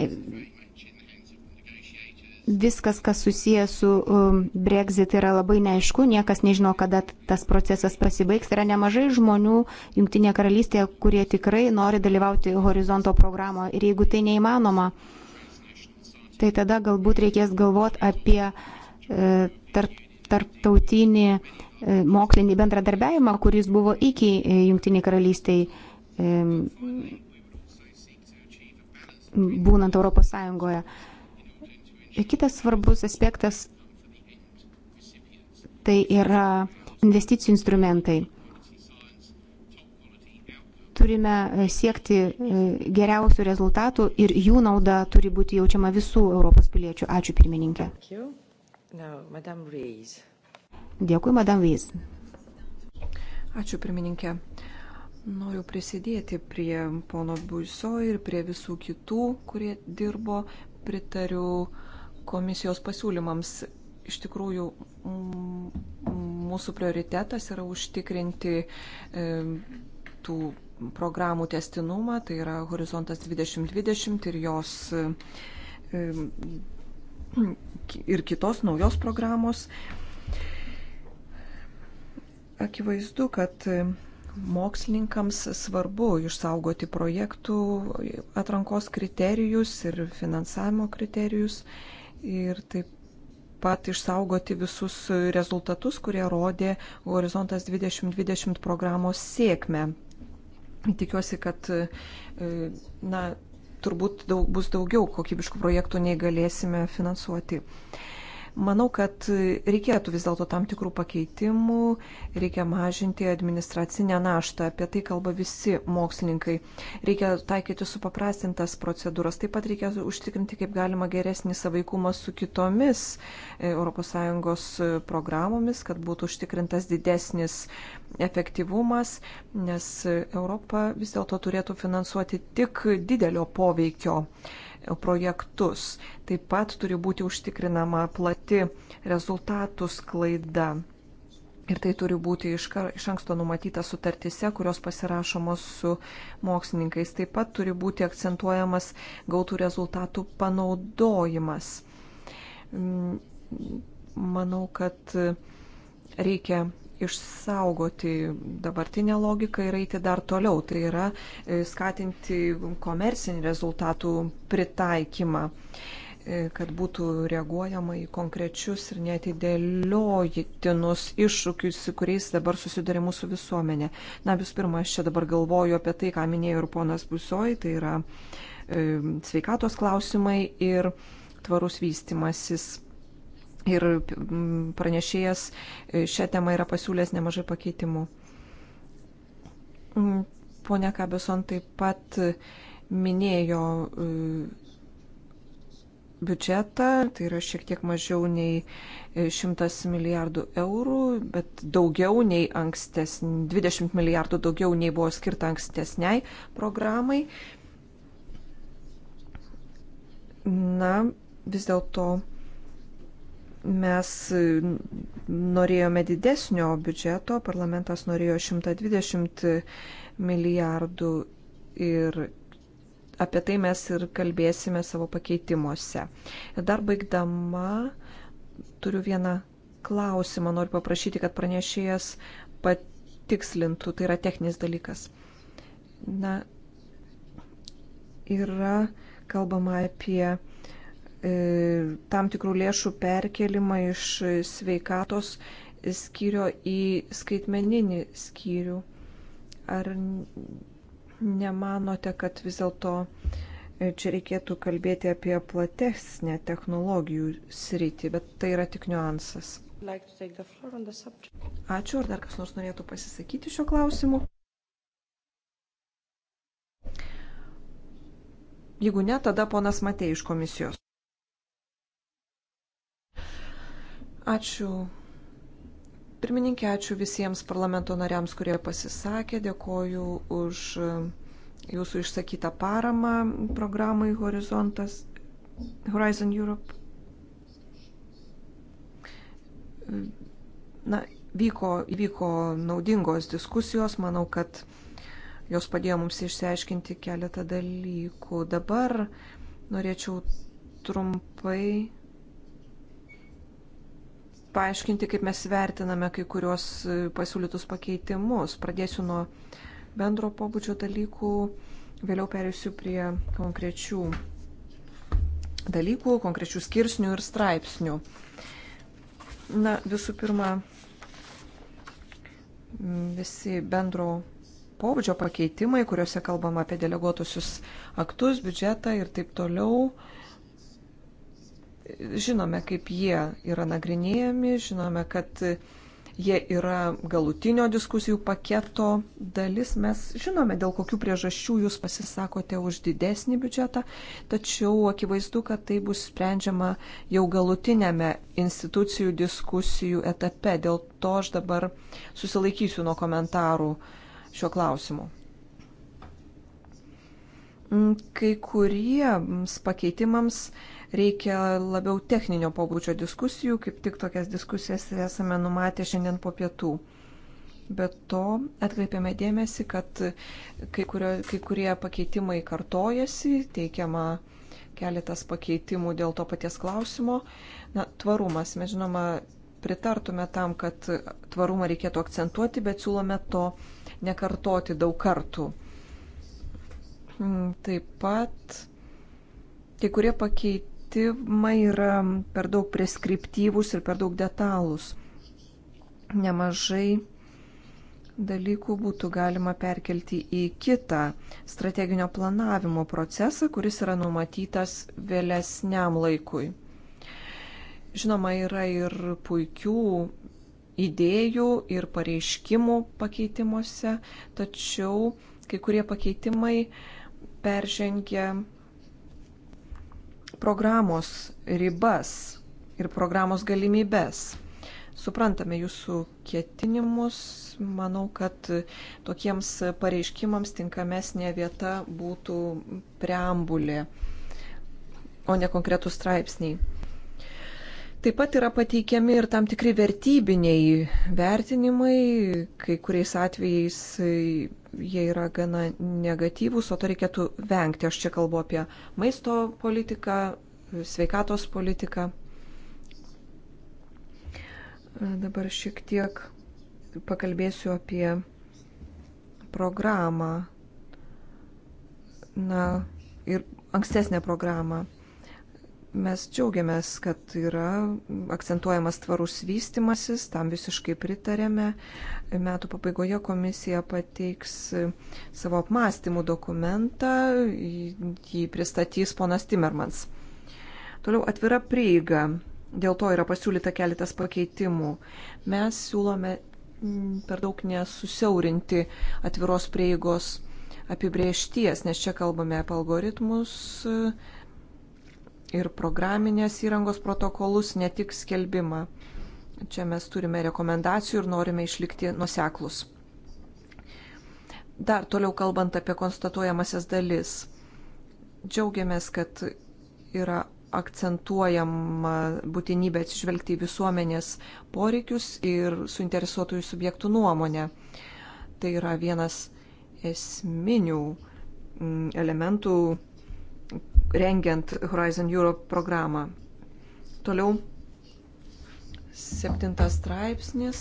viskas, kas susijęs su e, Brexit yra labai neaišku, niekas nežino, kada tas procesas pasibaigs. Yra nemažai žmonių Junktinėje karalystėje, kurie tikrai nori dalyvauti horizonto programoje ir jeigu tai neįmanoma, tai tada galbūt reikės galvoti apie e, tarp, tarptautinį e, mokslinį bendradarbiavimą, kuris buvo iki e, Junktiniai karalystiai būnant Europos Sąjungoje. Kitas svarbus aspektas tai yra investicijų instrumentai turime e, siekti e, geriausių rezultatų ir jų nauda turi būti jaučiama visų Europos piliečių. Ačiū pirmininkė. Dėkui, madam Vyz. Ačiū pirmininkė. Noriu prisidėti prie pono Buiso ir prie visų kitų, kurie dirbo. Pritariu komisijos pasiūlymams. Iš tikrųjų, mūsų prioritetas yra užtikrinti e, tų programų testinumą, tai yra Horizontas 2020 ir jos ir kitos naujos programos. Akivaizdu, kad mokslininkams svarbu išsaugoti projektų atrankos kriterijus ir finansavimo kriterijus ir taip pat išsaugoti visus rezultatus, kurie rodė Horizontas 2020 programos sėkmę. Tikiuosi, kad e, na, turbūt daug, bus daugiau kokybiškų projektų, nei galėsime finansuoti. Uh, Manau, kad reikėtų vis dėlto tam tikrų pakeitimų, reikia mažinti administracinę naštą, apie tai kalba visi mokslininkai. Reikia taikyti supaprastintas procedūras, taip pat reikia užtikrinti kaip galima geresnį savaikumą su kitomis ES programomis, kad būtų užtikrintas didesnis efektyvumas, nes Europa vis dėlto turėtų finansuoti tik didelio poveikio projektus. Taip pat turi būti užtikrinama plati rezultatų sklaida. Ir tai turi būti iš, kar, iš anksto numatyta sutartise, kurios pasirašomos su mokslininkais. Taip pat turi būti akcentuojamas gautų rezultatų panaudojimas. Mm, manau, kad reikia išsaugoti dabartinę logiką ir eiti dar toliau, tai yra e, skatinti komercinį rezultatų pritaikymą e, kad būtų reaguojama į konkrečius ir netidėliojitinus iššūkius, su kuriais dabar susiduria mūsų visuomenė. Na, visų pirma, aš čia dabar galvoju apie tai, ką minėjo ir ponas Busoj, tai yra e, sveikatos klausimai ir tvarus vystimasis Ir mm, pranešėjas e, šią temą yra pasiūlęs nemažai pakeitimų. Mm, Pone Kabeson taip pat minėjo e, biudžetą, tai yra šiek tiek mažiau nei 100 e, milijardų eurų, bet daugiau nei ankstesnį, 20 milijardų daugiau nei buvo skirta ankstesniai programai. Na, vis dėlto Mes e, norėjome didesnio biudžeto, parlamentas norėjo 120 milijardų ir apie tai mes ir kalbėsime savo pakeitimuose. Ir dar baigdama turiu vieną klausimą, noriu paprašyti, kad pranešėjas patikslintų, tai yra techninis dalykas. Na, yra kalbama apie E, tam tikrų lėšų perkelimą iš sveikatos skyrio į skaitmeninį skyrių. Ar nemanote, kad vis dėlto e, čia reikėtų kalbėti apie platesnę technologijų sritį, bet tai yra tik niuansas. Ačiū, ar dar kas nors norėtų pasisakyti šiuo klausimu? Jeigu ne, tada ponas Matė iš komisijos. Ačiū. Pirmininkė, ačiū visiems parlamento nariams, kurie pasisakė. Dėkoju už e, jūsų išsakytą paramą programai Horizontas, Horizon Europe. Na, vyko, įvyko naudingos diskusijos, manau, kad jos padėjo mums išsiaiškinti keletą dalykų. Dabar norėčiau trumpai paaiškinti, kaip mes vertiname kai kurios e, pasiūlytus pakeitimus. Pradėsiu nuo bendro pobūdžio dalykų, vėliau perėsiu prie konkrečių dalykų, konkrečių skirsnių ir straipsnių. Na, visų pirma, visi bendro pobūdžio pakeitimai, kuriuose kalbama apie deleguotusius aktus, biudžetą ir taip toliau žinome, kaip jie yra nagrinėjami, žinome, kad jie yra galutinio diskusijų paketo dalis. Mes žinome, dėl kokių priežasčių jūs pasisakote už didesnį biudžetą, tačiau akivaizdu, kad tai bus sprendžiama jau galutinėme institucijų diskusijų etape. Dėl to aš dabar susilaikysiu nuo komentarų šiuo klausimu. Mm, kai kuriems pakeitimams reikia labiau techninio pobūdžio diskusijų, kaip tik tokias diskusijas esame numatę šiandien po pietų. Bet to atkreipiame dėmesį, kad kai, kurio, kai kurie pakeitimai kartojasi, teikiama keletas pakeitimų dėl to paties klausimo. Na, tvarumas, mes žinoma, pritartume tam, kad tvarumą reikėtų akcentuoti, bet siūlome to nekartoti daug kartų. Mm, taip pat kai kurie pakeit, pakeitimai yra per daug preskriptyvūs ir per daug detalūs. Nemažai dalykų būtų galima perkelti į kitą strateginio planavimo procesą, kuris yra numatytas vėlesniam laikui. Žinoma, yra ir puikių idėjų ir pareiškimų pakeitimuose, tačiau kai kurie pakeitimai peržengia programos ribas ir programos galimybes. Suprantame jūsų ketinimus, manau, kad tokiems pareiškimams tinkamesnė vieta būtų preambulė, o ne konkretų straipsniai. Taip pat yra pateikiami ir tam tikri vertybiniai vertinimai, kai kuriais atvejais jie yra gana negatyvūs, o to reikėtų vengti. Aš čia kalbu apie maisto politiką, sveikatos politiką. Dabar šiek tiek pakalbėsiu apie programą na, ir ankstesnę programą. Mes džiaugiamės, kad yra akcentuojamas tvarus vystimasis, tam visiškai pritarėme. Metų pabaigoje komisija pateiks savo apmąstymų dokumentą, jį pristatys ponas Timermans. Toliau atvira prieiga. Dėl to yra pasiūlyta keletas pakeitimų. Mes siūlome per daug nesusiaurinti atviros prieigos apibriešties, nes čia kalbame apie algoritmus, ir programinės įrangos protokolus, ne tik skelbimą. Čia mes turime rekomendacijų ir norime išlikti nuseklus. Dar toliau kalbant apie konstatuojamasias dalis. Džiaugiamės, kad yra akcentuojama būtinybė atsižvelgti į visuomenės poreikius ir suinteresuotųjų subjektų nuomonę. Tai yra vienas esminių mm, elementų rengiant Horizon Europe programą. Toliau septintas straipsnis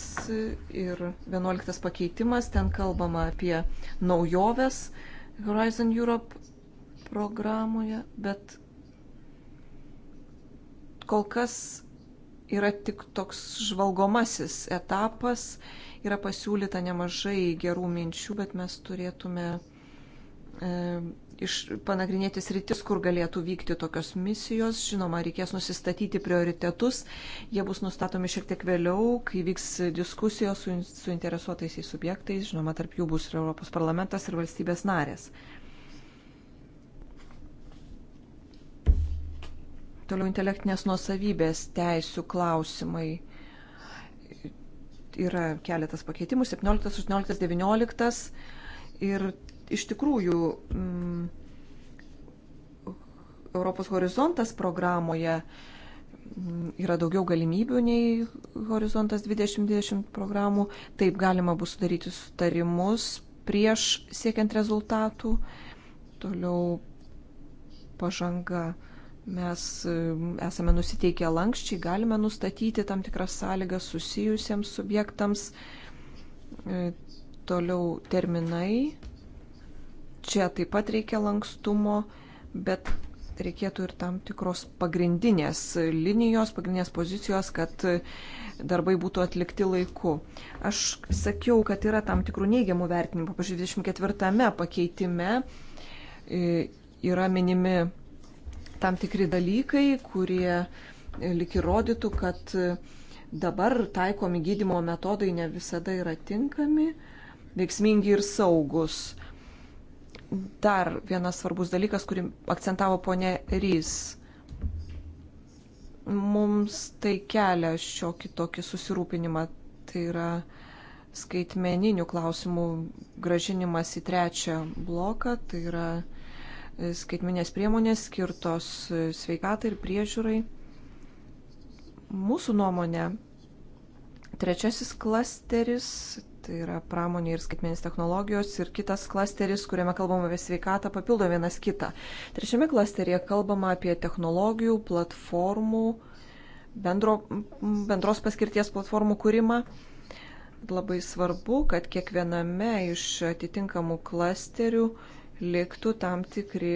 ir vienuoliktas pakeitimas, ten kalbama apie naujoves Horizon Europe programoje, bet kol kas yra tik toks žvalgomasis etapas, yra pasiūlyta nemažai gerų minčių, bet mes turėtume e, iš, panagrinėti sritis, kur galėtų vykti tokios misijos. Žinoma, reikės nusistatyti prioritetus. Jie bus nustatomi šiek tiek vėliau, kai vyks diskusijos su suinteresuotais į subjektais. Žinoma, tarp jų bus ir Europos parlamentas ir valstybės narės. Toliau intelektinės nuosavybės teisų klausimai yra keletas pakeitimų - 17, 18, 19. Ir iš tikrųjų mm, Europos horizontas programoje mm, yra daugiau galimybių nei Horizontas 2020 programų. Taip galima bus sudaryti sutarimus prieš siekiant rezultatų. Toliau pažanga. Mes mm, esame nusiteikę lankščiai, galime nustatyti tam tikras sąlygas susijusiems subjektams. E, toliau terminai. Čia taip pat reikia lankstumo, bet reikėtų ir tam tikros pagrindinės linijos, pagrindinės pozicijos, kad darbai būtų atlikti laiku. Aš sakiau, kad yra tam tikrų neigiamų vertinimų. Pavyzdžiui, 24 pakeitime e, yra minimi tam tikri dalykai, kurie e, lik įrodytų, kad e, dabar taikomi gydimo metodai ne visada yra tinkami, veiksmingi ir saugus dar vienas svarbus dalykas, kurį akcentavo ponė Rys. Mums tai kelia šiokį tokį susirūpinimą. Tai yra skaitmeninių klausimų gražinimas į trečią bloką. Tai yra skaitminės priemonės skirtos sveikatai ir priežiūrai. Mūsų nuomonė, trečiasis klasteris tai yra pramonė ir skaitmenis technologijos, ir kitas klasteris, kuriame kalbama apie sveikatą, papildo vienas kitą. Trečiame klasteryje kalbama apie technologijų, platformų, bendro, bendros paskirties platformų kūrimą. Labai svarbu, kad kiekviename iš atitinkamų klasterių liktų tam tikri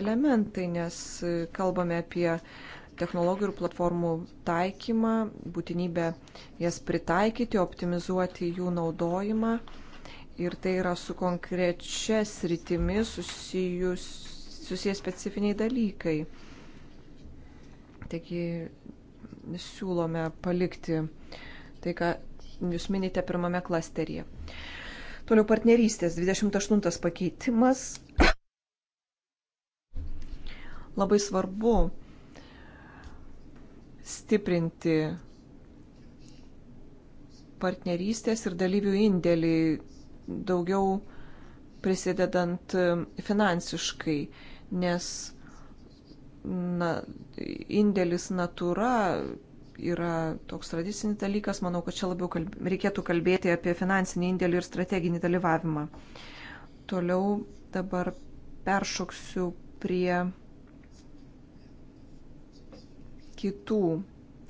elementai, nes kalbame apie technologijų ir platformų taikymą, būtinybę jas pritaikyti, optimizuoti jų naudojimą. Ir tai yra su konkrečia sritimi susijus, susiję specifiniai dalykai. Taigi siūlome palikti tai, ką jūs minite pirmame klasteryje. Toliau partnerystės, 28 pakeitimas. Labai svarbu stiprinti partnerystės ir dalyvių indėlį daugiau prisidedant e, finansiškai, nes na, indėlis natūra yra toks tradicinis dalykas, manau, kad čia labiau kalb... reikėtų kalbėti apie finansinį indėlį ir strateginį dalyvavimą. Toliau dabar peršoksiu prie kitų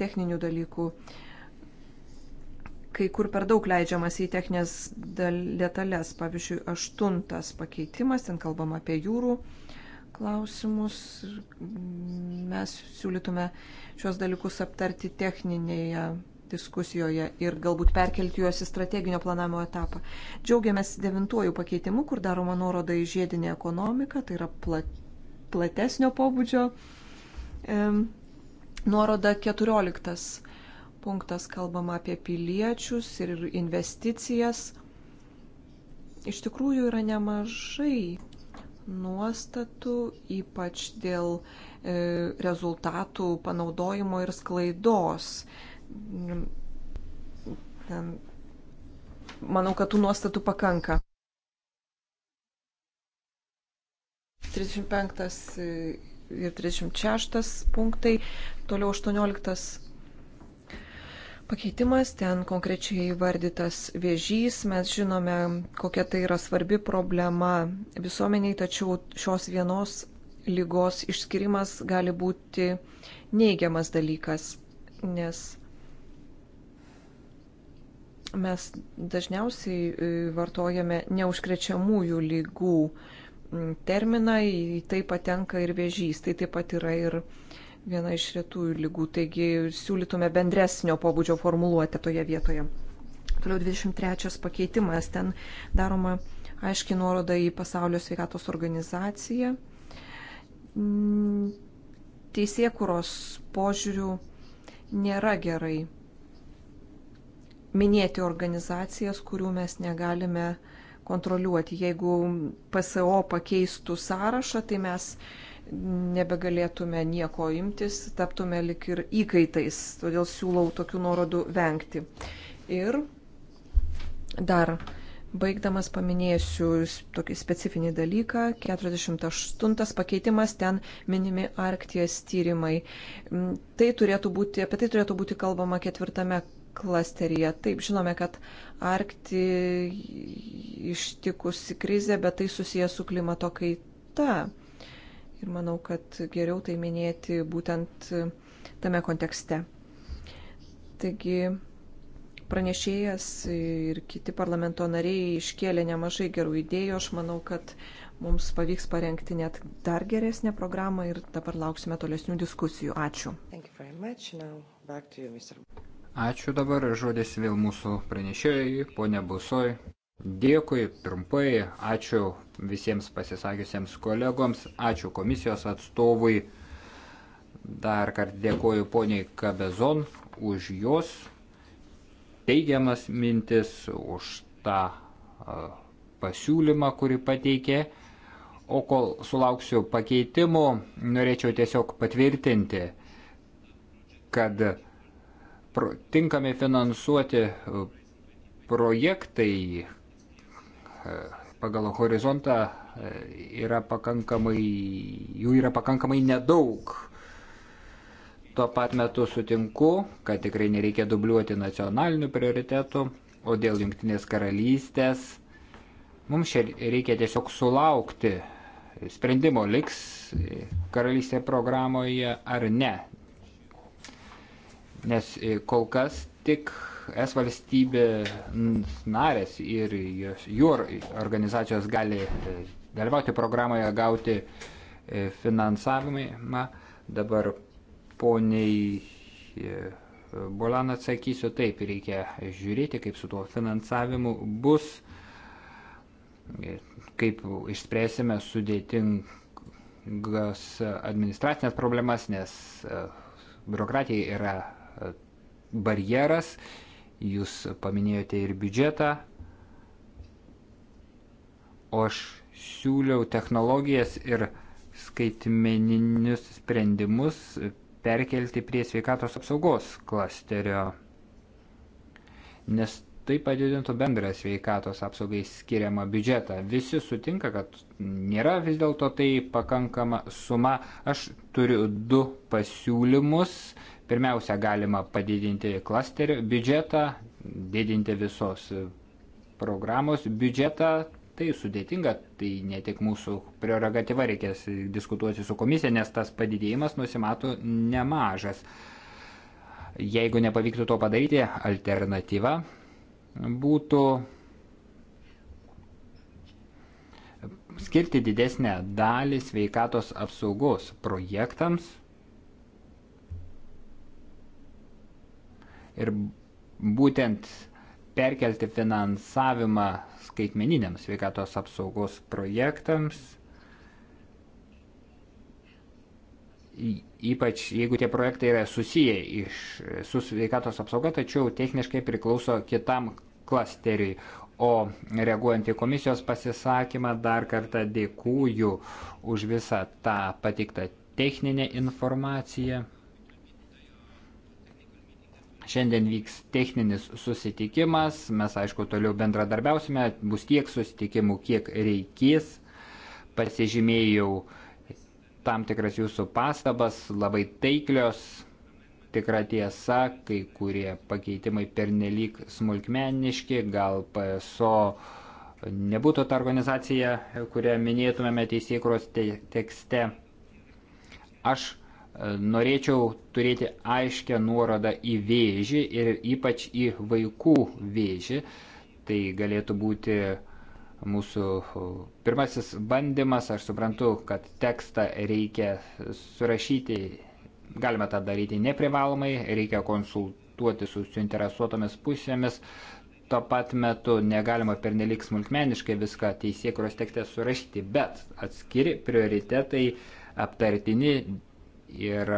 techninių dalykų. Kai kur per daug leidžiamas į techninės detalės, pavyzdžiui, aštuntas pakeitimas, ten kalbam apie jūrų klausimus. Mes siūlytume šios dalykus aptarti techninėje diskusijoje ir galbūt perkelti juos į strateginio planavimo etapą. Džiaugiamės devintuoju pakeitimu, kur daroma nuoroda į žiedinę ekonomiką, tai yra plat, platesnio pobūdžio. Um, Nuoroda 14 punktas kalbama apie piliečius ir investicijas. Iš tikrųjų yra nemažai nuostatų, ypač dėl e, rezultatų panaudojimo ir sklaidos. Ten, manau, kad tų nuostatų pakanka. 35 ir 36 punktai Toliau 18 pakeitimas, ten konkrečiai įvardytas viežys. Mes žinome, kokia tai yra svarbi problema visuomeniai, tačiau šios vienos lygos išskirimas gali būti neigiamas dalykas, nes mes dažniausiai e, vartojame neužkrečiamųjų lygų terminą, į tai patenka ir vėžys, tai taip pat yra ir viena iš retųjų lygų, taigi siūlytume bendresnio pobūdžio formuluotę toje vietoje. Toliau 23 pakeitimas, ten daroma aiškiai nuoroda į pasaulio sveikatos organizaciją. Teisėkuros požiūrių nėra gerai minėti organizacijas, kurių mes negalime kontroliuoti. Jeigu PSO pakeistų sąrašą, tai mes nebegalėtume nieko imtis, taptume lik ir įkaitais. Todėl siūlau tokių nuorodų vengti. Ir dar baigdamas paminėsiu tokį specifinį dalyką. 48 pakeitimas ten minimi Arkties tyrimai. Mm, tai turėtų būti, apie tai turėtų būti kalbama ketvirtame klasteryje. Taip, žinome, kad Arkti ištikusi krizė, bet tai susijęs su klimato kaita. Ir manau, kad geriau tai minėti būtent tame kontekste. Taigi pranešėjas ir kiti parlamento nariai iškėlė nemažai gerų idėjų. Aš manau, kad mums pavyks parengti net dar geresnę programą ir dabar lauksime tolesnių diskusijų. Ačiū. You, Ačiū dabar žodis vėl mūsų pranešėjai, ponė Busoj. Dėkui, trumpai, ačiū visiems pasisakiusiems kolegoms, ačiū komisijos atstovui. Dar kartą dėkoju poniai Kabezon už jos teigiamas mintis, už tą pasiūlymą, kurį pateikė. O kol sulauksiu pakeitimų, norėčiau tiesiog patvirtinti, kad tinkami finansuoti projektai pagal horizontą e, yra pakankamai, jų yra pakankamai nedaug. Tuo pat metu sutinku, kad tikrai nereikia dubliuoti nacionalinių prioritetų, o dėl jungtinės karalystės mums čia reikia tiesiog sulaukti sprendimo liks karalystė programoje ar ne. Nes e, kol kas tik es valstybė narės ir jų organizacijos gali e, dalyvauti programoje, gauti e, finansavimą. Dabar poniai e, Bolan atsakysiu, taip reikia žiūrėti, kaip su tuo finansavimu bus, kaip išspręsime sudėtingas administracinės problemas, nes biurokratija yra barjeras Jūs paminėjote ir biudžetą, o aš siūliau technologijas ir skaitmeninius sprendimus perkelti prie sveikatos apsaugos klasterio, nes tai padidintų bendrą sveikatos apsaugai skiriamą biudžetą. Visi sutinka, kad nėra vis dėlto tai pakankama suma. Aš turiu du pasiūlymus. Pirmiausia, galima padidinti klasterio biudžetą, didinti visos programos biudžetą. Tai sudėtinga, tai ne tik mūsų prerogatyva reikės diskutuoti su komisija, nes tas padidėjimas nusimato nemažas. Jeigu nepavyktų to padaryti, alternatyva būtų skirti didesnę dalį sveikatos apsaugos projektams – ir būtent perkelti finansavimą skaitmeniniams sveikatos apsaugos projektams, ypač jeigu tie projektai yra susiję iš, su sveikatos apsauga, tačiau techniškai priklauso kitam klasteriui. O reaguojant į komisijos pasisakymą, dar kartą dėkuoju už visą tą patiktą techninę informaciją. Šiandien vyks techninis susitikimas, mes aišku toliau bendradarbiausime, bus tiek susitikimų, kiek reikės. Pasižymėjau tam tikras jūsų pastabas, labai taiklios, tikra tiesa, kai kurie pakeitimai pernelyg smulkmeniški, gal PSO nebūtų ta organizacija, kurią minėtumėme teisėkros te tekste. Aš Norėčiau turėti aiškę nuorodą į vėžį ir ypač į vaikų vėžį. Tai galėtų būti mūsų pirmasis bandymas. Aš suprantu, kad tekstą reikia surašyti, galime tą daryti neprivalomai, reikia konsultuoti su suinteresuotomis pusėmis. Tuo pat metu negalima pernelik smulkmeniškai viską teisėkros tekste surašyti, bet atskiri prioritetai aptartini ir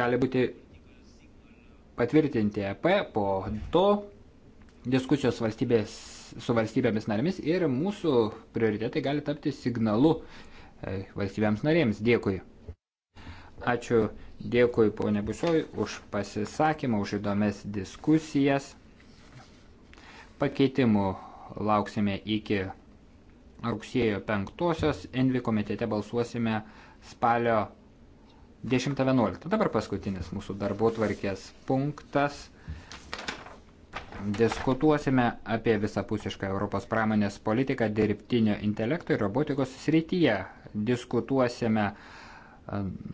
gali būti patvirtinti EP po to diskusijos valstybės, su valstybėmis narėmis ir mūsų prioritetai gali tapti signalu e, valstybėms narėms. Dėkui. Ačiū, dėkui ponė Bušoj už pasisakymą, už įdomias diskusijas. Pakeitimų lauksime iki rugsėjo 5-osios. Envi komitete balsuosime spalio 10.11. Dabar paskutinis mūsų darbo tvarkės punktas. Diskutuosime apie visapusišką Europos pramonės politiką dirbtinio intelekto ir robotikos srityje. Diskutuosime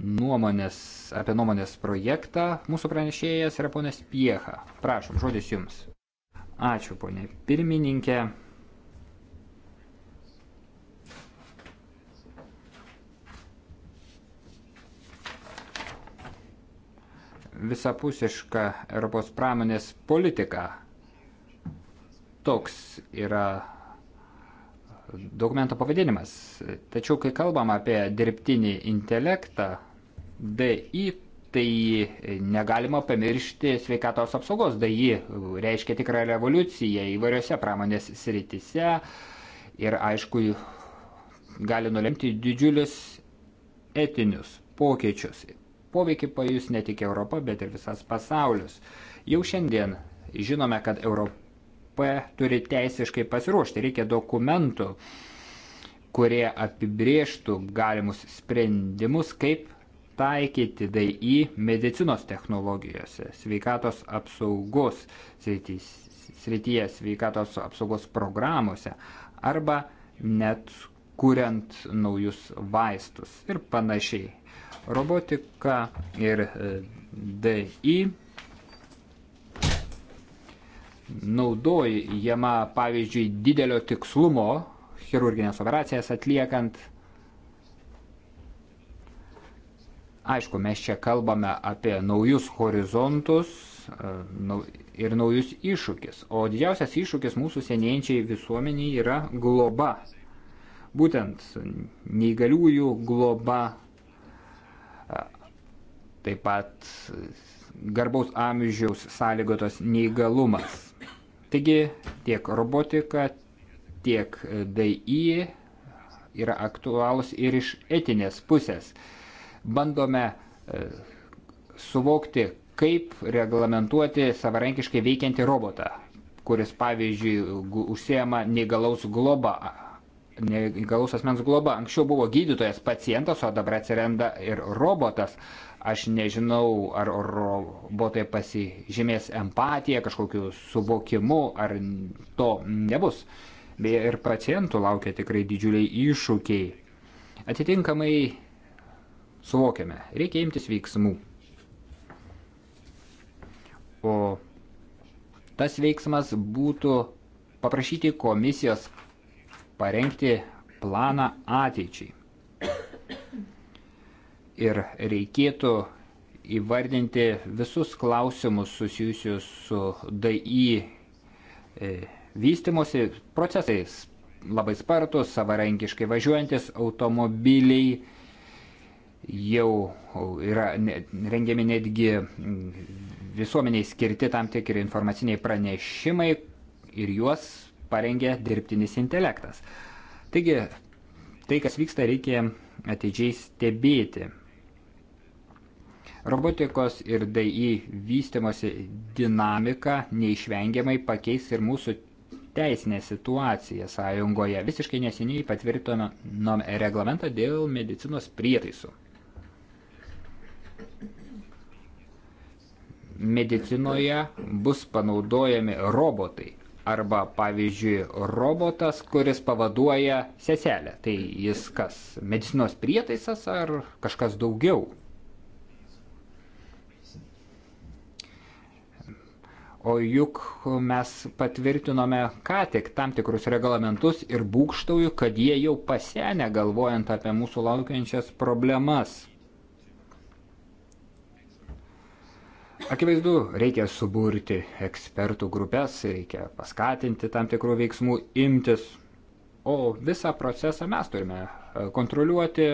nuomonės, apie nuomonės projektą. Mūsų pranešėjas yra ponas Piecha. Prašom, žodis jums. Ačiū, ponė pirmininkė. visapusišką Europos pramonės politiką. Toks yra dokumento pavadinimas. Tačiau, kai kalbam apie dirbtinį intelektą, DI, tai negalima pamiršti sveikatos apsaugos. DI reiškia tikrą revoliuciją įvairiose pramonės sritise ir, aišku, gali nulemti didžiulius etinius pokyčius. Poveikį pajus ne tik Europa, bet ir visas pasaulius. Jau šiandien žinome, kad Europa turi teisiškai pasiruošti, reikia dokumentų, kurie apibrieštų galimus sprendimus, kaip taikyti DI medicinos technologijose, sveikatos apsaugos srityje, sveikatos apsaugos programuose arba net kuriant naujus vaistus ir panašiai robotika ir e, DI naudojama, pavyzdžiui, didelio tikslumo chirurginės operacijas atliekant. Aišku, mes čia kalbame apie naujus horizontus e, ir naujus iššūkis. O didžiausias iššūkis mūsų senėjančiai visuomeniai yra globa. Būtent neįgaliųjų globa, taip pat garbaus amžiaus sąlygotos neįgalumas. Taigi tiek robotika, tiek DI yra aktualūs ir iš etinės pusės. Bandome e, suvokti, kaip reglamentuoti savarankiškai veikiantį robotą, kuris pavyzdžiui užsiema neįgalaus globą neįgalus asmens globa. Anksčiau buvo gydytojas pacientas, o dabar atsiranda ir robotas. Aš nežinau, ar robotai pasižymės empatiją, kažkokiu suvokimu, ar to nebus. Beje, ir pacientų laukia tikrai didžiuliai iššūkiai. Atitinkamai suvokiame, reikia imtis veiksmų. O tas veiksmas būtų paprašyti komisijos parengti planą ateičiai. Ir reikėtų įvardinti visus klausimus susijusius su DI e, vystimosi procesais. Labai spartus, savarankiškai važiuojantis automobiliai jau yra rengiami netgi mm, visuomeniai skirti tam tikri informaciniai pranešimai ir juos parengė dirbtinis intelektas. Taigi, tai, kas vyksta, reikia ateidžiai stebėti. Robotikos ir DI vystimosi dinamika neišvengiamai pakeis ir mūsų teisinę situaciją sąjungoje. Visiškai neseniai patvirtinome reglamentą dėl medicinos prietaisų. Medicinoje bus panaudojami robotai. Arba, pavyzdžiui, robotas, kuris pavaduoja seselę. Tai jis kas? Medicinos prietaisas ar kažkas daugiau? O juk mes patvirtinome ką tik tam tikrus reglamentus ir būkštauju, kad jie jau pasenę galvojant apie mūsų laukiančias problemas. Akivaizdu, reikia suburti ekspertų grupės, reikia paskatinti tam tikrų veiksmų imtis, o visą procesą mes turime e, kontroliuoti,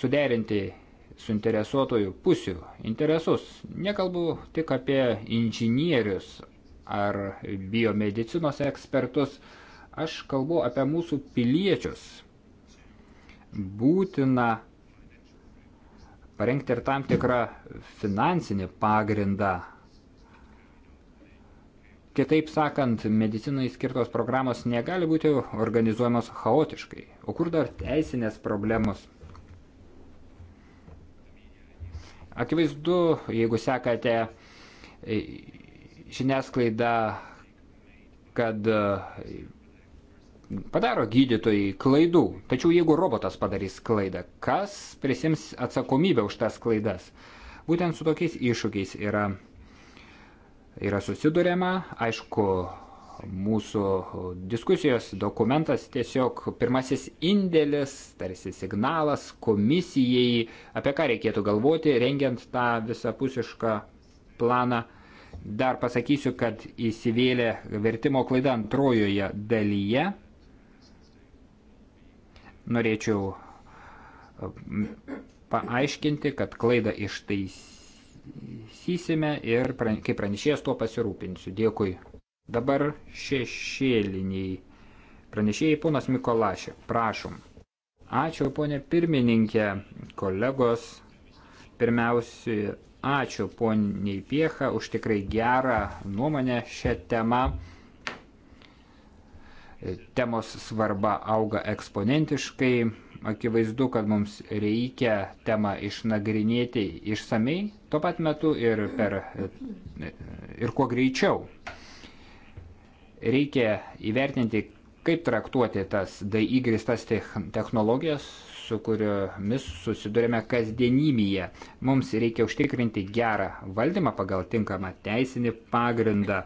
suderinti suinteresuotojų pusių interesus. Nekalbu tik apie inžinierius ar biomedicinos ekspertus, aš kalbu apie mūsų piliečius. Būtina parengti ir tam tikrą finansinį pagrindą. Kitaip sakant, medicinai skirtos programos negali būti organizuojamos chaotiškai. O kur dar teisinės problemos? Akivaizdu, jeigu sekate e, žiniasklaidą, kad Padaro gydytojai klaidų, tačiau jeigu robotas padarys klaidą, kas prisims atsakomybę už tas klaidas? Būtent su tokiais iššūkiais yra, yra susidurėma, aišku, mūsų diskusijos dokumentas tiesiog pirmasis indėlis, tarsi signalas komisijai, apie ką reikėtų galvoti, rengiant tą visapusišką planą. Dar pasakysiu, kad įsivėlė vertimo klaida antrojoje dalyje Norėčiau e, paaiškinti, kad klaidą ištaisysime ir kaip pranešėjas tuo pasirūpinsiu. Dėkui. Dabar šešėliniai pranešėjai ponas Mikolašė. Prašom. Ačiū, ponė pirmininkė, kolegos. Pirmiausiai, ačiū poniai Piecha už tikrai gerą nuomonę šią temą temos svarba auga eksponentiškai. Akivaizdu, kad mums reikia temą išnagrinėti išsamei, tuo pat metu ir, per, ir kuo greičiau. Reikia įvertinti, kaip traktuoti tas daigristas technologijas, su kuriomis susidurime kasdienybėje. Mums reikia užtikrinti gerą valdymą pagal tinkamą teisinį pagrindą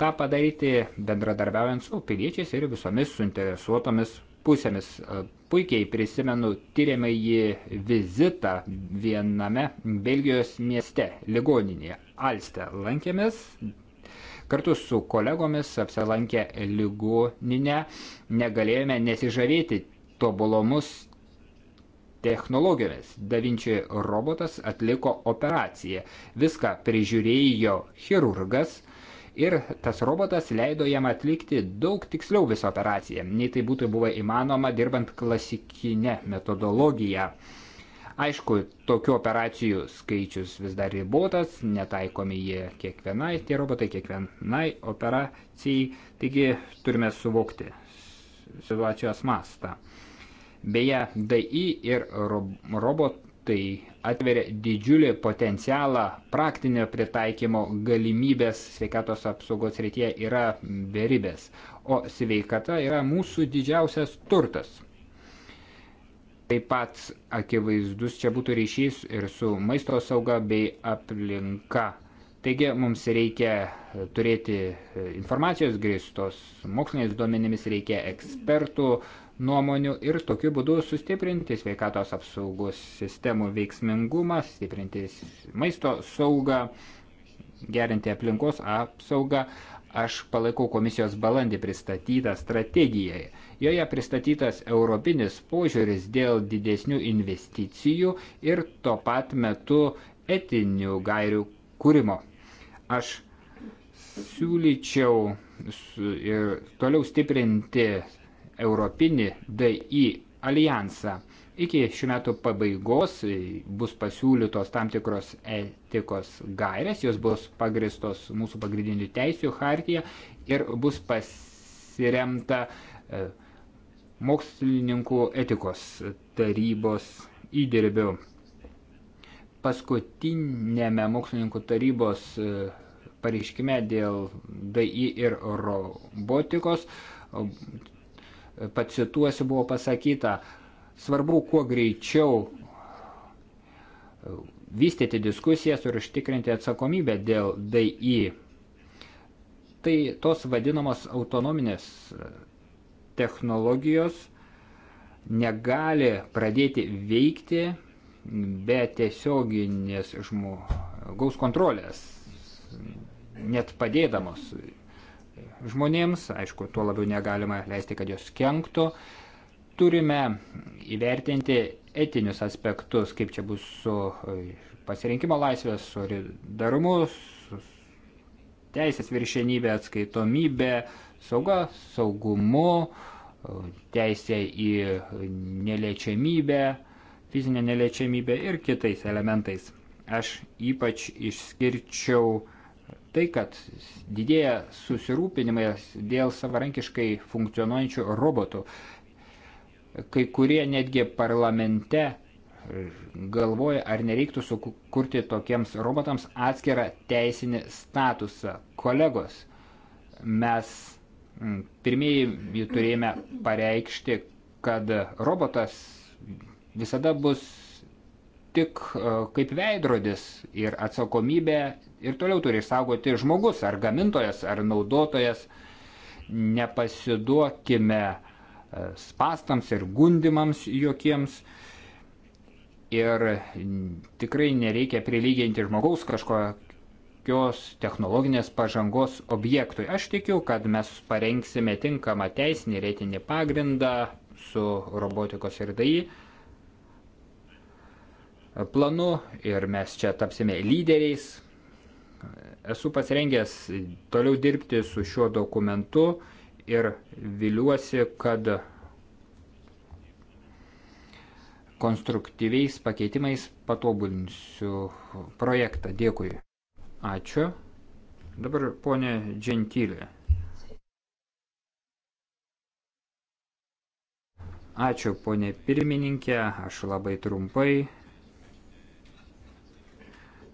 tą padaryti bendradarbiaujant su piliečiais ir visomis suinteresuotomis pusėmis. E, puikiai prisimenu tyriamąjį vizitą viename Belgijos mieste, ligoninėje, Alste. Lankėmės kartu su kolegomis, apsilankę ligoninę, negalėjome nesižavėti tobulomus technologijomis. Davinčiai robotas atliko operaciją. Viską prižiūrėjo chirurgas – ir tas robotas leido jam atlikti daug tiksliau visą operaciją, nei tai būtų buvę įmanoma dirbant klasikinę metodologiją. Aišku, tokių operacijų skaičius vis dar ribotas, netaikomi jie kiekvienai, tie robotai kiekvienai operacijai, taigi turime suvokti situacijos mastą. Beje, DI ir robotai atveria didžiulį potencialą praktinio pritaikymo galimybės sveikatos apsaugos rytyje yra beribės, o sveikata yra mūsų didžiausias turtas. Taip pat akivaizdus čia būtų ryšys ir su maisto sauga bei aplinka. Taigi mums reikia turėti informacijos grįstos moksliniais duomenimis, reikia ekspertų, uh, nuomonių ir tokiu būdu sustiprinti sveikatos apsaugos sistemų veiksmingumą, stiprinti maisto saugą, gerinti aplinkos apsaugą. Aš palaikau komisijos balandį pristatytą strategiją. Joje pristatytas europinis požiūris dėl didesnių investicijų ir tuo pat metu etinių gairių kūrimo. Aš siūlyčiau ir toliau stiprinti europinį DI alijansą. Iki šių metų pabaigos bus pasiūlytos tam tikros etikos gairės, jos bus pagristos mūsų pagrindinių teisių hartyje ir bus pasiremta e, mokslininkų etikos tarybos įdirbių. Paskutinėme mokslininkų tarybos e, pareiškime dėl DI ir robotikos pacituosiu, buvo pasakyta, svarbu kuo greičiau uh, vystyti diskusijas ir užtikrinti atsakomybę dėl DI. Tai tos vadinamos autonominės uh, technologijos negali pradėti veikti be tiesioginės žmogaus kontrolės, net padėdamos žmonėms, aišku, tuo labiau negalima leisti, kad jos kenktų. Turime įvertinti etinius aspektus, kaip čia bus su e, pasirinkimo laisvės, su darumu, su teisės viršenybė, atskaitomybė, sauga, saugumu, e, teisė į neliečiamybę, fizinę neliečiamybę ir kitais elementais. Aš ypač išskirčiau tai, kad didėja susirūpinimas dėl savarankiškai funkcionuojančių robotų. Kai kurie netgi parlamente galvoja, ar nereiktų sukurti tokiems robotams atskirą teisinį statusą. Kolegos, mes mm, pirmieji turėjome pareikšti, kad robotas visada bus tik e, kaip veidrodis ir atsakomybė ir toliau turi išsaugoti žmogus, ar gamintojas, ar naudotojas. Nepasiduokime e, spastams ir gundimams jokiems. Ir tikrai nereikia prilyginti žmogaus kažkokios technologinės pažangos objektui. Aš tikiu, kad mes parengsime tinkamą teisinį reitinį pagrindą su robotikos ir DAI planu ir mes čia tapsime lyderiais Esu pasirengęs toliau dirbti su šiuo dokumentu ir viliuosi, kad konstruktyviais pakeitimais patobulinsiu projektą. Dėkui. Ačiū. Dabar ponė Džentilė. Ačiū ponė pirmininkė, aš labai trumpai.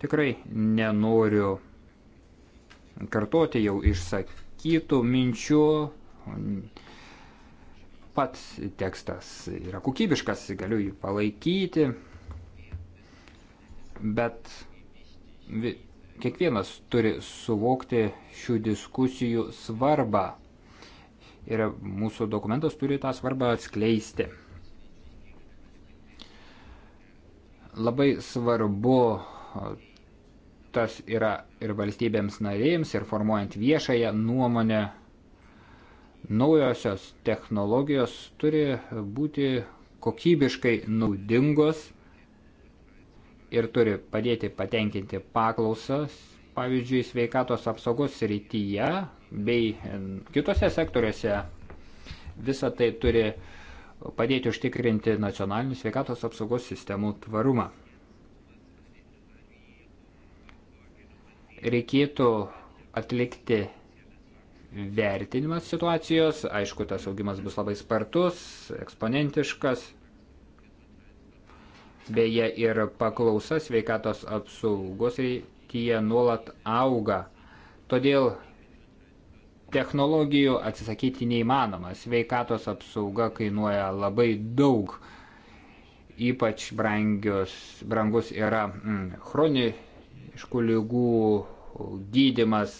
Tikrai nenoriu kartoti jau išsakytų minčių. Pats tekstas yra kokybiškas, galiu jį palaikyti, bet kiekvienas turi suvokti šių diskusijų svarbą ir mūsų dokumentas turi tą svarbą atskleisti. Labai svarbu tas yra ir valstybėms narėjams, ir formuojant viešąją nuomonę. Naujosios technologijos turi būti kokybiškai naudingos ir turi padėti patenkinti paklausas, pavyzdžiui, sveikatos apsaugos srityje bei kitose sektoriuose. Visą tai turi padėti užtikrinti nacionalinių sveikatos apsaugos sistemų tvarumą. reikėtų atlikti vertinimas situacijos. Aišku, tas augimas bus labai spartus, eksponentiškas. Beje, ir paklausa sveikatos apsaugos rytyje nuolat auga. Todėl technologijų atsisakyti neįmanoma. Sveikatos apsauga kainuoja labai daug. Ypač brangius, brangus yra mm, chroniškas chroniškų lygų gydimas,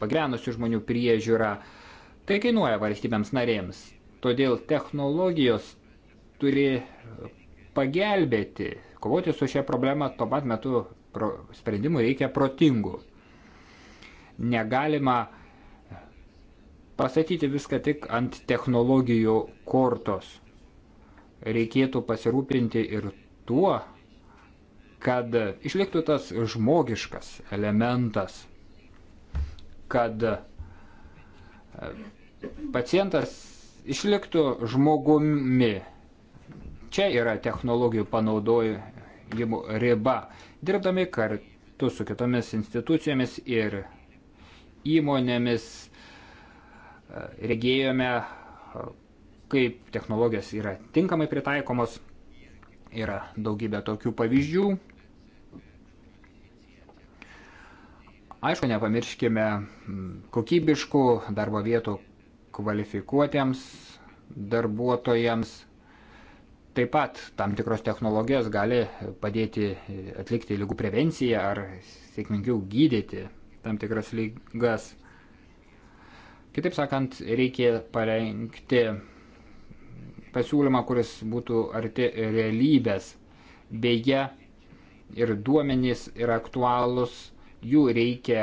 pagrenusių žmonių priežiūra. Tai kainuoja valstybėms narėms. Todėl technologijos turi pagelbėti, kovoti su šia problema, tuo pat metu pro, sprendimų reikia protingų. Negalima pasakyti viską tik ant technologijų kortos. Reikėtų pasirūpinti ir tuo, kad išliktų tas žmogiškas elementas, kad e, pacientas išliktų žmogumi. Čia yra technologijų panaudojimo riba. Dirbdami kartu su kitomis institucijomis ir įmonėmis e, regėjome, e, kaip technologijos yra tinkamai pritaikomos. Yra daugybė tokių pavyzdžių. Aišku, nepamirškime mm, kokybiškų darbo vietų kvalifikuotiems darbuotojams. Taip pat tam tikros technologijos gali padėti e, atlikti lygų prevenciją ar sėkmingiau gydyti tam tikras lygas. Kitaip sakant, reikia parengti pasiūlymą, kuris būtų arti realybės. Beje, ir duomenys yra aktualūs Jų reikia,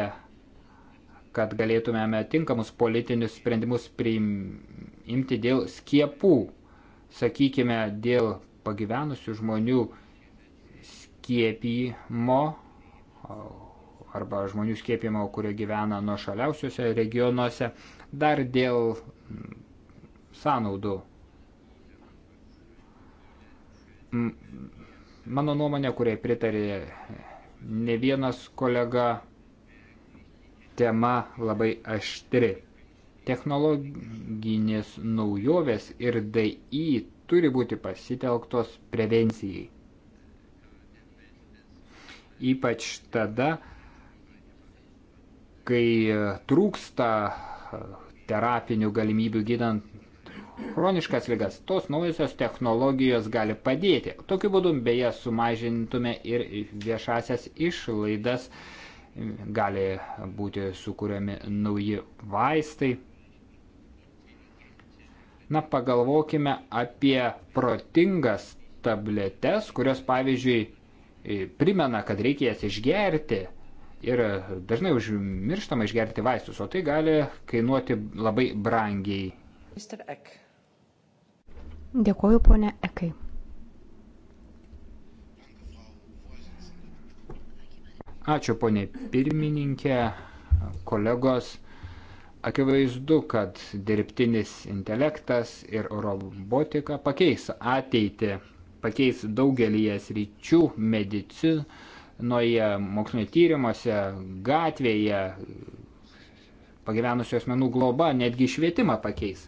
kad galėtumėme tinkamus politinius sprendimus priimti dėl skiepų, sakykime, dėl pagyvenusių žmonių skiepimo arba žmonių skiepimo, kurie gyvena nuo šaliausiuose regionuose, dar dėl mm, sąnaudų. Mano nuomonė, kuriai pritarė ne vienas kolega tema labai aštri. Technologinės naujovės ir DI turi būti pasitelktos prevencijai. Ypač tada, kai trūksta terapinių galimybių gydant chroniškas ligas, tos naujosios technologijos gali padėti. Tokiu būdu beje sumažintume ir viešasias išlaidas, gali būti sukūriami nauji vaistai. Na, pagalvokime apie protingas tabletes, kurios pavyzdžiui primena, kad reikia jas išgerti ir dažnai užmirštama išgerti vaistus, o tai gali kainuoti labai brangiai. Mr. Eck. Dėkuoju, ponė Ekai. Ačiū, ponė pirmininkė, kolegos. Akivaizdu, kad dirbtinis intelektas ir robotika pakeis ateitį, pakeis daugelį sričių medicinoje, mokslinio tyrimuose, gatvėje, pagyvenusios menų globa, netgi švietimą pakeis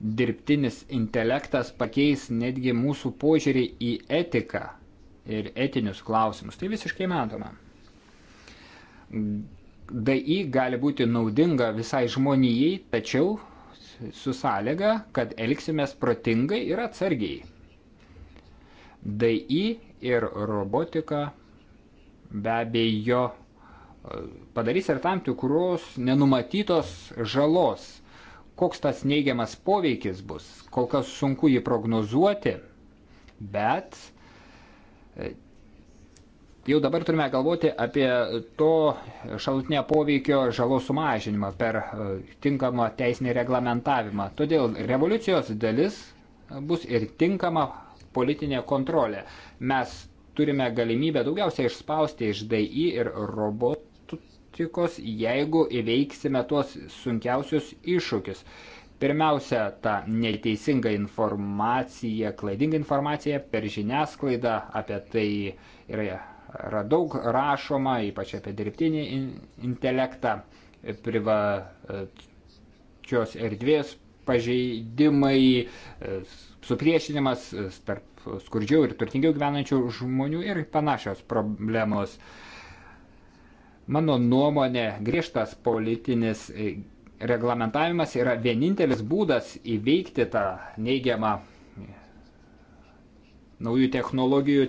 dirbtinis intelektas pakeis netgi mūsų požiūrį į etiką ir etinius klausimus. Tai visiškai matoma. DI gali būti naudinga visai žmonijai, tačiau su sąlyga, kad elgsimės protingai ir atsargiai. DI ir robotika be abejo padarys ir tam tikros nenumatytos žalos koks tas neigiamas poveikis bus. Kol kas sunku jį prognozuoti, bet e, jau dabar turime galvoti apie to šalutinio poveikio žalos sumažinimą per e, tinkamą teisinį reglamentavimą. Todėl revoliucijos dalis bus ir tinkama politinė kontrolė. Mes turime galimybę daugiausiai išspausti iš DI ir robotų praktikos, jeigu įveiksime tuos sunkiausius iššūkius. Pirmiausia, ta neteisinga informacija, klaidinga informacija per žiniasklaidą, apie tai yra daug rašoma, ypač apie dirbtinį intelektą, privačios erdvės pažeidimai, supriešinimas tarp skurdžiau ir turtingiau gyvenančių žmonių ir panašios problemos. Mano nuomonė, griežtas politinis e, reglamentavimas yra vienintelis būdas įveikti tą neigiamą e, naujų technologijų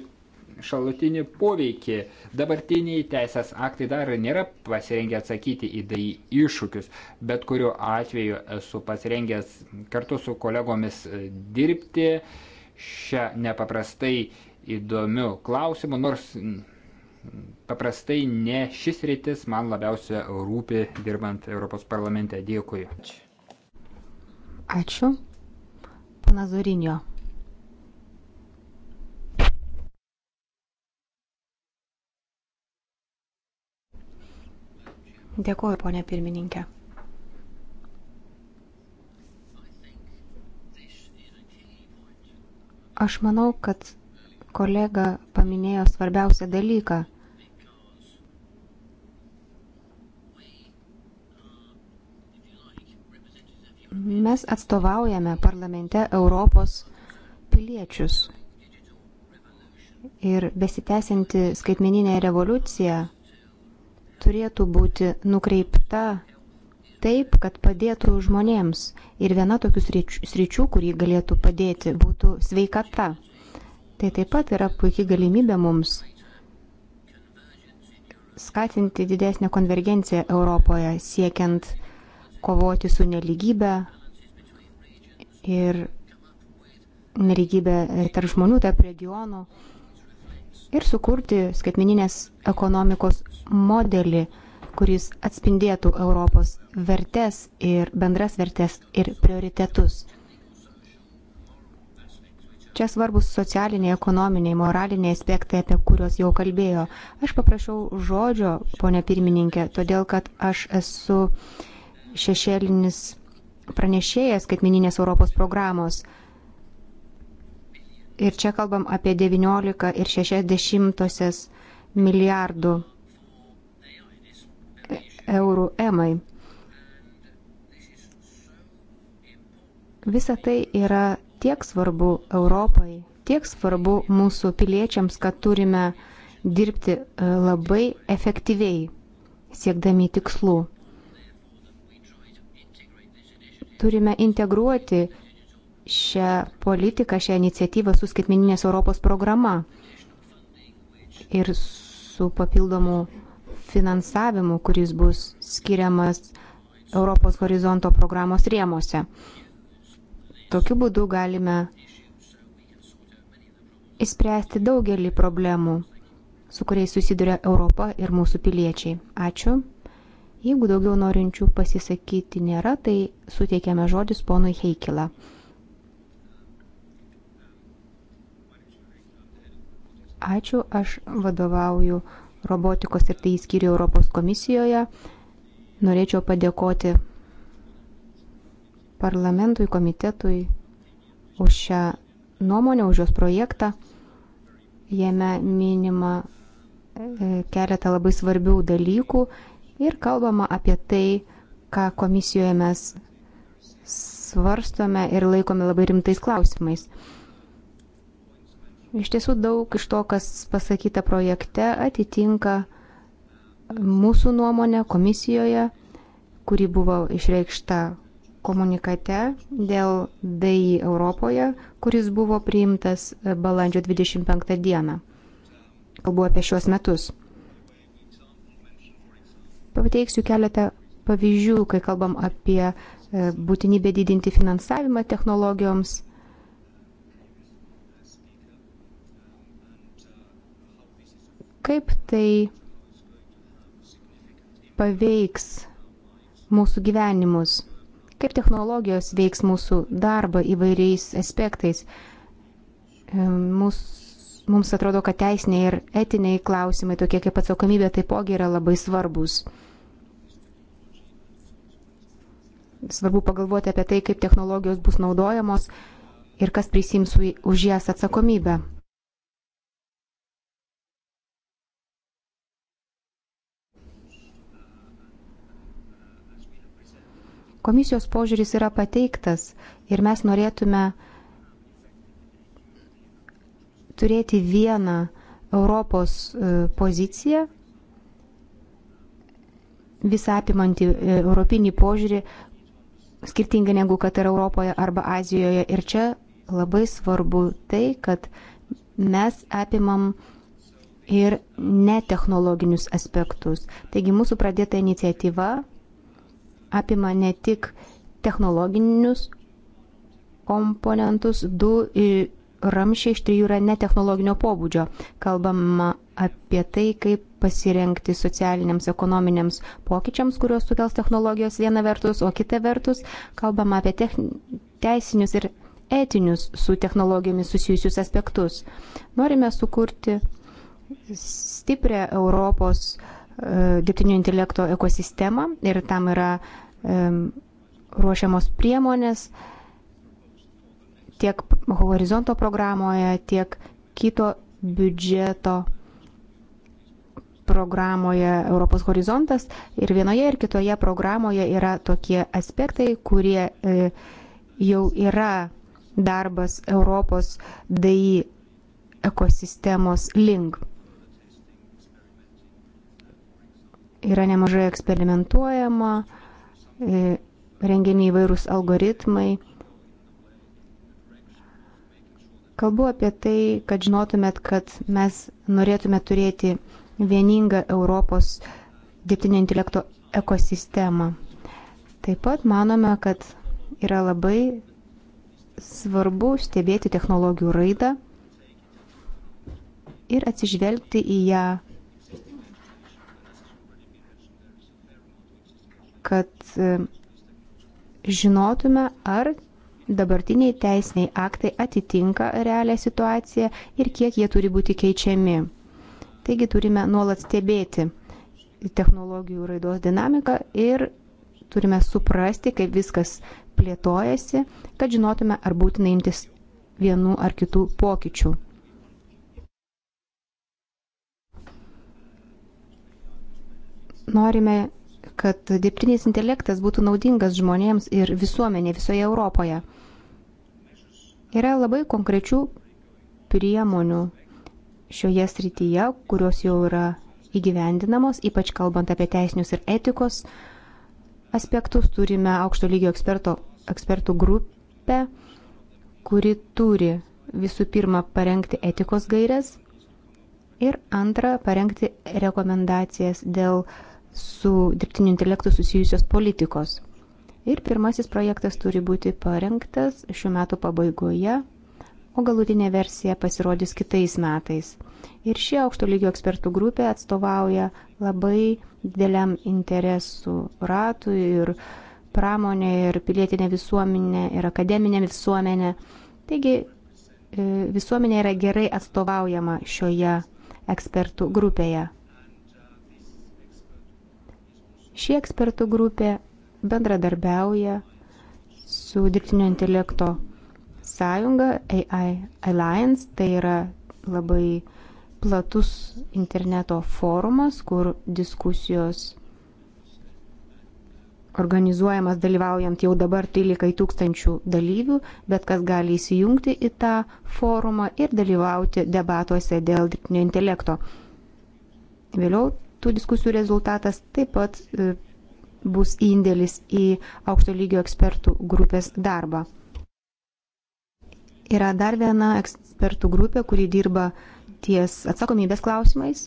šalutinį poveikį. Dabartiniai teisės aktai dar nėra pasirengę atsakyti į tai iššūkius, bet kuriuo atveju esu pasirengęs kartu su kolegomis e, dirbti šią nepaprastai įdomių klausimų, nors paprastai ne šis rytis man labiausia rūpi dirbant Europos parlamente. Dėkui. Ačiū. Pana Zorinio. Dėkuoju, ponė pirmininkė. Aš manau, kad kolega paminėjo svarbiausią dalyką. Mes atstovaujame parlamente Europos piliečius. Ir besitęsianti skaitmeninė revoliucija turėtų būti nukreipta taip, kad padėtų žmonėms. Ir viena tokių sričių, kurį galėtų padėti, būtų sveikata. Tai taip pat yra puikiai galimybė mums skatinti didesnę konvergenciją Europoje, siekiant kovoti su neligybė ir neligybė tarp žmonių, tarp regionų ir sukurti skaitmeninės ekonomikos modelį, kuris atspindėtų Europos vertes ir bendras vertes ir prioritetus. Čia svarbus socialiniai, ekonominiai, moraliniai aspektai, apie kuriuos jau kalbėjo. Aš paprašiau žodžio, ponė pirmininkė, todėl kad aš esu šešėlinis pranešėjas skaitmininės Europos programos. Ir čia kalbam apie 19 ir 60 milijardų eurų emai. Visa tai yra tiek svarbu Europai, tiek svarbu mūsų piliečiams, kad turime dirbti e, labai efektyviai, siekdami tikslų. Turime integruoti šią politiką, šią iniciatyvą su skaitmeninės Europos programa ir su papildomu finansavimu, kuris bus skiriamas Europos horizonto programos rėmose. Tokiu būdu galime išspręsti daugelį problemų, su kuriais susiduria Europa ir mūsų piliečiai. Ačiū. Jeigu daugiau norinčių pasisakyti nėra, tai suteikiame žodis ponui Heikila. Ačiū, aš vadovauju robotikos ir tai skyriu Europos komisijoje. Norėčiau padėkoti parlamentui, komitetui už šią nuomonę, už jos projektą. Jame minima e, keletą labai svarbių dalykų ir kalbama apie tai, ką komisijoje mes svarstome ir laikome labai rimtais klausimais. Iš tiesų daug iš to, kas pasakyta projekte, atitinka mūsų nuomonę komisijoje, kuri buvo išreikšta komunikate dėl DAI Europoje, kuris buvo priimtas e, balandžio 25 dieną. Kalbu apie šiuos metus. Pateiksiu keletą pavyzdžių, kai kalbam apie e, būtinybę didinti finansavimą technologijoms. Kaip tai paveiks mūsų gyvenimus? kaip technologijos veiks mūsų darbą įvairiais aspektais. E, mūs, mums atrodo, kad teisiniai ir etiniai klausimai, tokie kaip atsakomybė, taipogi yra labai svarbus. Svarbu pagalvoti apie tai, kaip technologijos bus naudojamos ir kas prisims už jas atsakomybę. Komisijos požiūris yra pateiktas ir mes norėtume turėti vieną Europos e, poziciją, visą apimantį e, europinį požiūrį, skirtingai negu kad yra Europoje arba Azijoje. Ir čia labai svarbu tai, kad mes apimam ir netechnologinius aspektus. Taigi mūsų pradėta iniciatyva apima ne tik technologinius komponentus, du ramšiai iš trijų yra netechnologinio pobūdžio. Kalbama apie tai, kaip pasirenkti socialiniams, ekonominiams pokyčiams, kuriuos sukels technologijos viena vertus, o kita vertus kalbama apie techn... teisinius ir etinius su technologijomis susijusius aspektus. Norime sukurti stiprią Europos uh, E, dirbtinio intelekto ekosistemą ir tam yra e, ruošiamos priemonės tiek horizonto programoje, tiek kito biudžeto programoje Europos horizontas ir vienoje ir kitoje programoje yra tokie aspektai, kurie e, jau yra darbas Europos DAI ekosistemos link. yra nemažai eksperimentuojama, e, rengiami įvairūs algoritmai. Kalbu apie tai, kad žinotumėt, kad mes norėtume turėti vieningą Europos dirbtinio intelekto ekosistemą. Taip pat manome, kad yra labai svarbu stebėti technologijų raidą ir atsižvelgti į ją kad e, žinotume, ar dabartiniai teisiniai aktai atitinka realią situaciją ir kiek jie turi būti keičiami. Taigi turime nuolat stebėti technologijų raidos dinamiką ir turime suprasti, kaip viskas plėtojasi, kad žinotume, ar būtina imtis vienų ar kitų pokyčių. Norime kad dirbtinis intelektas būtų naudingas žmonėms ir visuomenė visoje Europoje. Yra labai konkrečių priemonių šioje srityje, kurios jau yra įgyvendinamos, ypač kalbant apie teisinius ir etikos aspektus. Turime aukšto lygio eksperto, ekspertų grupę, kuri turi visų pirma parengti etikos gairias ir antra parengti rekomendacijas dėl uh, su dirbtiniu intelektu susijusios politikos. Ir pirmasis projektas turi būti parengtas šių metų pabaigoje, o galutinė versija pasirodys kitais metais. Ir ši aukšto lygio ekspertų grupė atstovauja labai dideliam interesų ratui ir pramonė, ir pilietinė visuomenė, ir akademinė visuomenė. Taigi e, visuomenė yra gerai atstovaujama šioje ekspertų grupėje. Ši ekspertų grupė bendradarbiauja su dirbtinio intelekto sąjunga AI Alliance. Tai yra labai platus interneto forumas, kur diskusijos organizuojamas dalyvaujant jau dabar 13 tūkstančių dalyvių, bet kas gali įsijungti į tą forumą ir dalyvauti debatuose dėl dirbtinio intelekto. Vėliau tų diskusijų rezultatas taip pat e, bus indėlis į aukšto lygio ekspertų grupės darbą. Yra dar viena ekspertų grupė, kuri dirba ties atsakomybės klausimais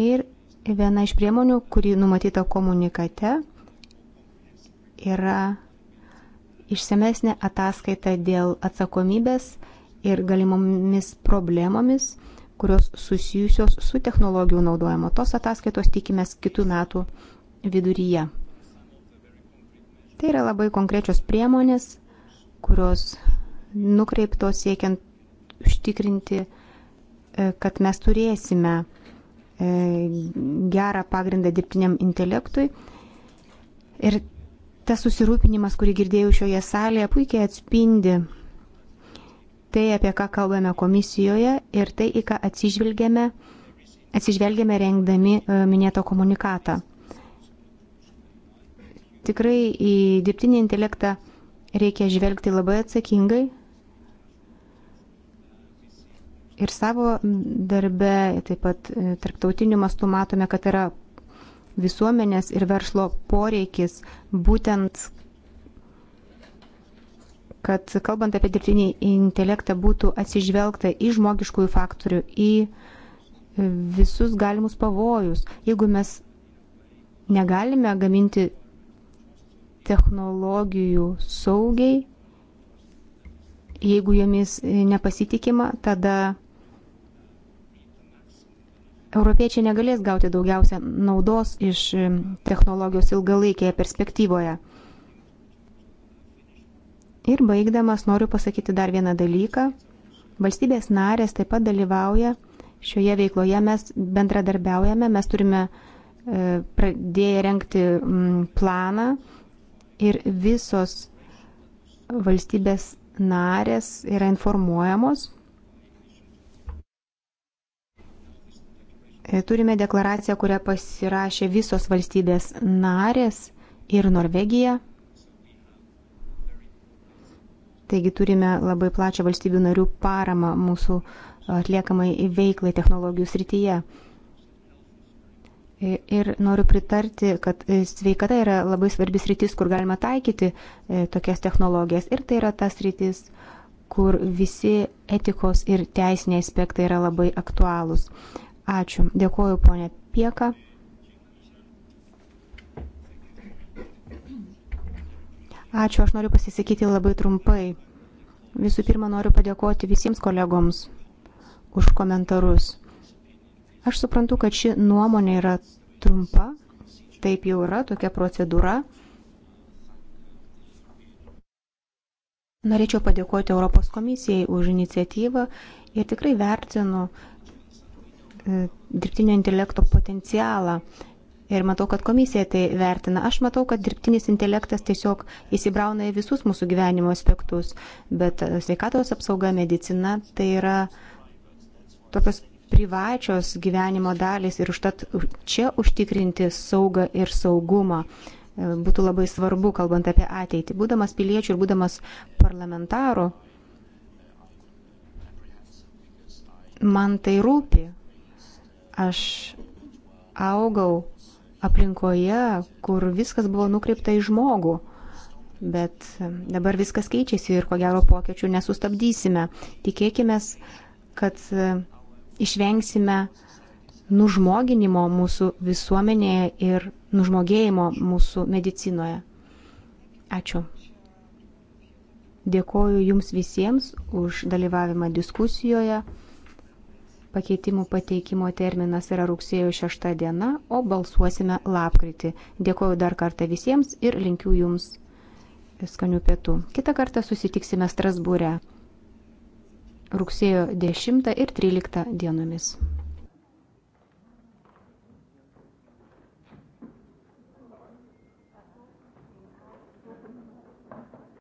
ir viena iš priemonių, kuri numatyta komunikate, yra išsamesnė ataskaita dėl atsakomybės ir galimomis problemomis kurios susijusios su technologijų naudojimo. Tos ataskaitos tikimės kitų metų viduryje. Tai yra labai konkrečios priemonės, kurios nukreiptos siekiant užtikrinti, e, kad mes turėsime e, gerą pagrindą dirbtiniam intelektui. Ir tas susirūpinimas, kurį girdėjau šioje salėje, puikiai atspindi tai, apie ką kalbame komisijoje ir tai, į ką atsižvelgėme, atsižvelgėme rengdami e, minėto komunikatą. Tikrai į dirbtinį intelektą reikia žvelgti labai atsakingai ir savo darbe, taip pat e, tarptautiniu mastu matome, kad yra visuomenės ir verslo poreikis būtent kad kalbant apie dirbtinį intelektą būtų atsižvelgta į žmogiškųjų faktorių, į visus galimus pavojus. Jeigu mes negalime gaminti technologijų saugiai, jeigu jomis nepasitikima, tada europiečiai negalės gauti daugiausia naudos iš technologijos ilgalaikėje perspektyvoje. Ir baigdamas noriu pasakyti dar vieną dalyką. Valstybės narės taip pat dalyvauja šioje veikloje, mes bendradarbiaujame, mes turime e, pradėję renkti mm, planą ir visos valstybės narės yra informuojamos. E, turime deklaraciją, kurią pasirašė visos valstybės narės ir Norvegija. Taigi turime labai plačią valstybių narių paramą mūsų atliekamai veiklai technologijų srityje. Ir noriu pritarti, kad e, sveikata yra labai svarbis rytis, kur galima taikyti e, tokias technologijas. Ir tai yra tas rytis, kur visi etikos ir teisiniai aspektai yra labai aktualūs. Ačiū. Dėkuoju, ponė Pieka. Ačiū, aš noriu pasisakyti labai trumpai. Visų pirma, noriu padėkoti visiems kolegoms už komentarus. Aš suprantu, kad ši nuomonė yra trumpa, taip jau yra tokia procedūra. Norėčiau padėkoti Europos komisijai už iniciatyvą ir tikrai vertinu e, dirbtinio intelekto potencialą ir matau, kad komisija tai vertina. Aš matau, kad dirbtinis intelektas tiesiog įsibrauna į visus mūsų gyvenimo aspektus, bet e, sveikatos apsauga, medicina tai yra tokios privačios gyvenimo dalis ir užtat čia užtikrinti saugą ir saugumą e, būtų labai svarbu, kalbant apie ateitį. Būdamas piliečių ir būdamas parlamentaru, man tai rūpi. Aš augau aplinkoje, kur viskas buvo nukreipta į žmogų. Bet dabar viskas keičiasi ir ko gero pokyčių nesustabdysime. Tikėkime, kad išvengsime nužmoginimo mūsų visuomenėje ir nužmogėjimo mūsų medicinoje. Ačiū. Dėkoju Jums visiems už dalyvavimą diskusijoje. Pakeitimų pateikimo terminas yra rugsėjo 6 diena, o balsuosime lapkritį. Dėkuoju dar kartą visiems ir linkiu jums skanių pietų. Kita kartą susitiksime Strasbūre rugsėjo 10 ir 13 dienomis.